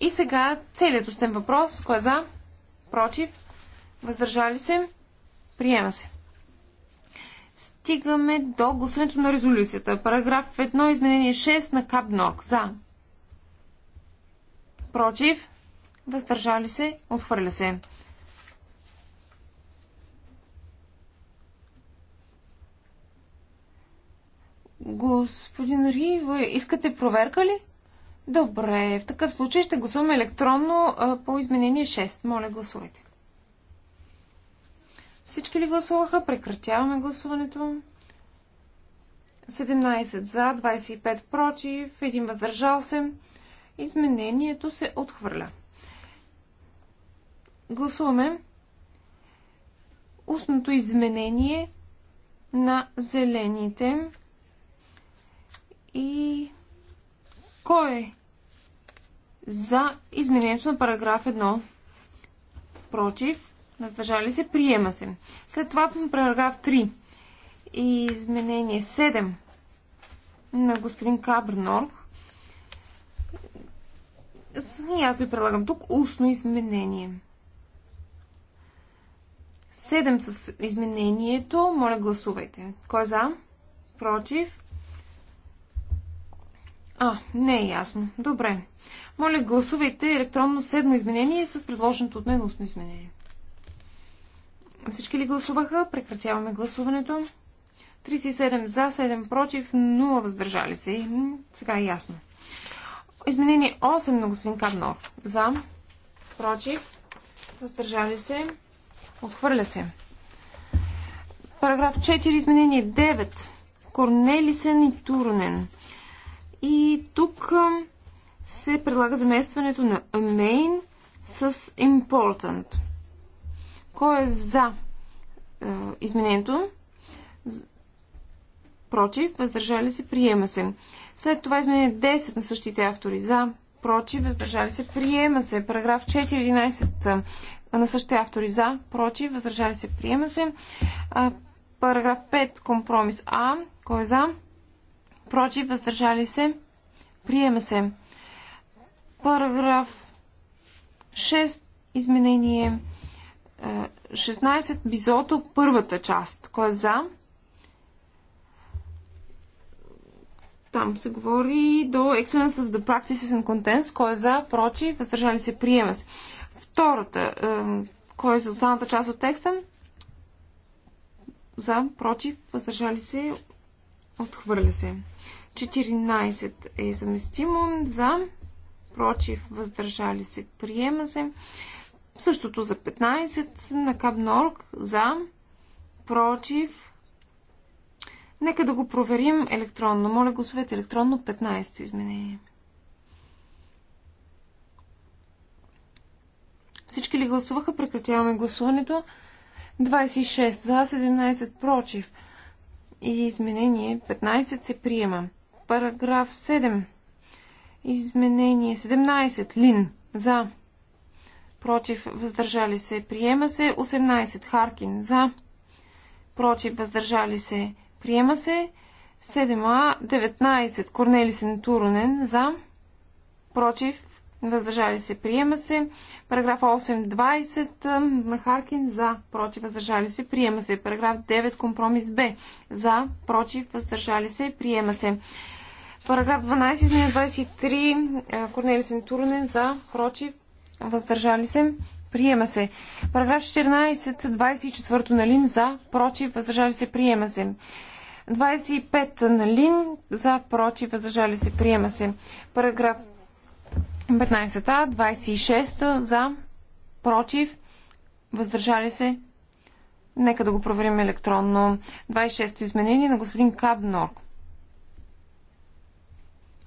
Speaker 4: И сега целият устен въпрос. Кой е за? Против. Въздържали се. Приема се. Стигаме до гласуването на резолюцията. Параграф 1, изменение 6 на КАП За. Против. Въздържали се. Отхвърля се. Господин Рива, искате проверка ли? Добре, в такъв случай ще гласуваме електронно по изменение 6. Моля, гласувайте. Всички ли гласуваха? Прекратяваме гласуването. 17 за, 25 против, 1 въздържал се. Изменението се отхвърля. Гласуваме устното изменение на зелените. И кой е за изменението на параграф 1? Против? въздържали се, приема се. След това параграф 3 и изменение 7 на господин Кабрнор. И аз ви предлагам тук устно изменение. 7 с изменението. Моля, гласувайте. Кой е за? Против? А, не е ясно. Добре. Моля, гласувайте електронно седмо изменение с предложеното от мен устно изменение. Всички ли гласуваха? Прекратяваме гласуването. 37 за, 7 против, 0 въздържали се. Сега е ясно. Изменение 8 на господин Каднор. За, против, въздържали се, отхвърля се. Параграф 4, изменение 9. Корнелисен и Турнен. И тук се предлага заместването на main с important. Кой е за е, изменението? Против, въздържали се, приема се. След това изменение 10 на същите автори. За, против, въздържали се, приема се. Параграф 4.11 е, на същите автори. За, против, въздържали се, приема се. Параграф 5, компромис А. Кой е за? Против, въздържали се, приема се. Параграф 6, изменение 16 бизото, първата част. Кой е за? Там се говори до Excellence of the Practices and Contents. Кой е за? Против? Въздържали се? Приема се. Втората. Е, кой е за останата част от текста? За? Против? Въздържали се? Отхвърля се. 14 е съвместимо. За? Против? Въздържали се? Приема се. Същото за 15 на Кабнорг за, против. Нека да го проверим електронно. Моля, гласовете електронно 15-то изменение. Всички ли гласуваха? Прекратяваме гласуването. 26 за, 17 против. И изменение 15 се приема. Параграф 7. Изменение 17. Лин. За против, въздържали се, приема се. 18. Харкин за, против, въздържали се, приема се. 7А, 19. Корнелисен Турунен за, против, въздържали се, приема се. Параграф 8, 20 на Харкин за, против, въздържали се, приема се. Параграф 9, компромис Б за, против, въздържали се, приема се. Параграф 12, изменя 23, Корнелисен Турунен за, против, въздържали се, приема се. Параграф 14, 24 на Лин, за, против, въздържали се, приема се. 25 на Лин, за, против, въздържали се, приема се. Параграф 15а, 26 за, против, въздържали се. Нека да го проверим електронно. 26-то изменение на господин Кабнор.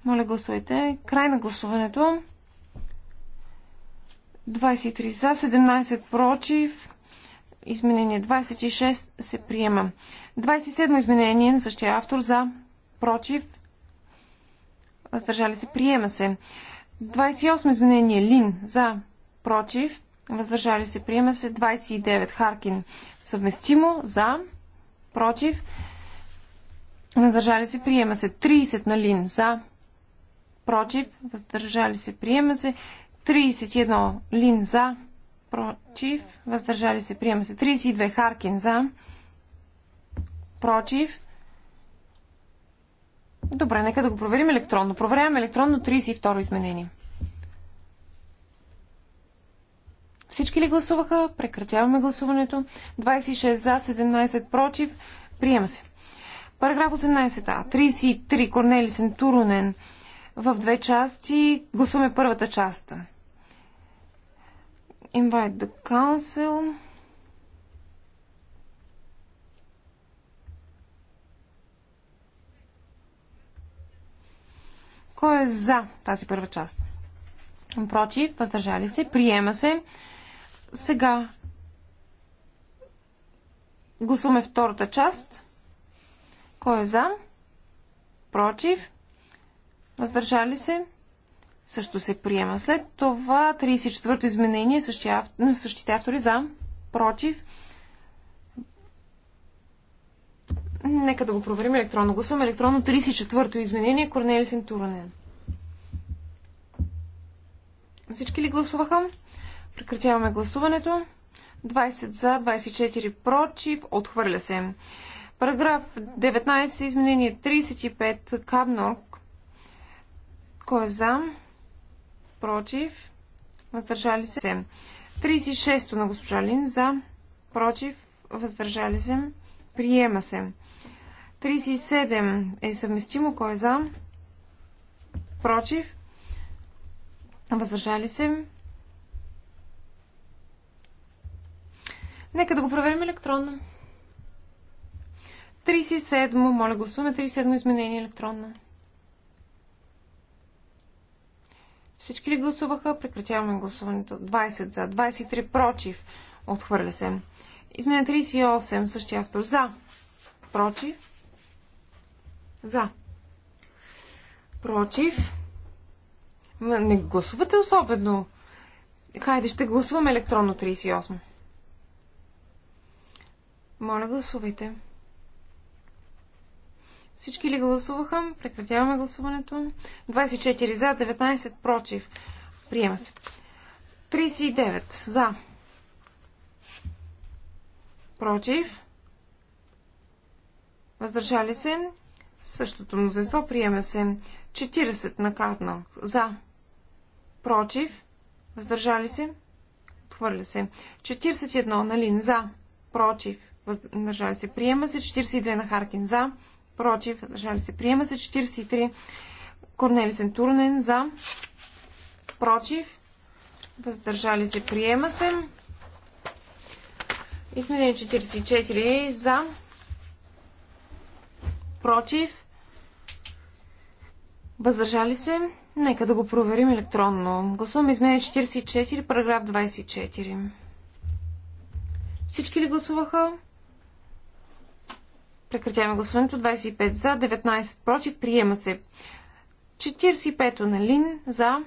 Speaker 4: Моля гласувайте. Край на гласуването. 23 за, 17 против. Изменение 26 се приема. 27 изменение на същия автор за, против. Въздържали се, приема се. 28 изменение Лин за, против. Въздържали се, приема се. 29 Харкин съвместимо за, против. Въздържали се, приема се. 30 на Лин за, против. Въздържали се, приема се. 31 Лин за, против, въздържали се, приема се. 32 Харкин за, против. Добре, нека да го проверим електронно. Проверяваме електронно 32 изменение. Всички ли гласуваха? Прекратяваме гласуването. 26 за, 17 против. Приема се. Параграф 18а. 33. Корнелисен Сентурунен В две части. Гласуваме първата част invite the council. Кой е за тази първа част? Против, въздържали се, приема се. Сега гласуваме втората част. Кой е за? Против, въздържали се, също се приема. След това 34-то изменение, същите автори за, против. Нека да го проверим електронно. Гласуваме електронно 34-то изменение, Корнели Сентуранен. Всички ли гласуваха? Прекратяваме гласуването. 20 за, 24 против, отхвърля се. Параграф 19, изменение 35, Кабнорк. Кой е за? против, въздържали се. 36-то на госпожа Лин за, против, въздържали се, приема се. 37 е съвместимо, кой е за, против, въздържали се. Нека да го проверим електронно. 37, моля гласуваме 37 изменение електронно. Всички ли гласуваха? Прекратяваме гласуването. 20 за, 23 против. Отхвърля се. Изменя 38, същия автор. За. Против. За. Против. Не гласувате особено. Хайде, ще гласуваме електронно 38. Моля, гласувайте. Всички ли гласуваха? Прекратяваме гласуването. 24 за, 19 против. Приема се. 39 за. Против. Въздържали се. Същото мнозинство приема се. 40 на Картнал. За. Против. Въздържали се. Отхвърля се. 41 на Лин. За. Против. Въздържали се. Приема се. 42 на Харкин. За против, въздържали се, приема се. 43 Корнели Турнен за, против, въздържали се, приема се. Изменение 44 за, против, въздържали се. Нека да го проверим електронно. Гласуваме изменение 44, параграф 24. Всички ли гласуваха? Прекратяваме гласуването. 25 за, 19 против. Приема се. 45 на Лин за,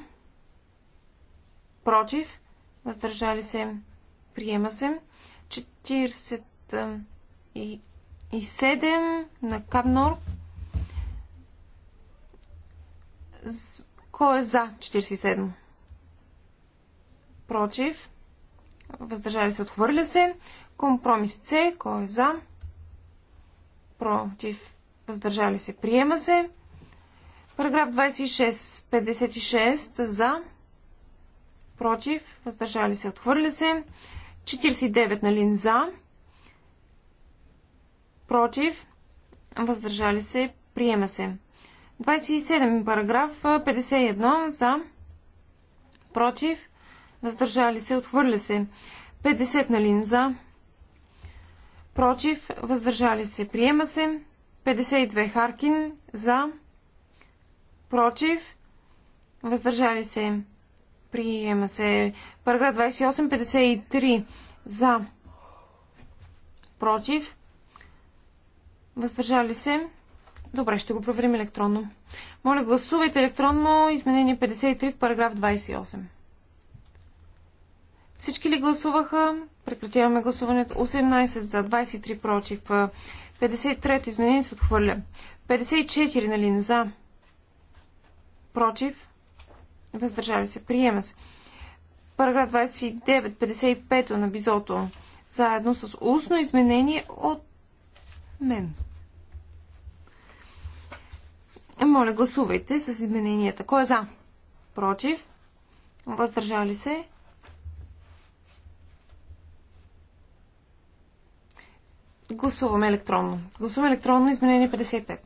Speaker 4: против. Въздържали се. Приема се. 47 на Каднор. Кой е за 47? Против. Въздържали се. Отхвърля се. Компромис С. Кой е за? против, въздържали се, приема се. Параграф 26, 56 за, против, въздържали се, отхвърля се. 49 на лин за, против, въздържали се, приема се. 27 параграф 51 за, против, въздържали се, отхвърля се. 50 на лин за, против, против, въздържали се, приема се. 52 Харкин за, против, въздържали се, приема се. Параграф 28, 53 за, против, въздържали се. Добре, ще го проверим електронно. Моля, гласувайте електронно изменение 53 в параграф 28. Всички ли гласуваха? Прекратяваме гласуването. 18 за, 23 против. 53 изменение се отхвърля. 54 нали, за. Против. Въздържали се. Приема се. Параграф 29, 55 на Бизото. Заедно с устно изменение от мен. Моля, гласувайте с измененията. Кой е за? Против. Въздържали се. Гласуваме електронно. Гласуваме електронно изменение 55.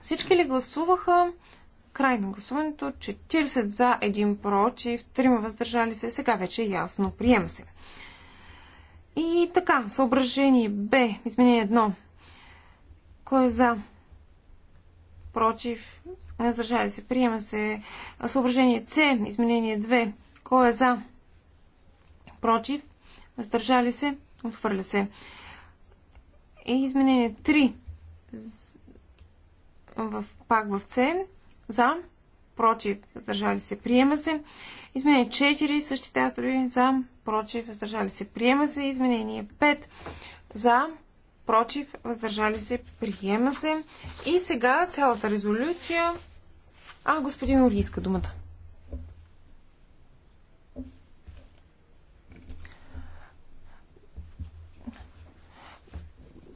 Speaker 4: Всички ли гласуваха? Край на гласуването. 40 за, 1 против, 3 въздържали се. Сега вече е ясно. Приема се. И така, съображение Б, изменение 1. Кой е за? Против, въздържали се. Приема се. Съображение С, изменение 2. Кой е за? против, въздържали се, отхвърля се. И изменение 3 в, пак в С, за, против, въздържали се, приема се. Изменение 4, същите автори, за, против, въздържали се, приема се. Изменение 5, за, против, въздържали се, приема се. И сега цялата резолюция. А, господин Ори иска думата.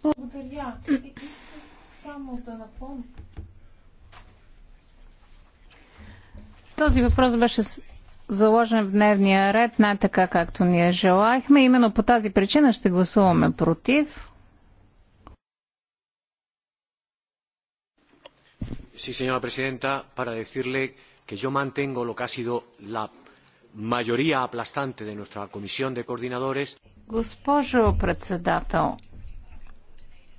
Speaker 4: Благодаря. само да напомня.
Speaker 2: Този въпрос беше заложен в дневния ред, не така както ние желаехме. Именно по тази причина ще гласуваме против.
Speaker 1: Sí, señora presidenta, para decirle que yo mantengo lo que ha sido la mayoría aplastante de nuestra comisión de coordinadores.
Speaker 2: Госпожо председател,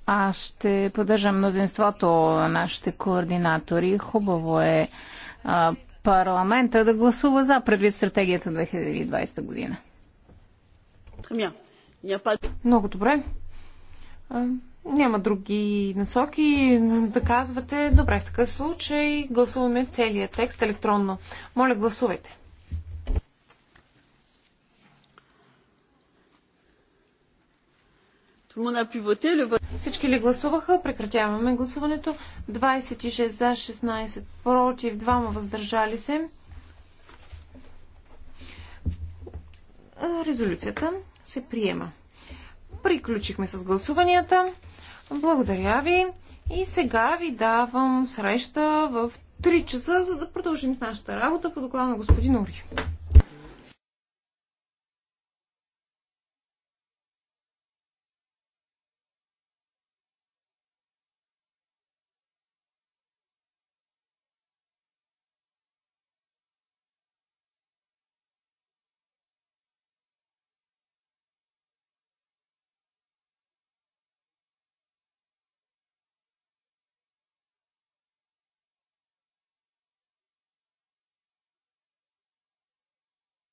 Speaker 2: аз ще поддържам мнозинството на нашите координатори. Хубаво е а, парламента да гласува за предвид стратегията 2020 година.
Speaker 4: Много добре. А, няма други насоки да казвате. Добре, в такъв случай гласуваме целият текст електронно. Моля, гласувайте. Всички ли гласуваха? Прекратяваме гласуването. 26 за, 16 против, 2 въздържали се. Резолюцията се приема. Приключихме с гласуванията. Благодаря ви. И сега ви давам среща в 3 часа, за да продължим с нашата работа по доклада на господин Ори.